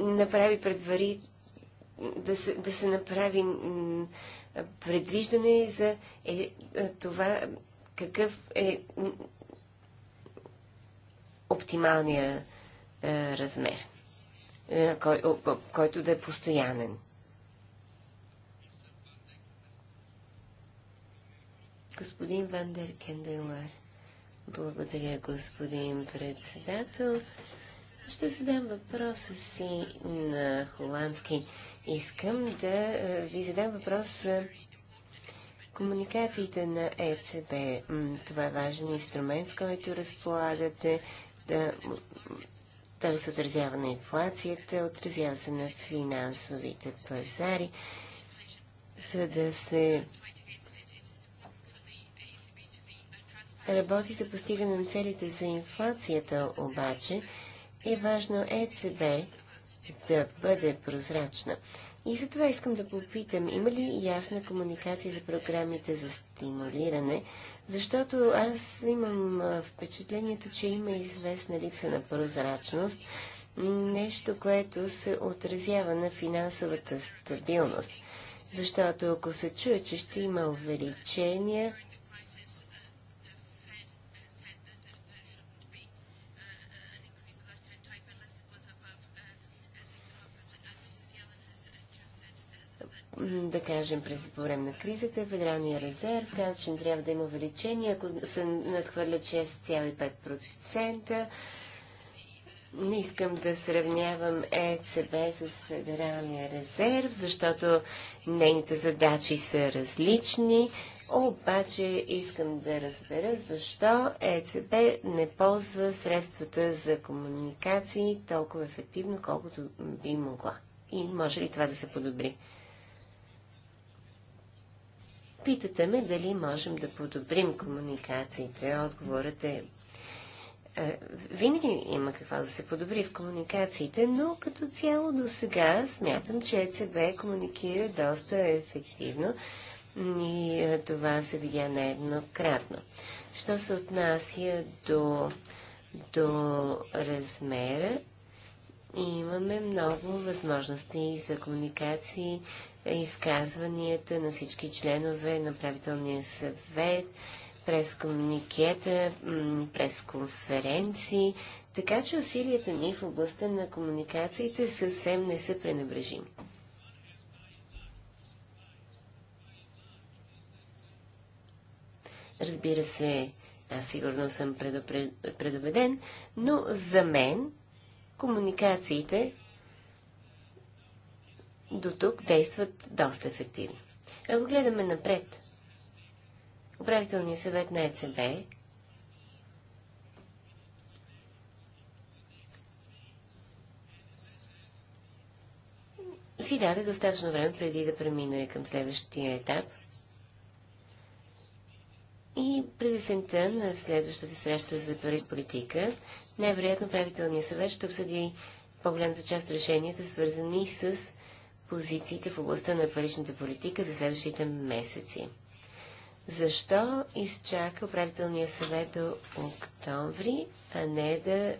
направи предвари, да се, да се направи предвиждане за е, е, това какъв е оптималния е, размер, е, кой, о, който да е постоянен. Господин Вандер Кенделар. Благодаря, господин председател. Ще задам въпроса си на холандски. Искам да е, ви задам въпрос за комуникациите на ЕЦБ. Това е важен инструмент, с който разполагате. Да, той се отразява на инфлацията, отразява се на финансовите пазари, за да се работи за постигане на целите за инфлацията, обаче е важно ЕЦБ да бъде прозрачна. И за това искам да попитам, има ли ясна комуникация за програмите за стимулиране, защото аз имам впечатлението, че има известна липса на прозрачност, нещо, което се отразява на финансовата стабилност. Защото ако се чуе, че ще има увеличения, да кажем, през по време на кризата, Федералния резерв каза, че не трябва да има увеличение, ако се надхвърля 6,5%. Не искам да сравнявам ЕЦБ с Федералния резерв, защото нейните задачи са различни, обаче искам да разбера защо ЕЦБ не ползва средствата за комуникации толкова ефективно, колкото би могла. И може ли това да се подобри? Питате ме дали можем да подобрим комуникациите. Отговорът е, е винаги има какво да се подобри в комуникациите, но като цяло до сега смятам, че ЕЦБ комуникира доста ефективно и е, това се видя нееднократно. Що се отнася до, до размера, и имаме много възможности за комуникации, изказванията на всички членове на правителния съвет, през комуникета, през конференции, така че усилията ни в областта на комуникациите съвсем не са пренебрежими. Разбира се, аз сигурно съм предупреден, но за мен комуникациите до тук действат доста ефективно. Ако гледаме напред, управителният съвет на ЕЦБ си даде достатъчно време преди да премине към следващия етап. И през есента на следващата среща за пари политика най-вероятно правителният съвет ще обсъди по-голямата част от решенията, свързани с позициите в областта на паричната политика за следващите месеци. Защо изчака управителния съвет до октомври, а не да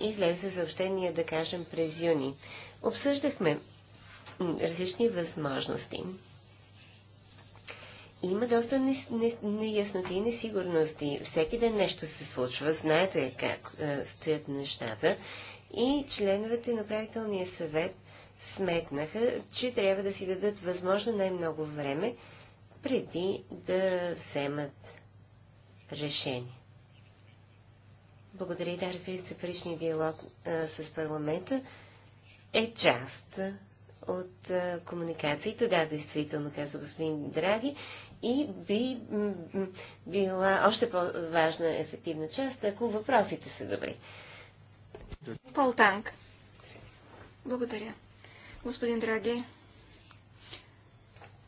излезе съобщение, да кажем, през юни? Обсъждахме различни възможности има доста неясноти и несигурности. Всеки ден нещо се случва, знаете как е, стоят нещата. И членовете на правителния съвет сметнаха, че трябва да си дадат възможно най-много време преди да вземат решение. Благодаря и да, разбира се, паричния диалог а, е, с парламента е част от а, е, комуникациите. Да, действително, казва господин Драги и би била още по-важна ефективна част, ако въпросите са добри. Пол Танк. Благодаря. Господин Драги,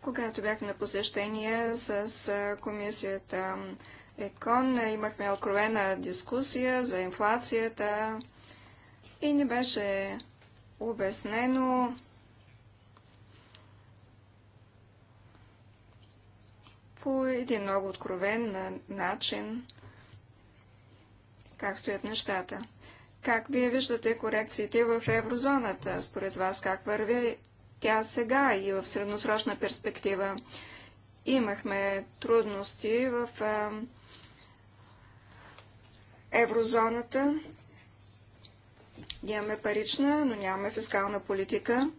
когато бях на посещение с комисията ЕКОН, имахме откровена дискусия за инфлацията и ни беше обяснено по един много откровен начин как стоят нещата. Как вие виждате корекциите в еврозоната? Според вас как върви тя сега и в средносрочна перспектива? Имахме трудности в еврозоната. имаме парична, но нямаме фискална политика.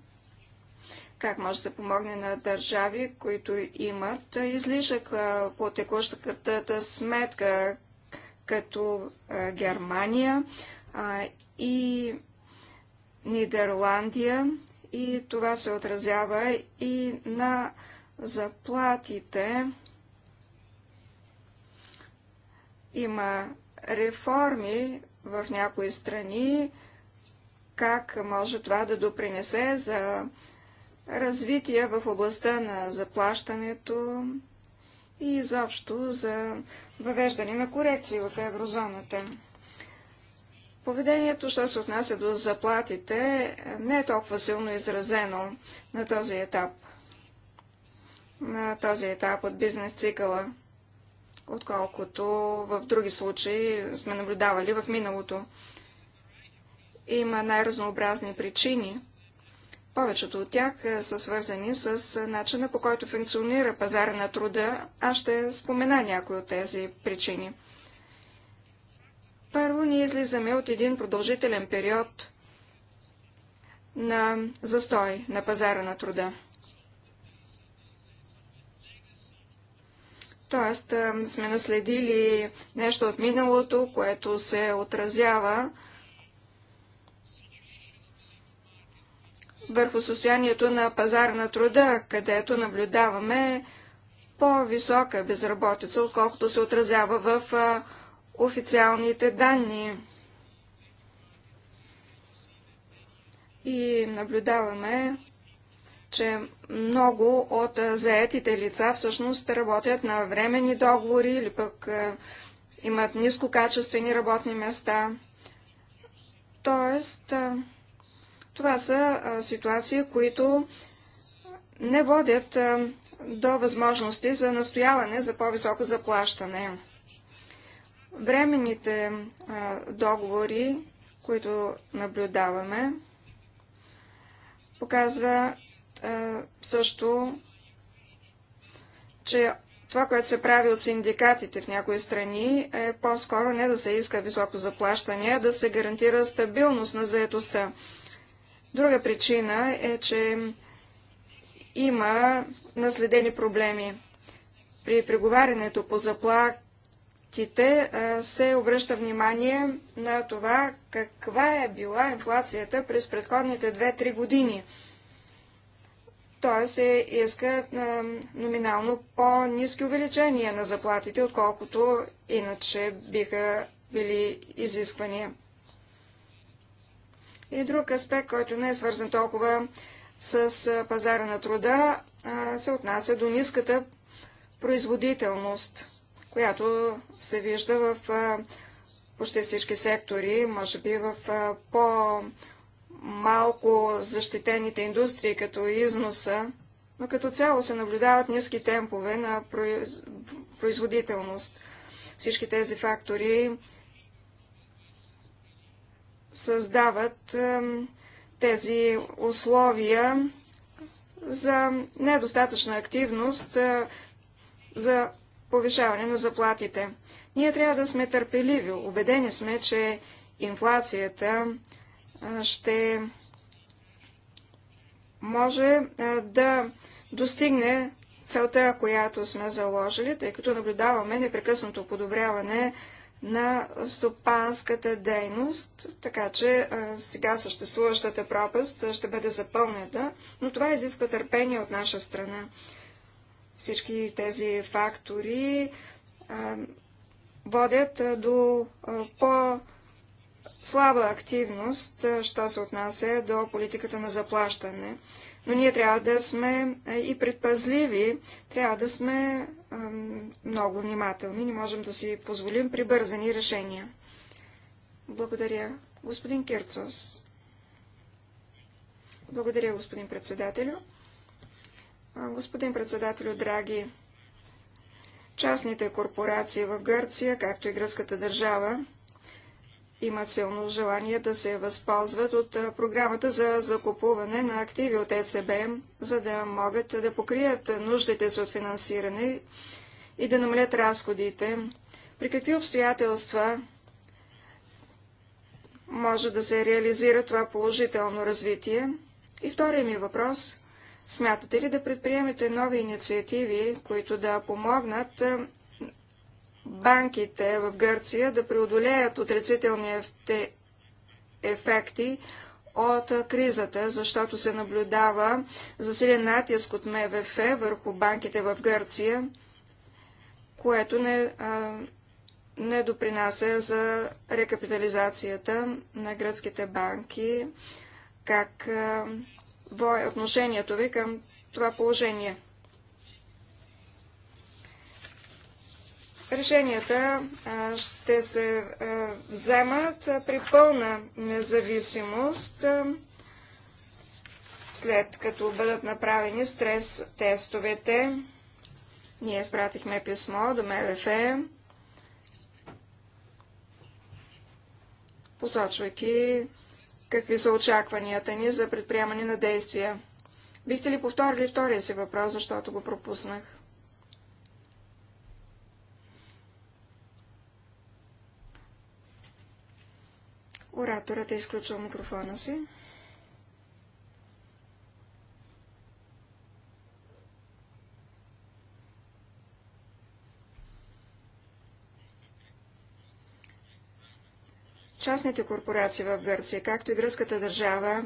Как може да се помогне на държави, които имат излишък по текущата сметка, като Германия и Нидерландия, и това се отразява и на заплатите. Има реформи в някои страни, как може това да допринесе за развитие в областта на заплащането и изобщо за въвеждане на корекции в еврозоната. Поведението, що се отнася до заплатите, не е толкова силно изразено на този етап. На този етап от бизнес цикъла, отколкото в други случаи сме наблюдавали в миналото. Има най-разнообразни причини – повечето от тях е, са свързани с е, начина по който функционира пазара на труда. Аз ще спомена някои от тези причини. Първо, ние излизаме от един продължителен период на застой на пазара на труда. Тоест, е, сме наследили нещо от миналото, което се отразява върху състоянието на пазара на труда, където наблюдаваме по-висока безработица, отколкото се отразява в официалните данни. И наблюдаваме, че много от заетите лица всъщност работят на временни договори или пък имат нискокачествени работни места. Тоест, това са ситуации, които не водят до възможности за настояване за по-високо заплащане. Временните договори, които наблюдаваме, показва също, че това, което се прави от синдикатите в някои страни, е по-скоро не да се иска високо заплащане, а да се гарантира стабилност на заедостта. Друга причина е, че има наследени проблеми. При преговарянето по заплатите се обръща внимание на това каква е била инфлацията през предходните 2-3 години. Тоест се иска номинално по-низки увеличения на заплатите, отколкото иначе биха били изисквания. И друг аспект, който не е свързан толкова с пазара на труда, се отнася до ниската производителност, която се вижда в почти всички сектори, може би в по-малко защитените индустрии, като износа, но като цяло се наблюдават ниски темпове на производителност. Всички тези фактори създават тези условия за недостатъчна активност е, за повишаване на заплатите. Ние трябва да сме търпеливи. Обедени сме, че инфлацията е, ще може е, да достигне целта, която сме заложили, тъй като наблюдаваме непрекъснато подобряване на на стопанската дейност, така че а, сега съществуващата пропаст ще бъде запълнена, но това изисква търпение от наша страна. Всички тези фактори а, водят а, до по-слаба активност, що се отнася до политиката на заплащане но ние трябва да сме и предпазливи, трябва да сме много внимателни, не можем да си позволим прибързани решения. Благодаря. Господин Кирцос. Благодаря, господин председателю. Господин председателю, драги, частните корпорации в Гърция, както и гръцката държава, имат силно желание да се възползват от програмата за закупуване на активи от ЕЦБ, за да могат да покрият нуждите си от финансиране и да намалят разходите. При какви обстоятелства може да се реализира това положително развитие? И втория ми въпрос – Смятате ли да предприемете нови инициативи, които да помогнат банките в Гърция да преодолеят отрицателните ефекти от кризата, защото се наблюдава засилен натиск от МВФ върху банките в Гърция, което не, а, не допринася за рекапитализацията на гръцките банки. Как а, бое отношението ви към това положение? Решенията ще се вземат при пълна независимост, след като бъдат направени стрес тестовете. Ние спратихме писмо до МВФ, посочвайки какви са очакванията ни за предприемане на действия. Бихте ли повторили втория си въпрос, защото го пропуснах? Ораторът е изключил микрофона си. частните корпорации в Гърция, както и гръцката държава,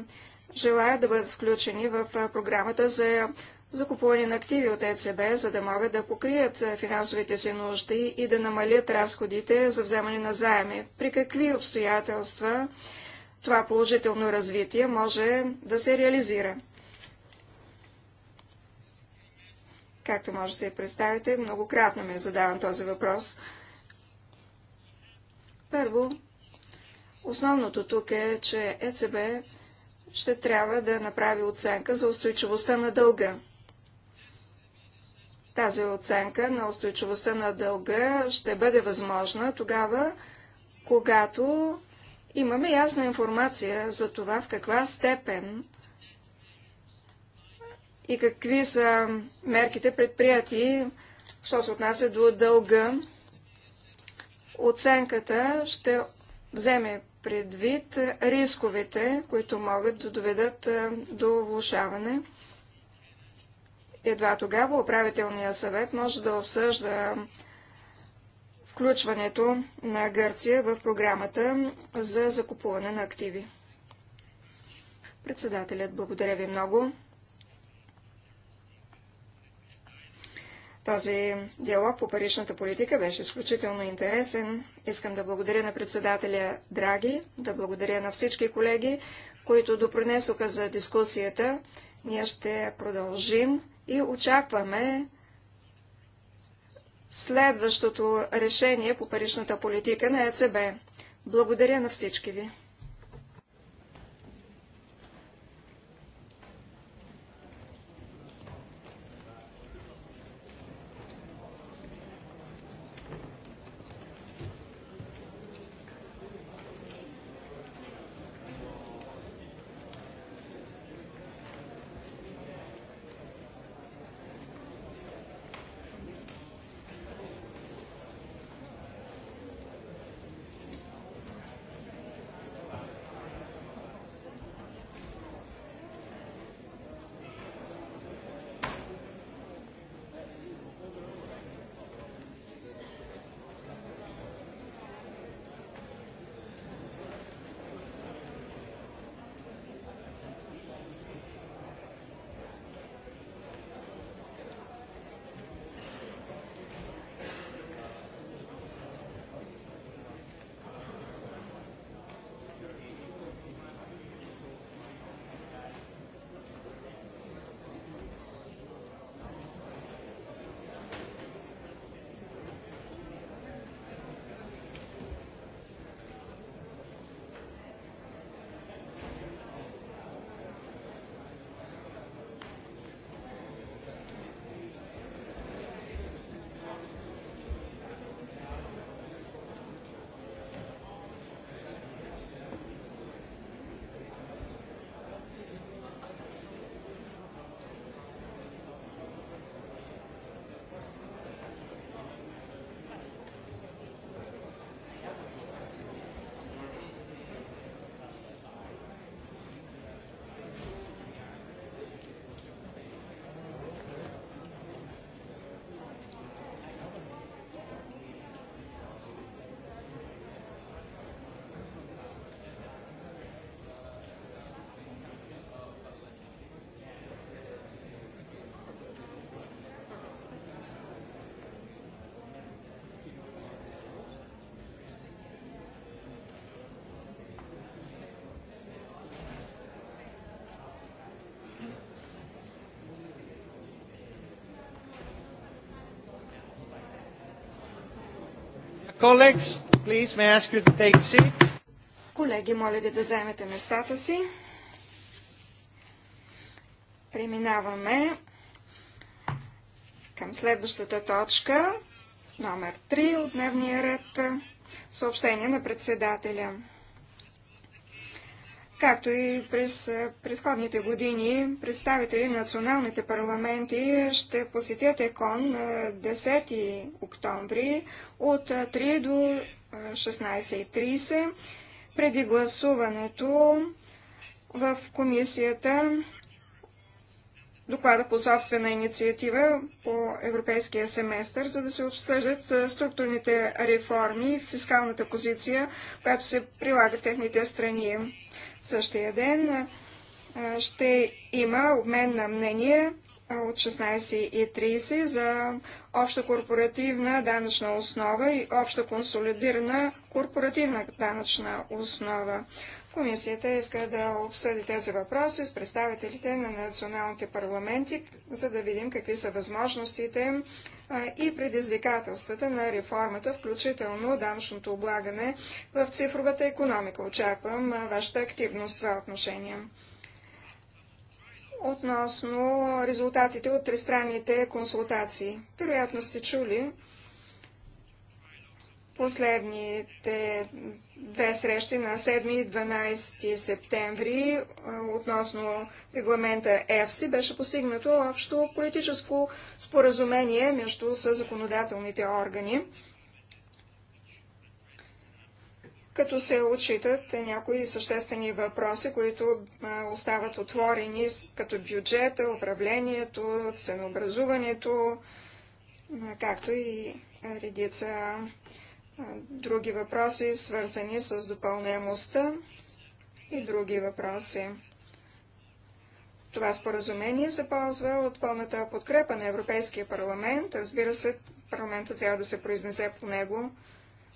желаят да бъдат включени в програмата за за купуване на активи от ЕЦБ, за да могат да покрият е, финансовите си нужди и да намалят разходите за вземане на заеми. При какви обстоятелства това положително развитие може да се реализира? Както може да се представите, многократно ми е задавам този въпрос. Първо, основното тук е, че ЕЦБ ще трябва да направи оценка за устойчивостта на дълга. Тази оценка на устойчивостта на дълга ще бъде възможна тогава, когато имаме ясна информация за това в каква степен и какви са мерките предприяти, що се отнася до дълга. Оценката ще вземе предвид рисковете, които могат да доведат до влушаване едва тогава управителният съвет може да обсъжда включването на Гърция в програмата за закупуване на активи. Председателят, благодаря ви много. Този диалог по паричната политика беше изключително интересен. Искам да благодаря на председателя Драги, да благодаря на всички колеги, които допринесоха за дискусията. Ние ще продължим и очакваме следващото решение по паричната политика на ЕЦБ. Благодаря на всички ви. Colleagues, please, may I ask you to take a seat? Колеги, моля ви да заемете местата си. Преминаваме към следващата точка, номер 3 от дневния ред, съобщение на председателя. Както и през предходните години, представители на националните парламенти ще посетят ЕКОН на 10 октомври от 3 до 16.30 преди гласуването в комисията доклада по собствена инициатива по европейския семестър, за да се обсъждат структурните реформи, фискалната позиция, която се прилага в техните страни. Същия ден ще има обмен на мнение от 16.30 за обща корпоративна данъчна основа и обща консолидирана корпоративна данъчна основа. Комисията иска да обсъди тези въпроси с представителите на националните парламенти, за да видим какви са възможностите и предизвикателствата на реформата, включително данъчното облагане в цифровата економика. Очаквам вашата активност в това отношение. Относно резултатите от тристранните консултации. Вероятно сте чули последните две срещи на 7 и 12 септември е, относно регламента ЕФСИ беше постигнато общо политическо споразумение между законодателните органи, като се отчитат някои съществени въпроси, които е, остават отворени, като бюджета, управлението, ценообразуването, е, както и редица други въпроси, свързани с допълняемостта и други въпроси. Това споразумение се ползва от пълната подкрепа на Европейския парламент. Разбира се, парламентът трябва да се произнесе по него.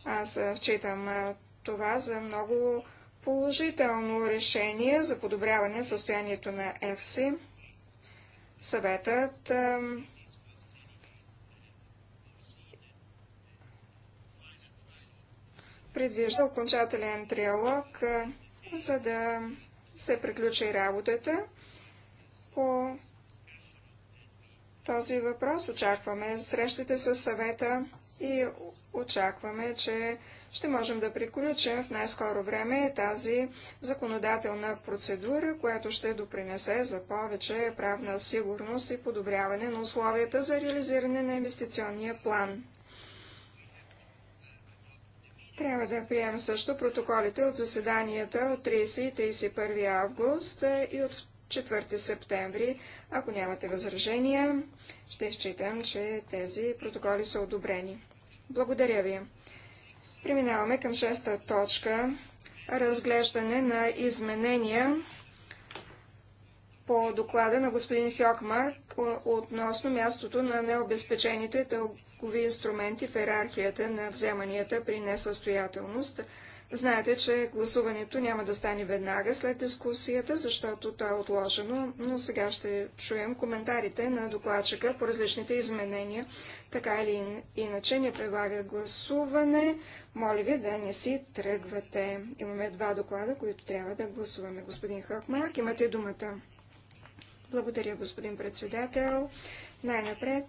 Аз считам това за много положително решение за подобряване състоянието на ЕФСИ. Съветът предвижда окончателен триалог, за да се приключи работата. По този въпрос очакваме срещите с съвета и очакваме, че ще можем да приключим в най-скоро време тази законодателна процедура, която ще допринесе за повече правна сигурност и подобряване на условията за реализиране на инвестиционния план. Трябва да приемем също протоколите от заседанията от 30 и 31 август и от 4 септември. Ако нямате възражения, ще изчитам, че тези протоколи са одобрени. Благодаря ви. Преминаваме към шеста точка. Разглеждане на изменения по доклада на господин Хьокмарк относно мястото на необезпечените дълг рискови инструменти в иерархията на вземанията при несъстоятелност. Знаете, че гласуването няма да стане веднага след дискусията, защото то е отложено, но сега ще чуем коментарите на докладчика по различните изменения. Така или иначе ни предлага гласуване. Моля ви да не си тръгвате. Имаме два доклада, които трябва да гласуваме. Господин Хакмарк, имате думата. Благодаря, господин председател. Най-напред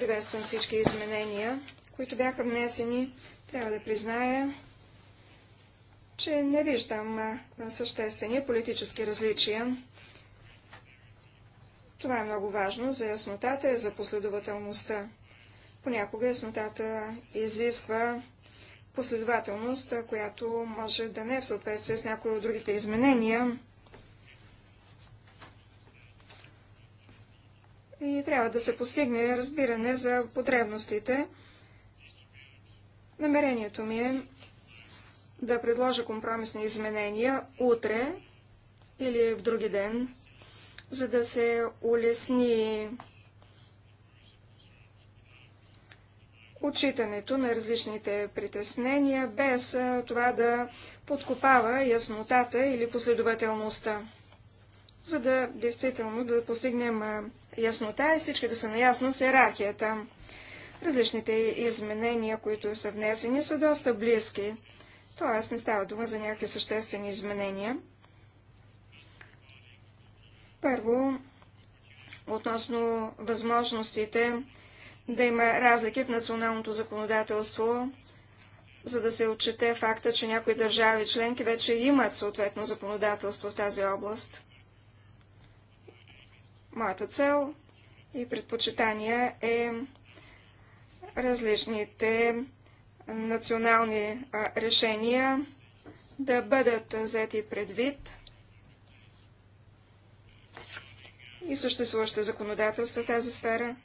Приветствам всички изменения, които бяха внесени. Трябва да призная, че не виждам съществени политически различия. Това е много важно за яснотата и за последователността. Понякога яснотата изисква последователност, която може да не е в съответствие с някои от другите изменения. и трябва да се постигне разбиране за потребностите. Намерението ми е да предложа компромисни изменения утре или в други ден, за да се улесни отчитането на различните притеснения, без това да подкопава яснотата или последователността, за да действително да постигнем яснота и всички да са наясно с иерархията. Различните изменения, които са внесени, са доста близки. Тоест не става дума за някакви съществени изменения. Първо, относно възможностите да има разлики в националното законодателство, за да се отчете факта, че някои държави членки вече имат съответно законодателство в тази област. Моята цел и предпочитания е различните национални решения да бъдат взети предвид и съществуваща законодателство в тази сфера.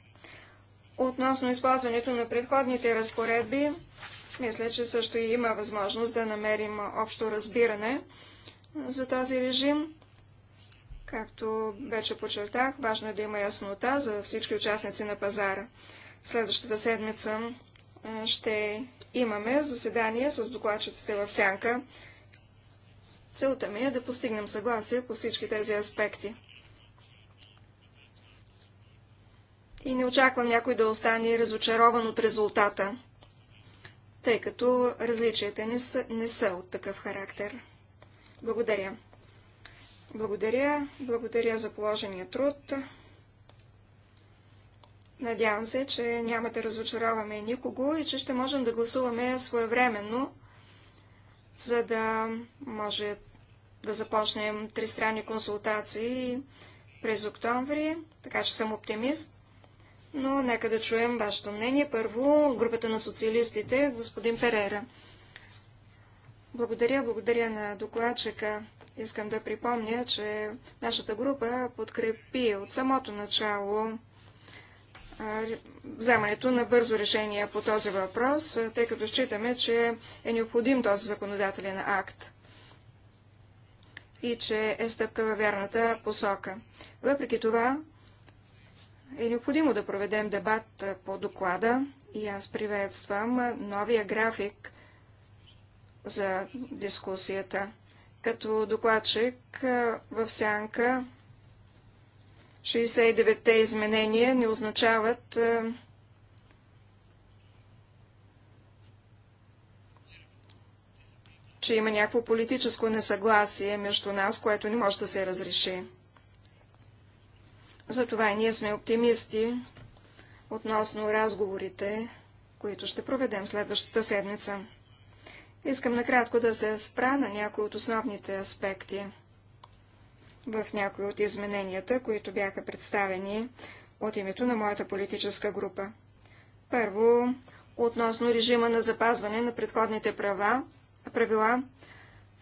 Относно използването на предходните разпоредби, мисля, че също и има възможност да намерим общо разбиране за този режим. Както вече подчертах, важно е да има яснота за всички участници на пазара. Следващата седмица е, ще имаме заседание с докладчиците в Сянка. Целта ми е да постигнем съгласие по всички тези аспекти. И не очаквам някой да остане разочарован от резултата, тъй като различията не са, не са от такъв характер. Благодаря. Благодаря. Благодаря за положения труд. Надявам се, че няма да разочароваме никого и че ще можем да гласуваме своевременно, за да може да започнем тристранни консултации през октомври, така че съм оптимист. Но нека да чуем вашето мнение. Първо, групата на социалистите, господин Перера. Благодаря, благодаря на докладчика Искам да припомня, че нашата група подкрепи от самото начало вземането на бързо решение по този въпрос, тъй като считаме, че е необходим този законодателен акт и че е стъпка във вярната посока. Въпреки това, е необходимо да проведем дебат по доклада и аз приветствам новия график за дискусията. Като докладчик в сянка 69-те изменения не означават че има някакво политическо несъгласие между нас, което не може да се разреши. Затова и ние сме оптимисти относно разговорите, които ще проведем следващата седмица. Искам накратко да се спра на някои от основните аспекти в някои от измененията, които бяха представени от името на моята политическа група. Първо, относно режима на запазване на предходните права, правила,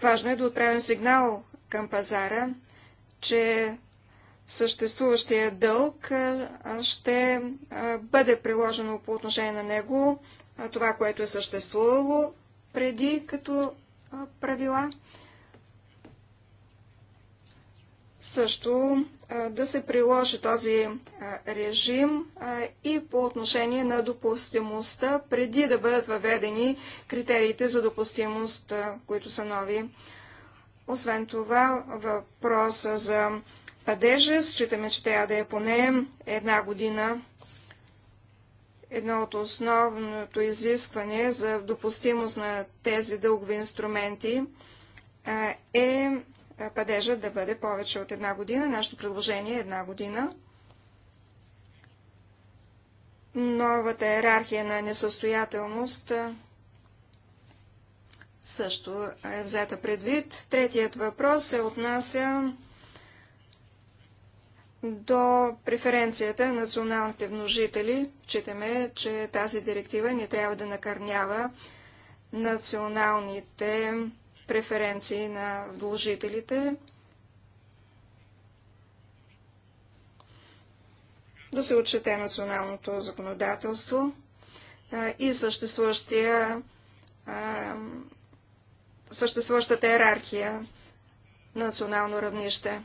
важно е да отправим сигнал към пазара, че съществуващия дълг ще бъде приложено по отношение на него това, което е съществувало преди като правила. Също да се приложи този режим и по отношение на допустимостта, преди да бъдат въведени критериите за допустимост, които са нови. Освен това, въпроса за падежа, считаме, че трябва да е поне една година едно от основното изискване за допустимост на тези дългови инструменти е падежа да бъде повече от една година. Нашето предложение е една година. Новата иерархия на несъстоятелност също е взета предвид. Третият въпрос се отнася до преференцията на националните множители. Читаме, че тази директива не трябва да накърнява националните преференции на вложителите. Да се отчете националното законодателство и съществуващия, съществуващата иерархия на национално равнище.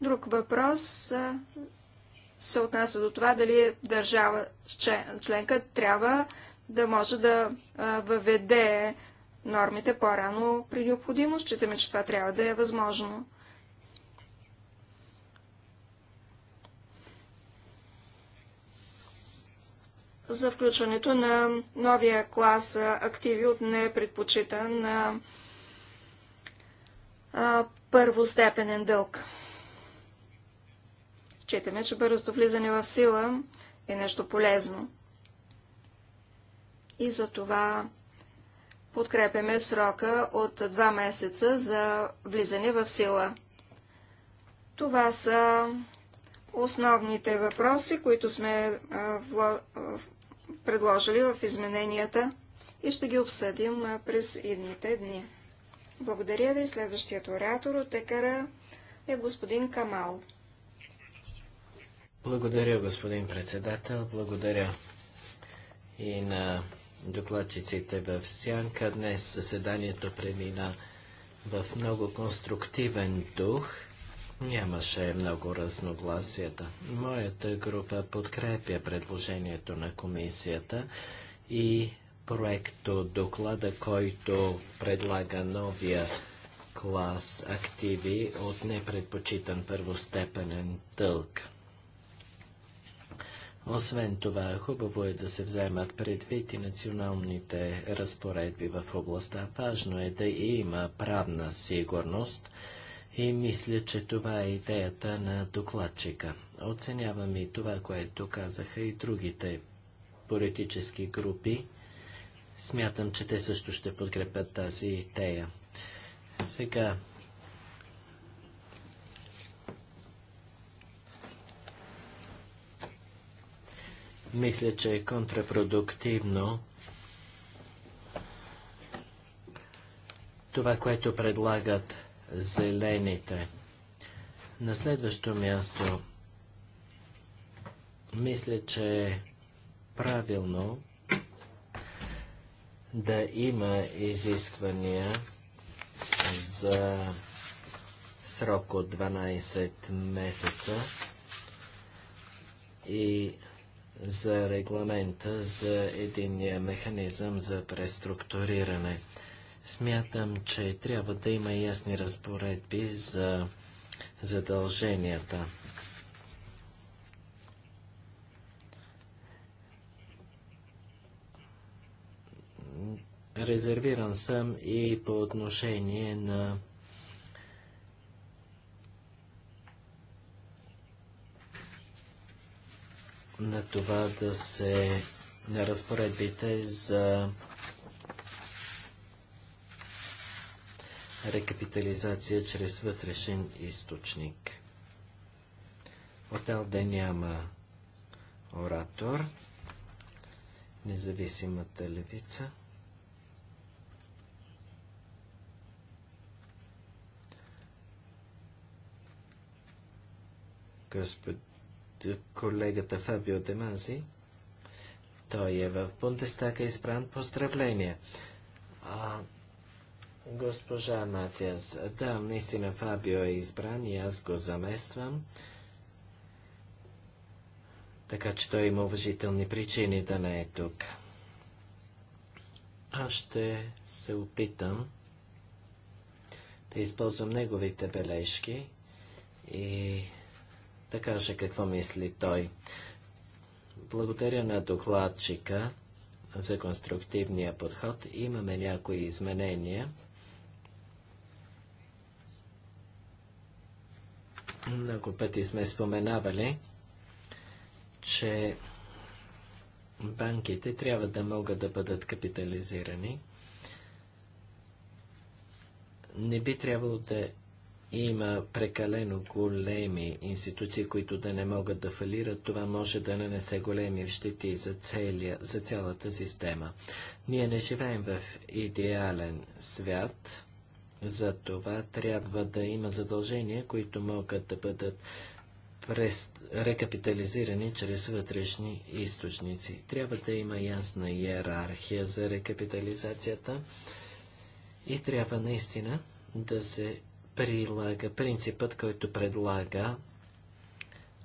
Друг въпрос се отнася до това дали държава членка трябва да може да въведе нормите по-рано при необходимост. Считаме, че това трябва да е възможно. за включването на новия клас активи от непредпочитан на първостепенен дълг. Читаме, че бързото влизане в сила е нещо полезно. И за това подкрепяме срока от два месеца за влизане в сила. Това са основните въпроси, които сме предложили в измененията и ще ги обсъдим през идните дни. Благодаря ви. Следващият оратор от Екара е господин Камал. Благодаря, господин председател. Благодаря и на докладчиците в Сянка. Днес заседанието премина в много конструктивен дух. Нямаше много разногласията. Моята група подкрепя предложението на комисията и проекто доклада, който предлага новия клас активи от непредпочитан първостепенен дълг. Освен това, хубаво е да се вземат предвид и националните разпоредби в областта. Важно е да има правна сигурност и мисля, че това е идеята на докладчика. Оценявам и това, което казаха и другите политически групи. Смятам, че те също ще подкрепят тази идея. Сега Мисля, че е контрапродуктивно това, което предлагат зелените. На следващо място, мисля, че е правилно да има изисквания за срок от 12 месеца и за регламента за единния механизъм за преструктуриране. Смятам, че трябва да има ясни разпоредби за задълженията. Резервиран съм и по отношение на на това да се на разпоредбите за рекапитализация чрез вътрешен източник. От ЛД няма оратор, независимата левица. Господ колегата Фабио Демази. Той е в Бундестака избран. Поздравления! А, госпожа Матиас, да, наистина Фабио е избран и аз го замествам. Така че той има уважителни причини да не е тук. Аз ще се опитам да използвам неговите бележки и да каже какво мисли той. Благодаря на докладчика за конструктивния подход. Имаме някои изменения. Много пъти сме споменавали, че банките трябва да могат да бъдат капитализирани. Не би трябвало да има прекалено големи институции, които да не могат да фалират, това може да нанесе големи щети за, целия, за цялата система. Ние не живеем в идеален свят, за това трябва да има задължения, които могат да бъдат през, рекапитализирани чрез вътрешни източници. Трябва да има ясна иерархия за рекапитализацията и трябва наистина да се прилага принципът, който предлага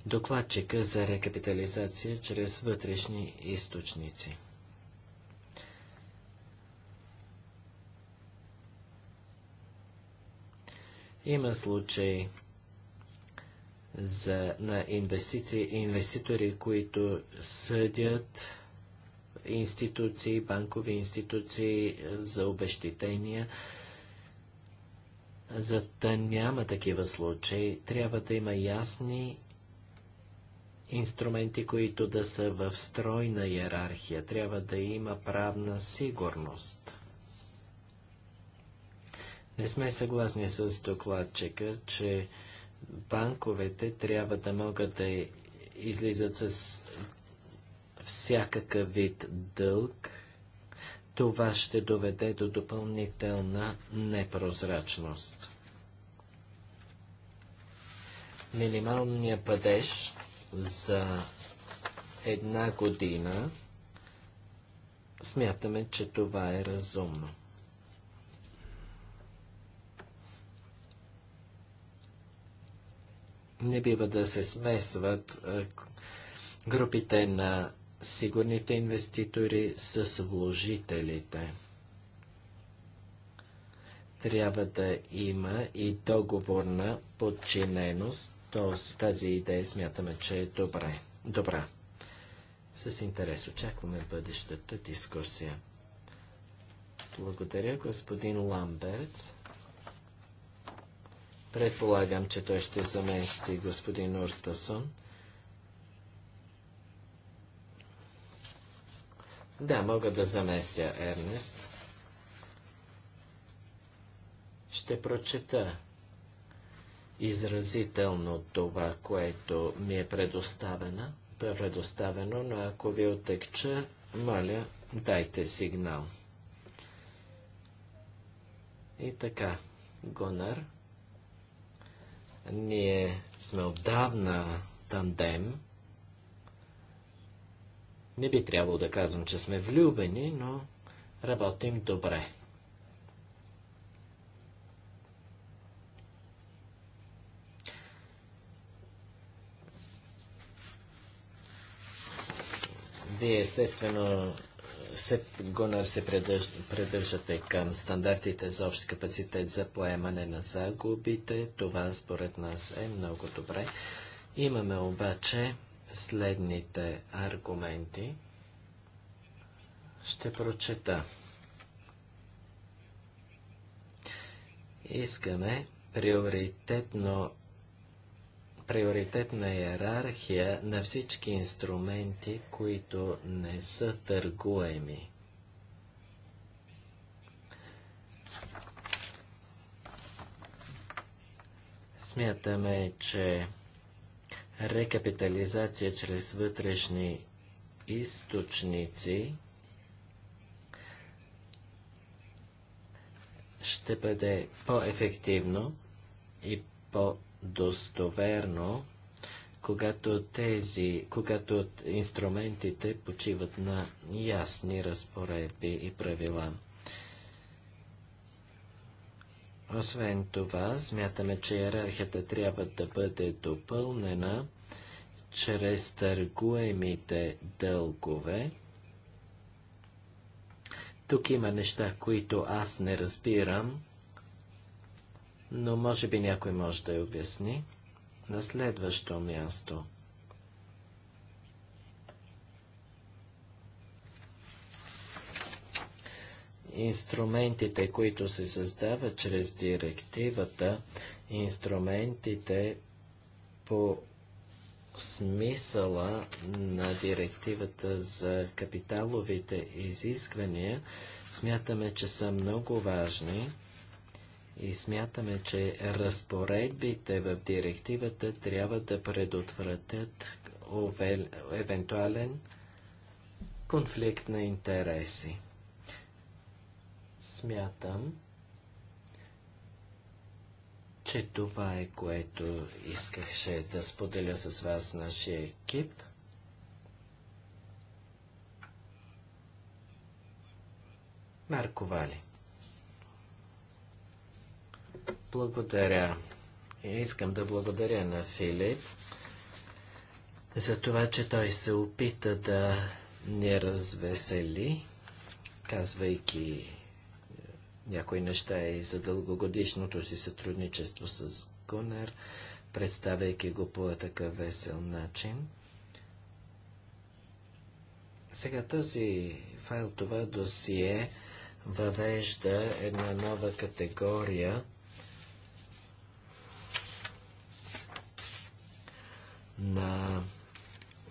докладчика за рекапитализация чрез вътрешни източници. Има случаи за, на инвестиции, и инвеститори, които съдят институции, банкови институции за обещетения за да няма такива случаи, трябва да има ясни инструменти, които да са в стройна иерархия. Трябва да има правна сигурност. Не сме съгласни с докладчика, че банковете трябва да могат да излизат с всякакъв вид дълг – това ще доведе до допълнителна непрозрачност. Минималният падеж за една година смятаме, че това е разумно. Не бива да се смесват групите на сигурните инвеститори с вложителите. Трябва да има и договорна подчиненост. Тоест, тази идея смятаме, че е добре. добра. С интерес очакваме бъдещата дискусия. Благодаря, господин Ламберт. Предполагам, че той ще замести господин Уртасон. Да, мога да заместя Ернест. Ще прочета изразително това, което ми е предоставено, предоставено, но ако ви отекча, моля, дайте сигнал. И така, Гонар, ние сме отдавна тандем, не би трябвало да казвам, че сме влюбени, но работим добре. Вие естествено се, го се придърж, придържате към стандартите за общ капацитет за поемане на загубите. Това според нас е много добре. Имаме обаче следните аргументи. Ще прочета. Искаме приоритетно приоритетна иерархия на всички инструменти, които не са търгуеми. Смятаме, че рекапитализация чрез вътрешни източници ще бъде по-ефективно и по-достоверно, когато, тези, когато инструментите почиват на ясни разпоредби и правила. Освен това, смятаме, че иерархията трябва да бъде допълнена чрез търгуемите дългове. Тук има неща, които аз не разбирам, но може би някой може да я обясни. На следващо място. инструментите, които се създават чрез директивата, инструментите по смисъла на директивата за капиталовите изисквания, смятаме, че са много важни и смятаме, че разпоредбите в директивата трябва да предотвратят овел... евентуален конфликт на интереси. Смятам, че това е което искаше да споделя с вас нашия екип. Марко Вали. Благодаря. Искам да благодаря на Филип за това, че той се опита да ни развесели, казвайки някои неща и за дългогодишното си сътрудничество с Гунер, представяйки го по такъв весел начин. Сега този файл, това досие въвежда една нова категория на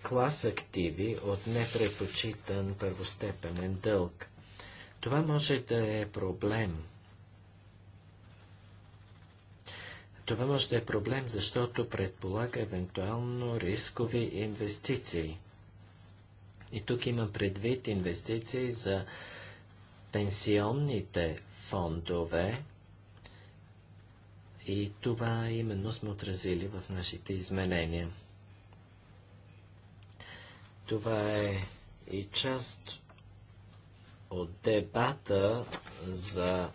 клас активи от непрепочитан първостепенен дълг. Това може да е проблем. Това може да е проблем, защото предполага евентуално рискови инвестиции. И тук имам предвид инвестиции за пенсионните фондове. И това именно сме отразили в нашите изменения. Това е и част от дебата за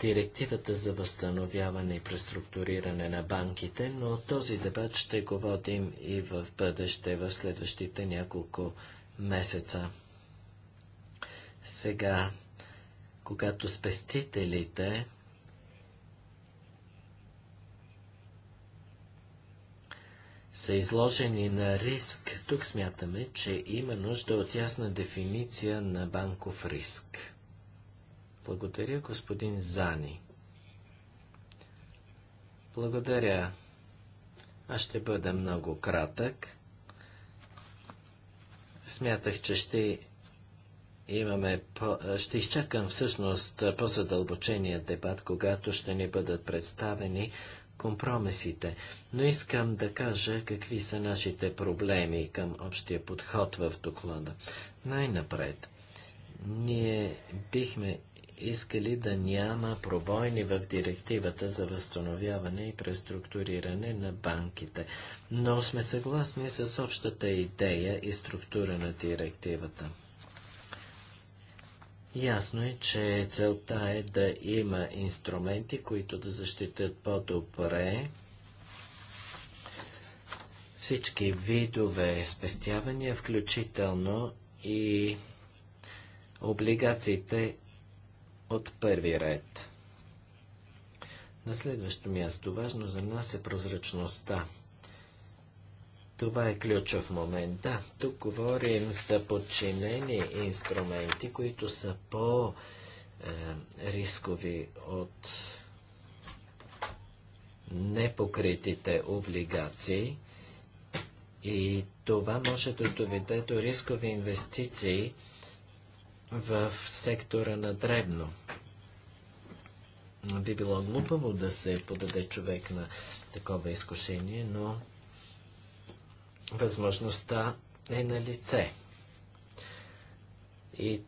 директивата за възстановяване и преструктуриране на банките, но този дебат ще го водим и в бъдеще, в следващите няколко месеца. Сега, когато спестителите са изложени на риск, тук смятаме, че има нужда от ясна дефиниция на банков риск. Благодаря, господин Зани. Благодаря. Аз ще бъда много кратък. Смятах, че ще имаме по... ще изчакам всъщност по-задълбочения дебат, когато ще ни бъдат представени компромисите, но искам да кажа какви са нашите проблеми към общия подход в доклада. Най-напред, ние бихме искали да няма пробойни в директивата за възстановяване и преструктуриране на банките, но сме съгласни с общата идея и структура на директивата. Ясно е, че целта е да има инструменти, които да защитят по-добре всички видове спестявания, включително и облигациите от първи ред. На следващо място важно за нас е прозрачността. Това е ключов момент. Да, тук говорим за подчинени инструменти, които са по-рискови е, от непокритите облигации и това може да доведе до рискови инвестиции в сектора на дребно. Би било глупаво да се подаде човек на такова изкушение, но възможността е на лице. И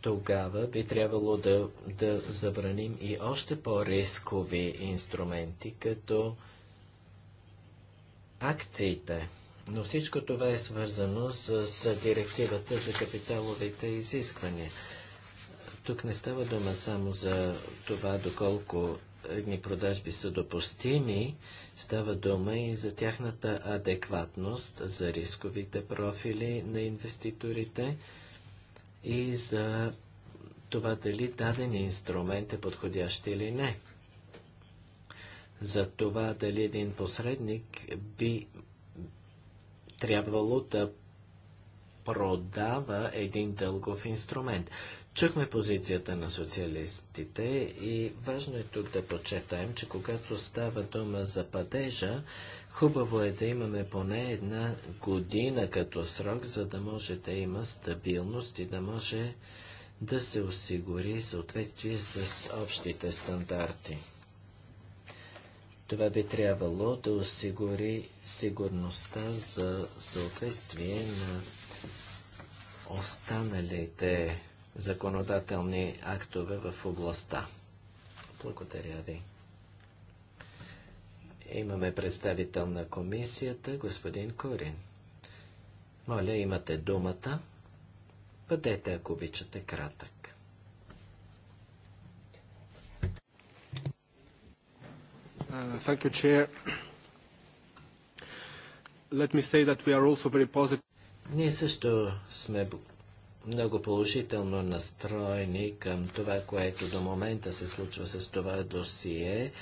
тогава би трябвало да, да забраним и още по-рискови инструменти, като акциите. Но всичко това е свързано с, с директивата за капиталовите изисквания. Тук не става дума само за това, доколко едни продажби са допустими, става дума и за тяхната адекватност, за рисковите профили на инвеститорите и за това дали даден инструмент е подходящ или не. За това дали един посредник би трябвало да продава един дългов инструмент. Чухме позицията на социалистите и важно е тук да подчертаем, че когато става дума за падежа, хубаво е да имаме поне една година като срок, за да може да има стабилност и да може да се осигури съответствие с общите стандарти. Това би трябвало да осигури сигурността за съответствие на останалите законодателни актове в областта. Благодаря ви. Имаме представител на комисията, господин Корин. Моля, имате думата. Бъдете, ако обичате, кратък. Uh, Ние също сме много положително настроени към това, което до момента се случва с това досие.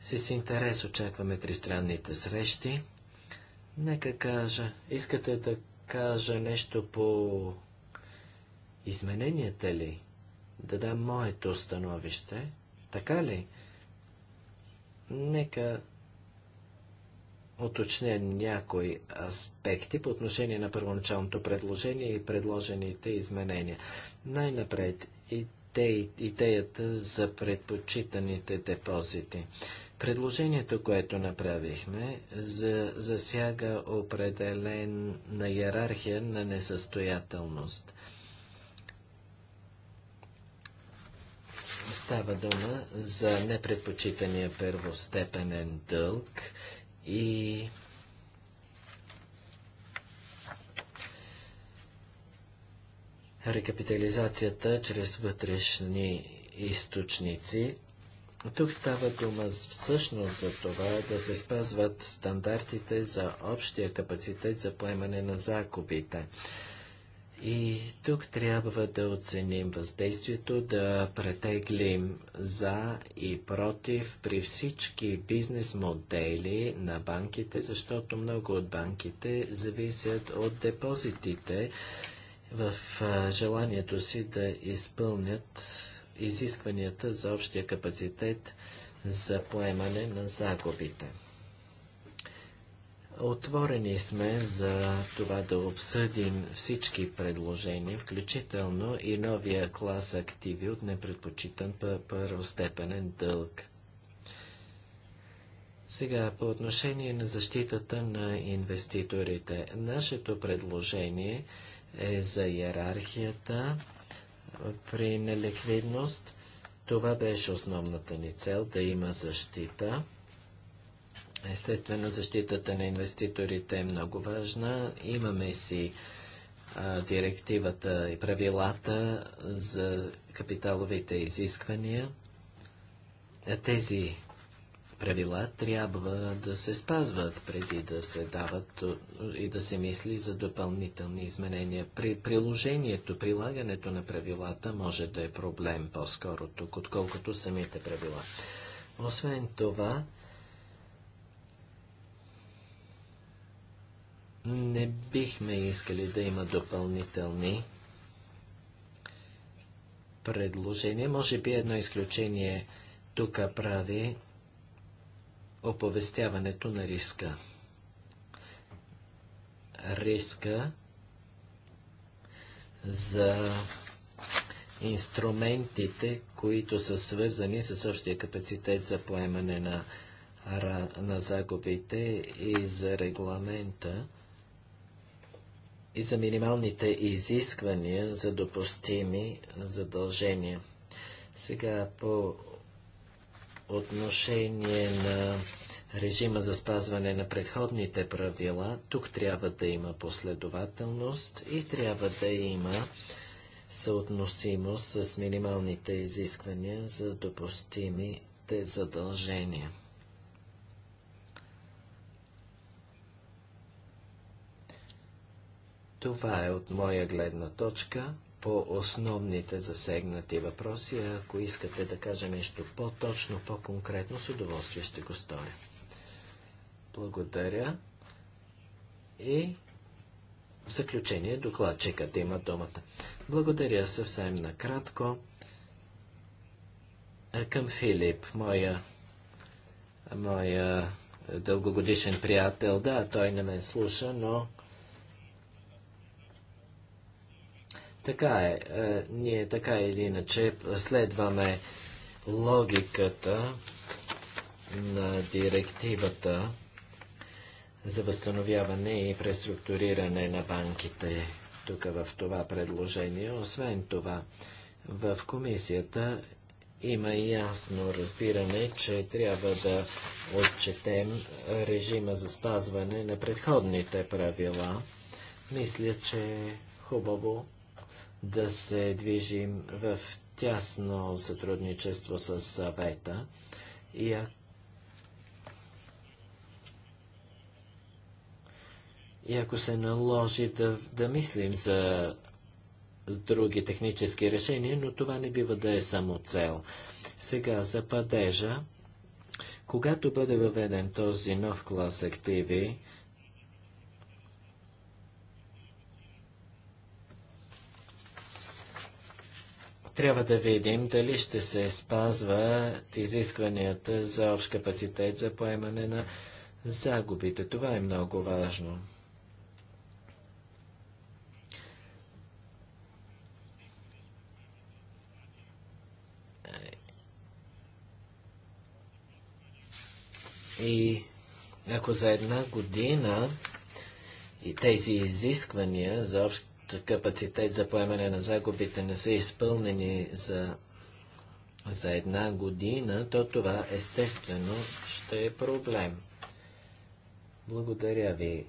С интерес очакваме тристранните срещи. Нека кажа, искате да кажа нещо по измененията ли? Да дам моето становище? Така ли? Нека уточня някои аспекти по отношение на първоначалното предложение и предложените изменения. Най-напред идеи, идеята за предпочитаните депозити. Предложението, което направихме, за, засяга определена иерархия на несъстоятелност. Става дума за непредпочитания първостепенен дълг и рекапитализацията чрез вътрешни източници. Тук става дума всъщност за това да се спазват стандартите за общия капацитет за поемане на закупите. И тук трябва да оценим въздействието, да претеглим за и против при всички бизнес модели на банките, защото много от банките зависят от депозитите в желанието си да изпълнят изискванията за общия капацитет за поемане на загубите. Отворени сме за това да обсъдим всички предложения, включително и новия клас активи от непредпочитан първостепенен дълг. Сега, по отношение на защитата на инвеститорите. Нашето предложение е за иерархията при неликвидност. Това беше основната ни цел, да има защита. Естествено, защитата на инвеститорите е много важна. Имаме си директивата и правилата за капиталовите изисквания. Е, тези правила трябва да се спазват преди да се дават и да се мисли за допълнителни изменения. При приложението, прилагането на правилата може да е проблем по-скоро тук, отколкото самите правила. Освен това, не бихме искали да има допълнителни предложения. Може би едно изключение тук прави оповестяването на риска. Риска за инструментите, които са свързани с общия капацитет за поемане на, на загубите и за регламента и за минималните изисквания за допустими задължения. Сега по отношение на режима за спазване на предходните правила, тук трябва да има последователност и трябва да има съотносимост с минималните изисквания за допустимите задължения. Това е от моя гледна точка по основните засегнати въпроси. Ако искате да кажа нещо по-точно, по-конкретно, с удоволствие ще го сторя. Благодаря. И в заключение докладчикът има думата. Благодаря съвсем накратко. Е, към Филип, моя, моя дългогодишен приятел, да, той не ме слуша, но Така е, е. Ние така или иначе следваме логиката на директивата за възстановяване и преструктуриране на банките тук в това предложение. Освен това, в комисията има ясно разбиране, че трябва да отчетем режима за спазване на предходните правила. Мисля, че е хубаво да се движим в тясно сътрудничество с съвета и ако И ако се наложи да, да мислим за други технически решения, но това не бива да е само цел. Сега за падежа. Когато бъде въведен този нов клас активи, Трябва да видим дали ще се спазват изискванията за общ капацитет за поемане на загубите. Това е много важно. И ако за една година и тези изисквания за общ капацитет за поемане на загубите не са изпълнени за, за една година, то това естествено ще е проблем. Благодаря ви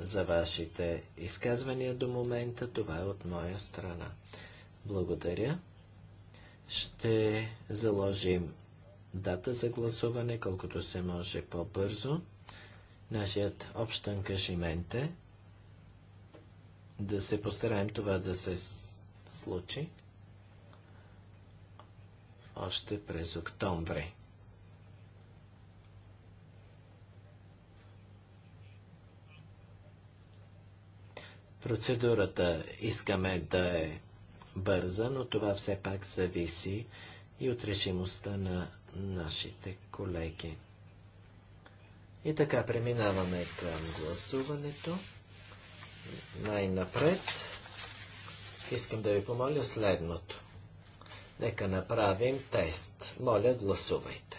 за вашите изказвания до момента. Това е от моя страна. Благодаря. Ще заложим дата за гласуване колкото се може по-бързо. Нашият общ ангажимент е да се постараем това да се случи още през октомври. Процедурата искаме да е бърза, но това все пак зависи и от решимостта на нашите колеги. И така преминаваме към гласуването най-напред искам да ви помоля следното. Нека направим тест. Моля, гласувайте.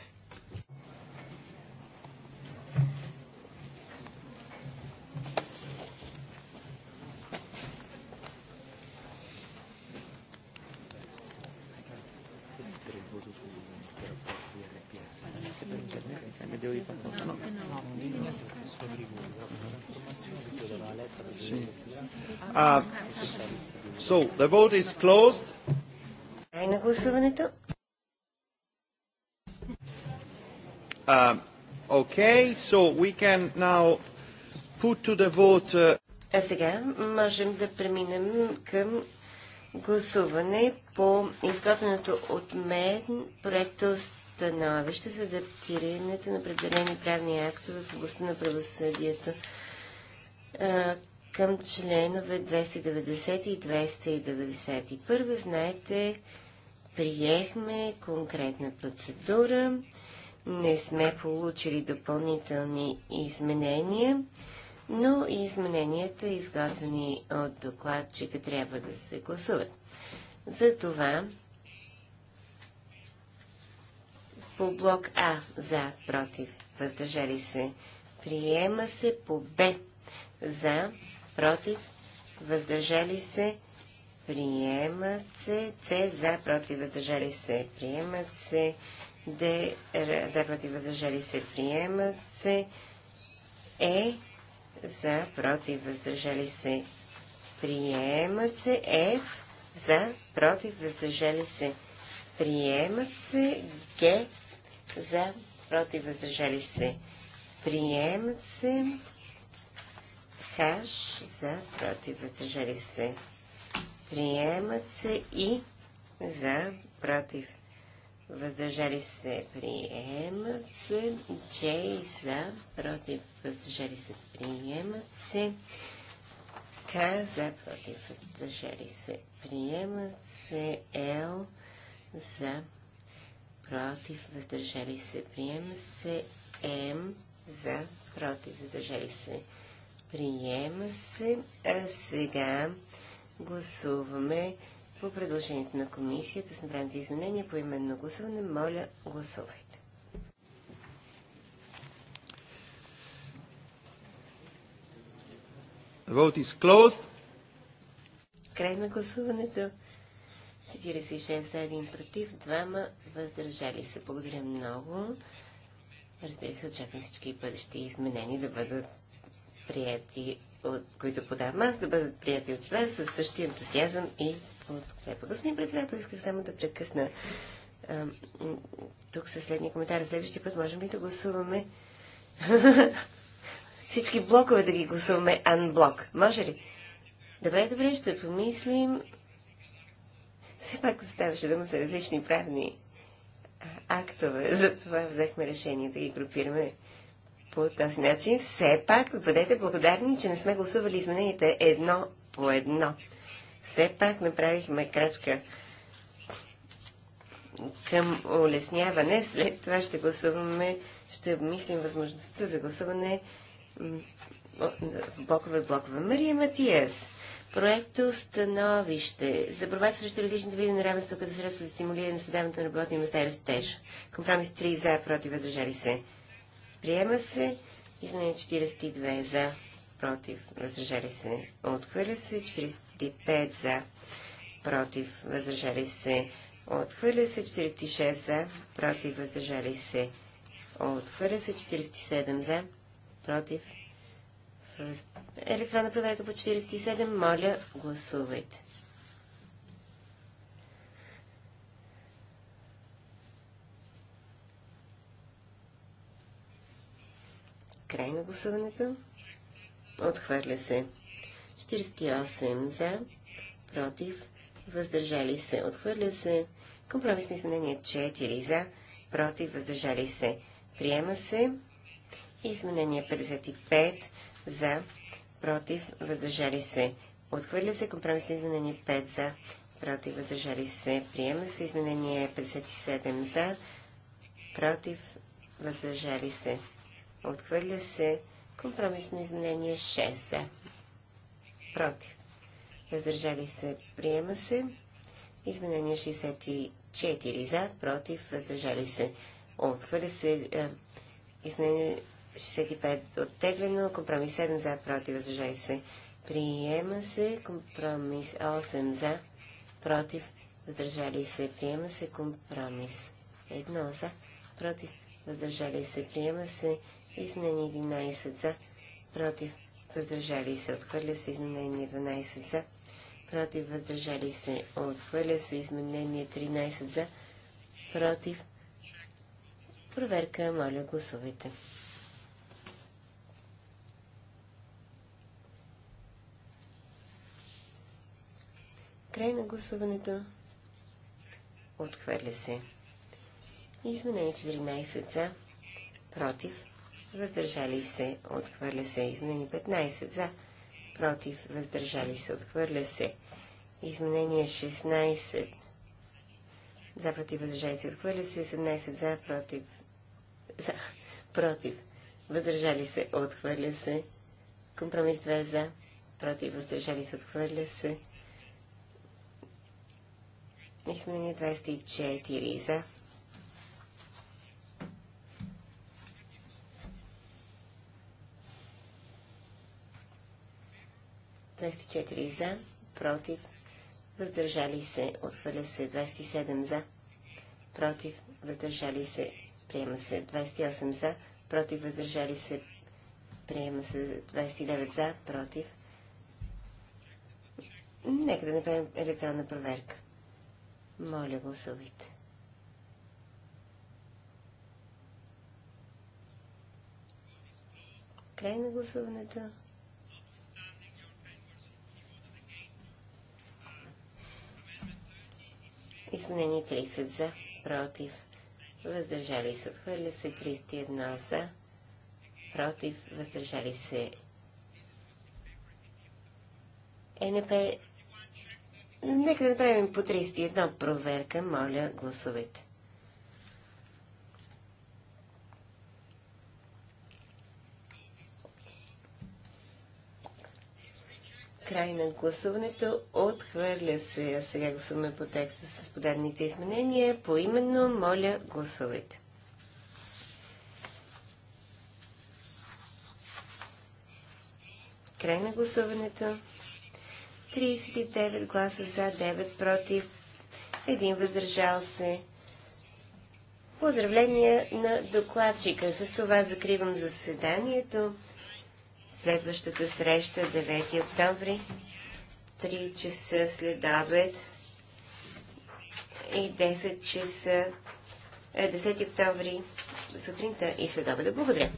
No, Uh, so, the vote is closed. Uh, okay, so we can now put to the vote... Uh, а сега можем да преминем към гласуване по изготвеното от мен проекто становище за адаптирането на определени правни актове в областта на правосъдието към членове 290 и 291. Знаете, приехме конкретна процедура, не сме получили допълнителни изменения, но и измененията, изготвени от докладчика, трябва да се гласуват. Затова по блок А за против въздържали се приема се по Б за, против, въздържали се, приемат се, С за, против, въздържали се, приемат се, Д за, против, въздържали се, приемат се, Е за, против, въздържали се, приемат се, Ф за, против, въздържали се, приемат се, Г за, против, въздържали се, приемат се, хаш за против въздържали се. Приемат се и за против въздържали се. Приемат се. Джей за против въздържали се. Приемат се. К за против въздържали се. Приемат се. Л за против въздържали се. Приемат се. М за против въздържали се. Приема се. А сега гласуваме по предложението на комисията с направените изменения по именно гласуване. Моля, гласувайте. The vote is closed. Край на гласуването. 46 за 1 против, 2 въздържали се. Благодаря много. Разбира се, очаквам всички бъдещи изменени да бъдат прияти, от, които подавам аз, да бъдат прияти от вас със същия ентусиазъм и подкрепа. Господин председател, исках само да прекъсна а, тук със следния коментар. Следващия път можем ли да гласуваме <laughs> всички блокове да ги гласуваме анблок. Може ли? Добре, добре, ще помислим. Все пак оставаше дума за различни правни актове, затова взехме решение да ги групираме по този начин. Все пак бъдете благодарни, че не сме гласували измененията едно по едно. Все пак направихме крачка към улесняване. След това ще гласуваме, ще обмислим възможността за гласуване в блокове блокове. Мария Матиас. Проекто становище за борба срещу различните видове на равенство като средство за стимулиране на съдебната на работни места и растеж. Компромис 3 за, против, въздържали се. Приема се. Изменение 42 за. Против. Въздържали се. Отхвърля се. 45 за. Против. Въздържали се. Отхвърля се. 46 за. Против. Въздържали се. Отхвърля се. 47 за. Против. Електронна проверка по 47. Моля, гласувайте. Край на гласуването. Отхвърля се. 48 за, против, въздържали се. Отхвърля се. Компромисни изменение 4 за, против, въздържали се. Приема се. Изменение 55 за, против, въздържали се. Отхвърля се компромисни изменение 5 за, против, въздържали се. Приема се изменение 57 за, против, въздържали се. Отхвърля се. Компромисно изменение 6 за. Против. Въздържали се. Приема се. Изменение 64 за. Против. Въздържали се. Отхвърля се. Е, изменение 65 оттеглено. Компромис 7 за. Против. Въздържали се. Приема се. Компромис 8 за. Против. Въздържали се. Приема се. Компромис 1 за. Против. Въздържали се. Приема се изменени 11 за, против, въздържали се, отхвърля се. Изменение 12 за, против, въздържали се, отхвърля се. Изменение 13 за, против. Проверка, моля, гласувайте. Край на гласуването. Отхвърля се. Изменение 14 за. Против въздържали се, отхвърля се. изменени 15 за, против, въздържали се, отхвърля се. Изменение 16 за, против, въздържали се, отхвърля се. 17 за, против, за, против, въздържали се, отхвърля се. Компромис 2 за, против, въздържали се, отхвърля се. Изменение 24 за, 24 за, против, въздържали се, отхвърля се 27 за, против, въздържали се, приема се 28 за, против, въздържали се, приема се 29 за, против. Нека да направим електронна проверка. Моля, гласувайте. Край на гласуването. Изменени 30 за, против, въздържали се, отхвърля се 31 за, против, въздържали се. ЕНП, нека да направим по 31 проверка, моля, гласувайте. Край на гласуването. Отхвърля се. А сега гласуваме по текста с подадените изменения. Поименно, моля, гласувайте. Край на гласуването. 39 гласа за, 9 против, 1 въздържал се. Поздравления на докладчика. С това закривам заседанието. Следващата среща 9 октомври, 3 часа след обед и 10 часа 10 е, октомври сутринта и след обеда. Благодаря.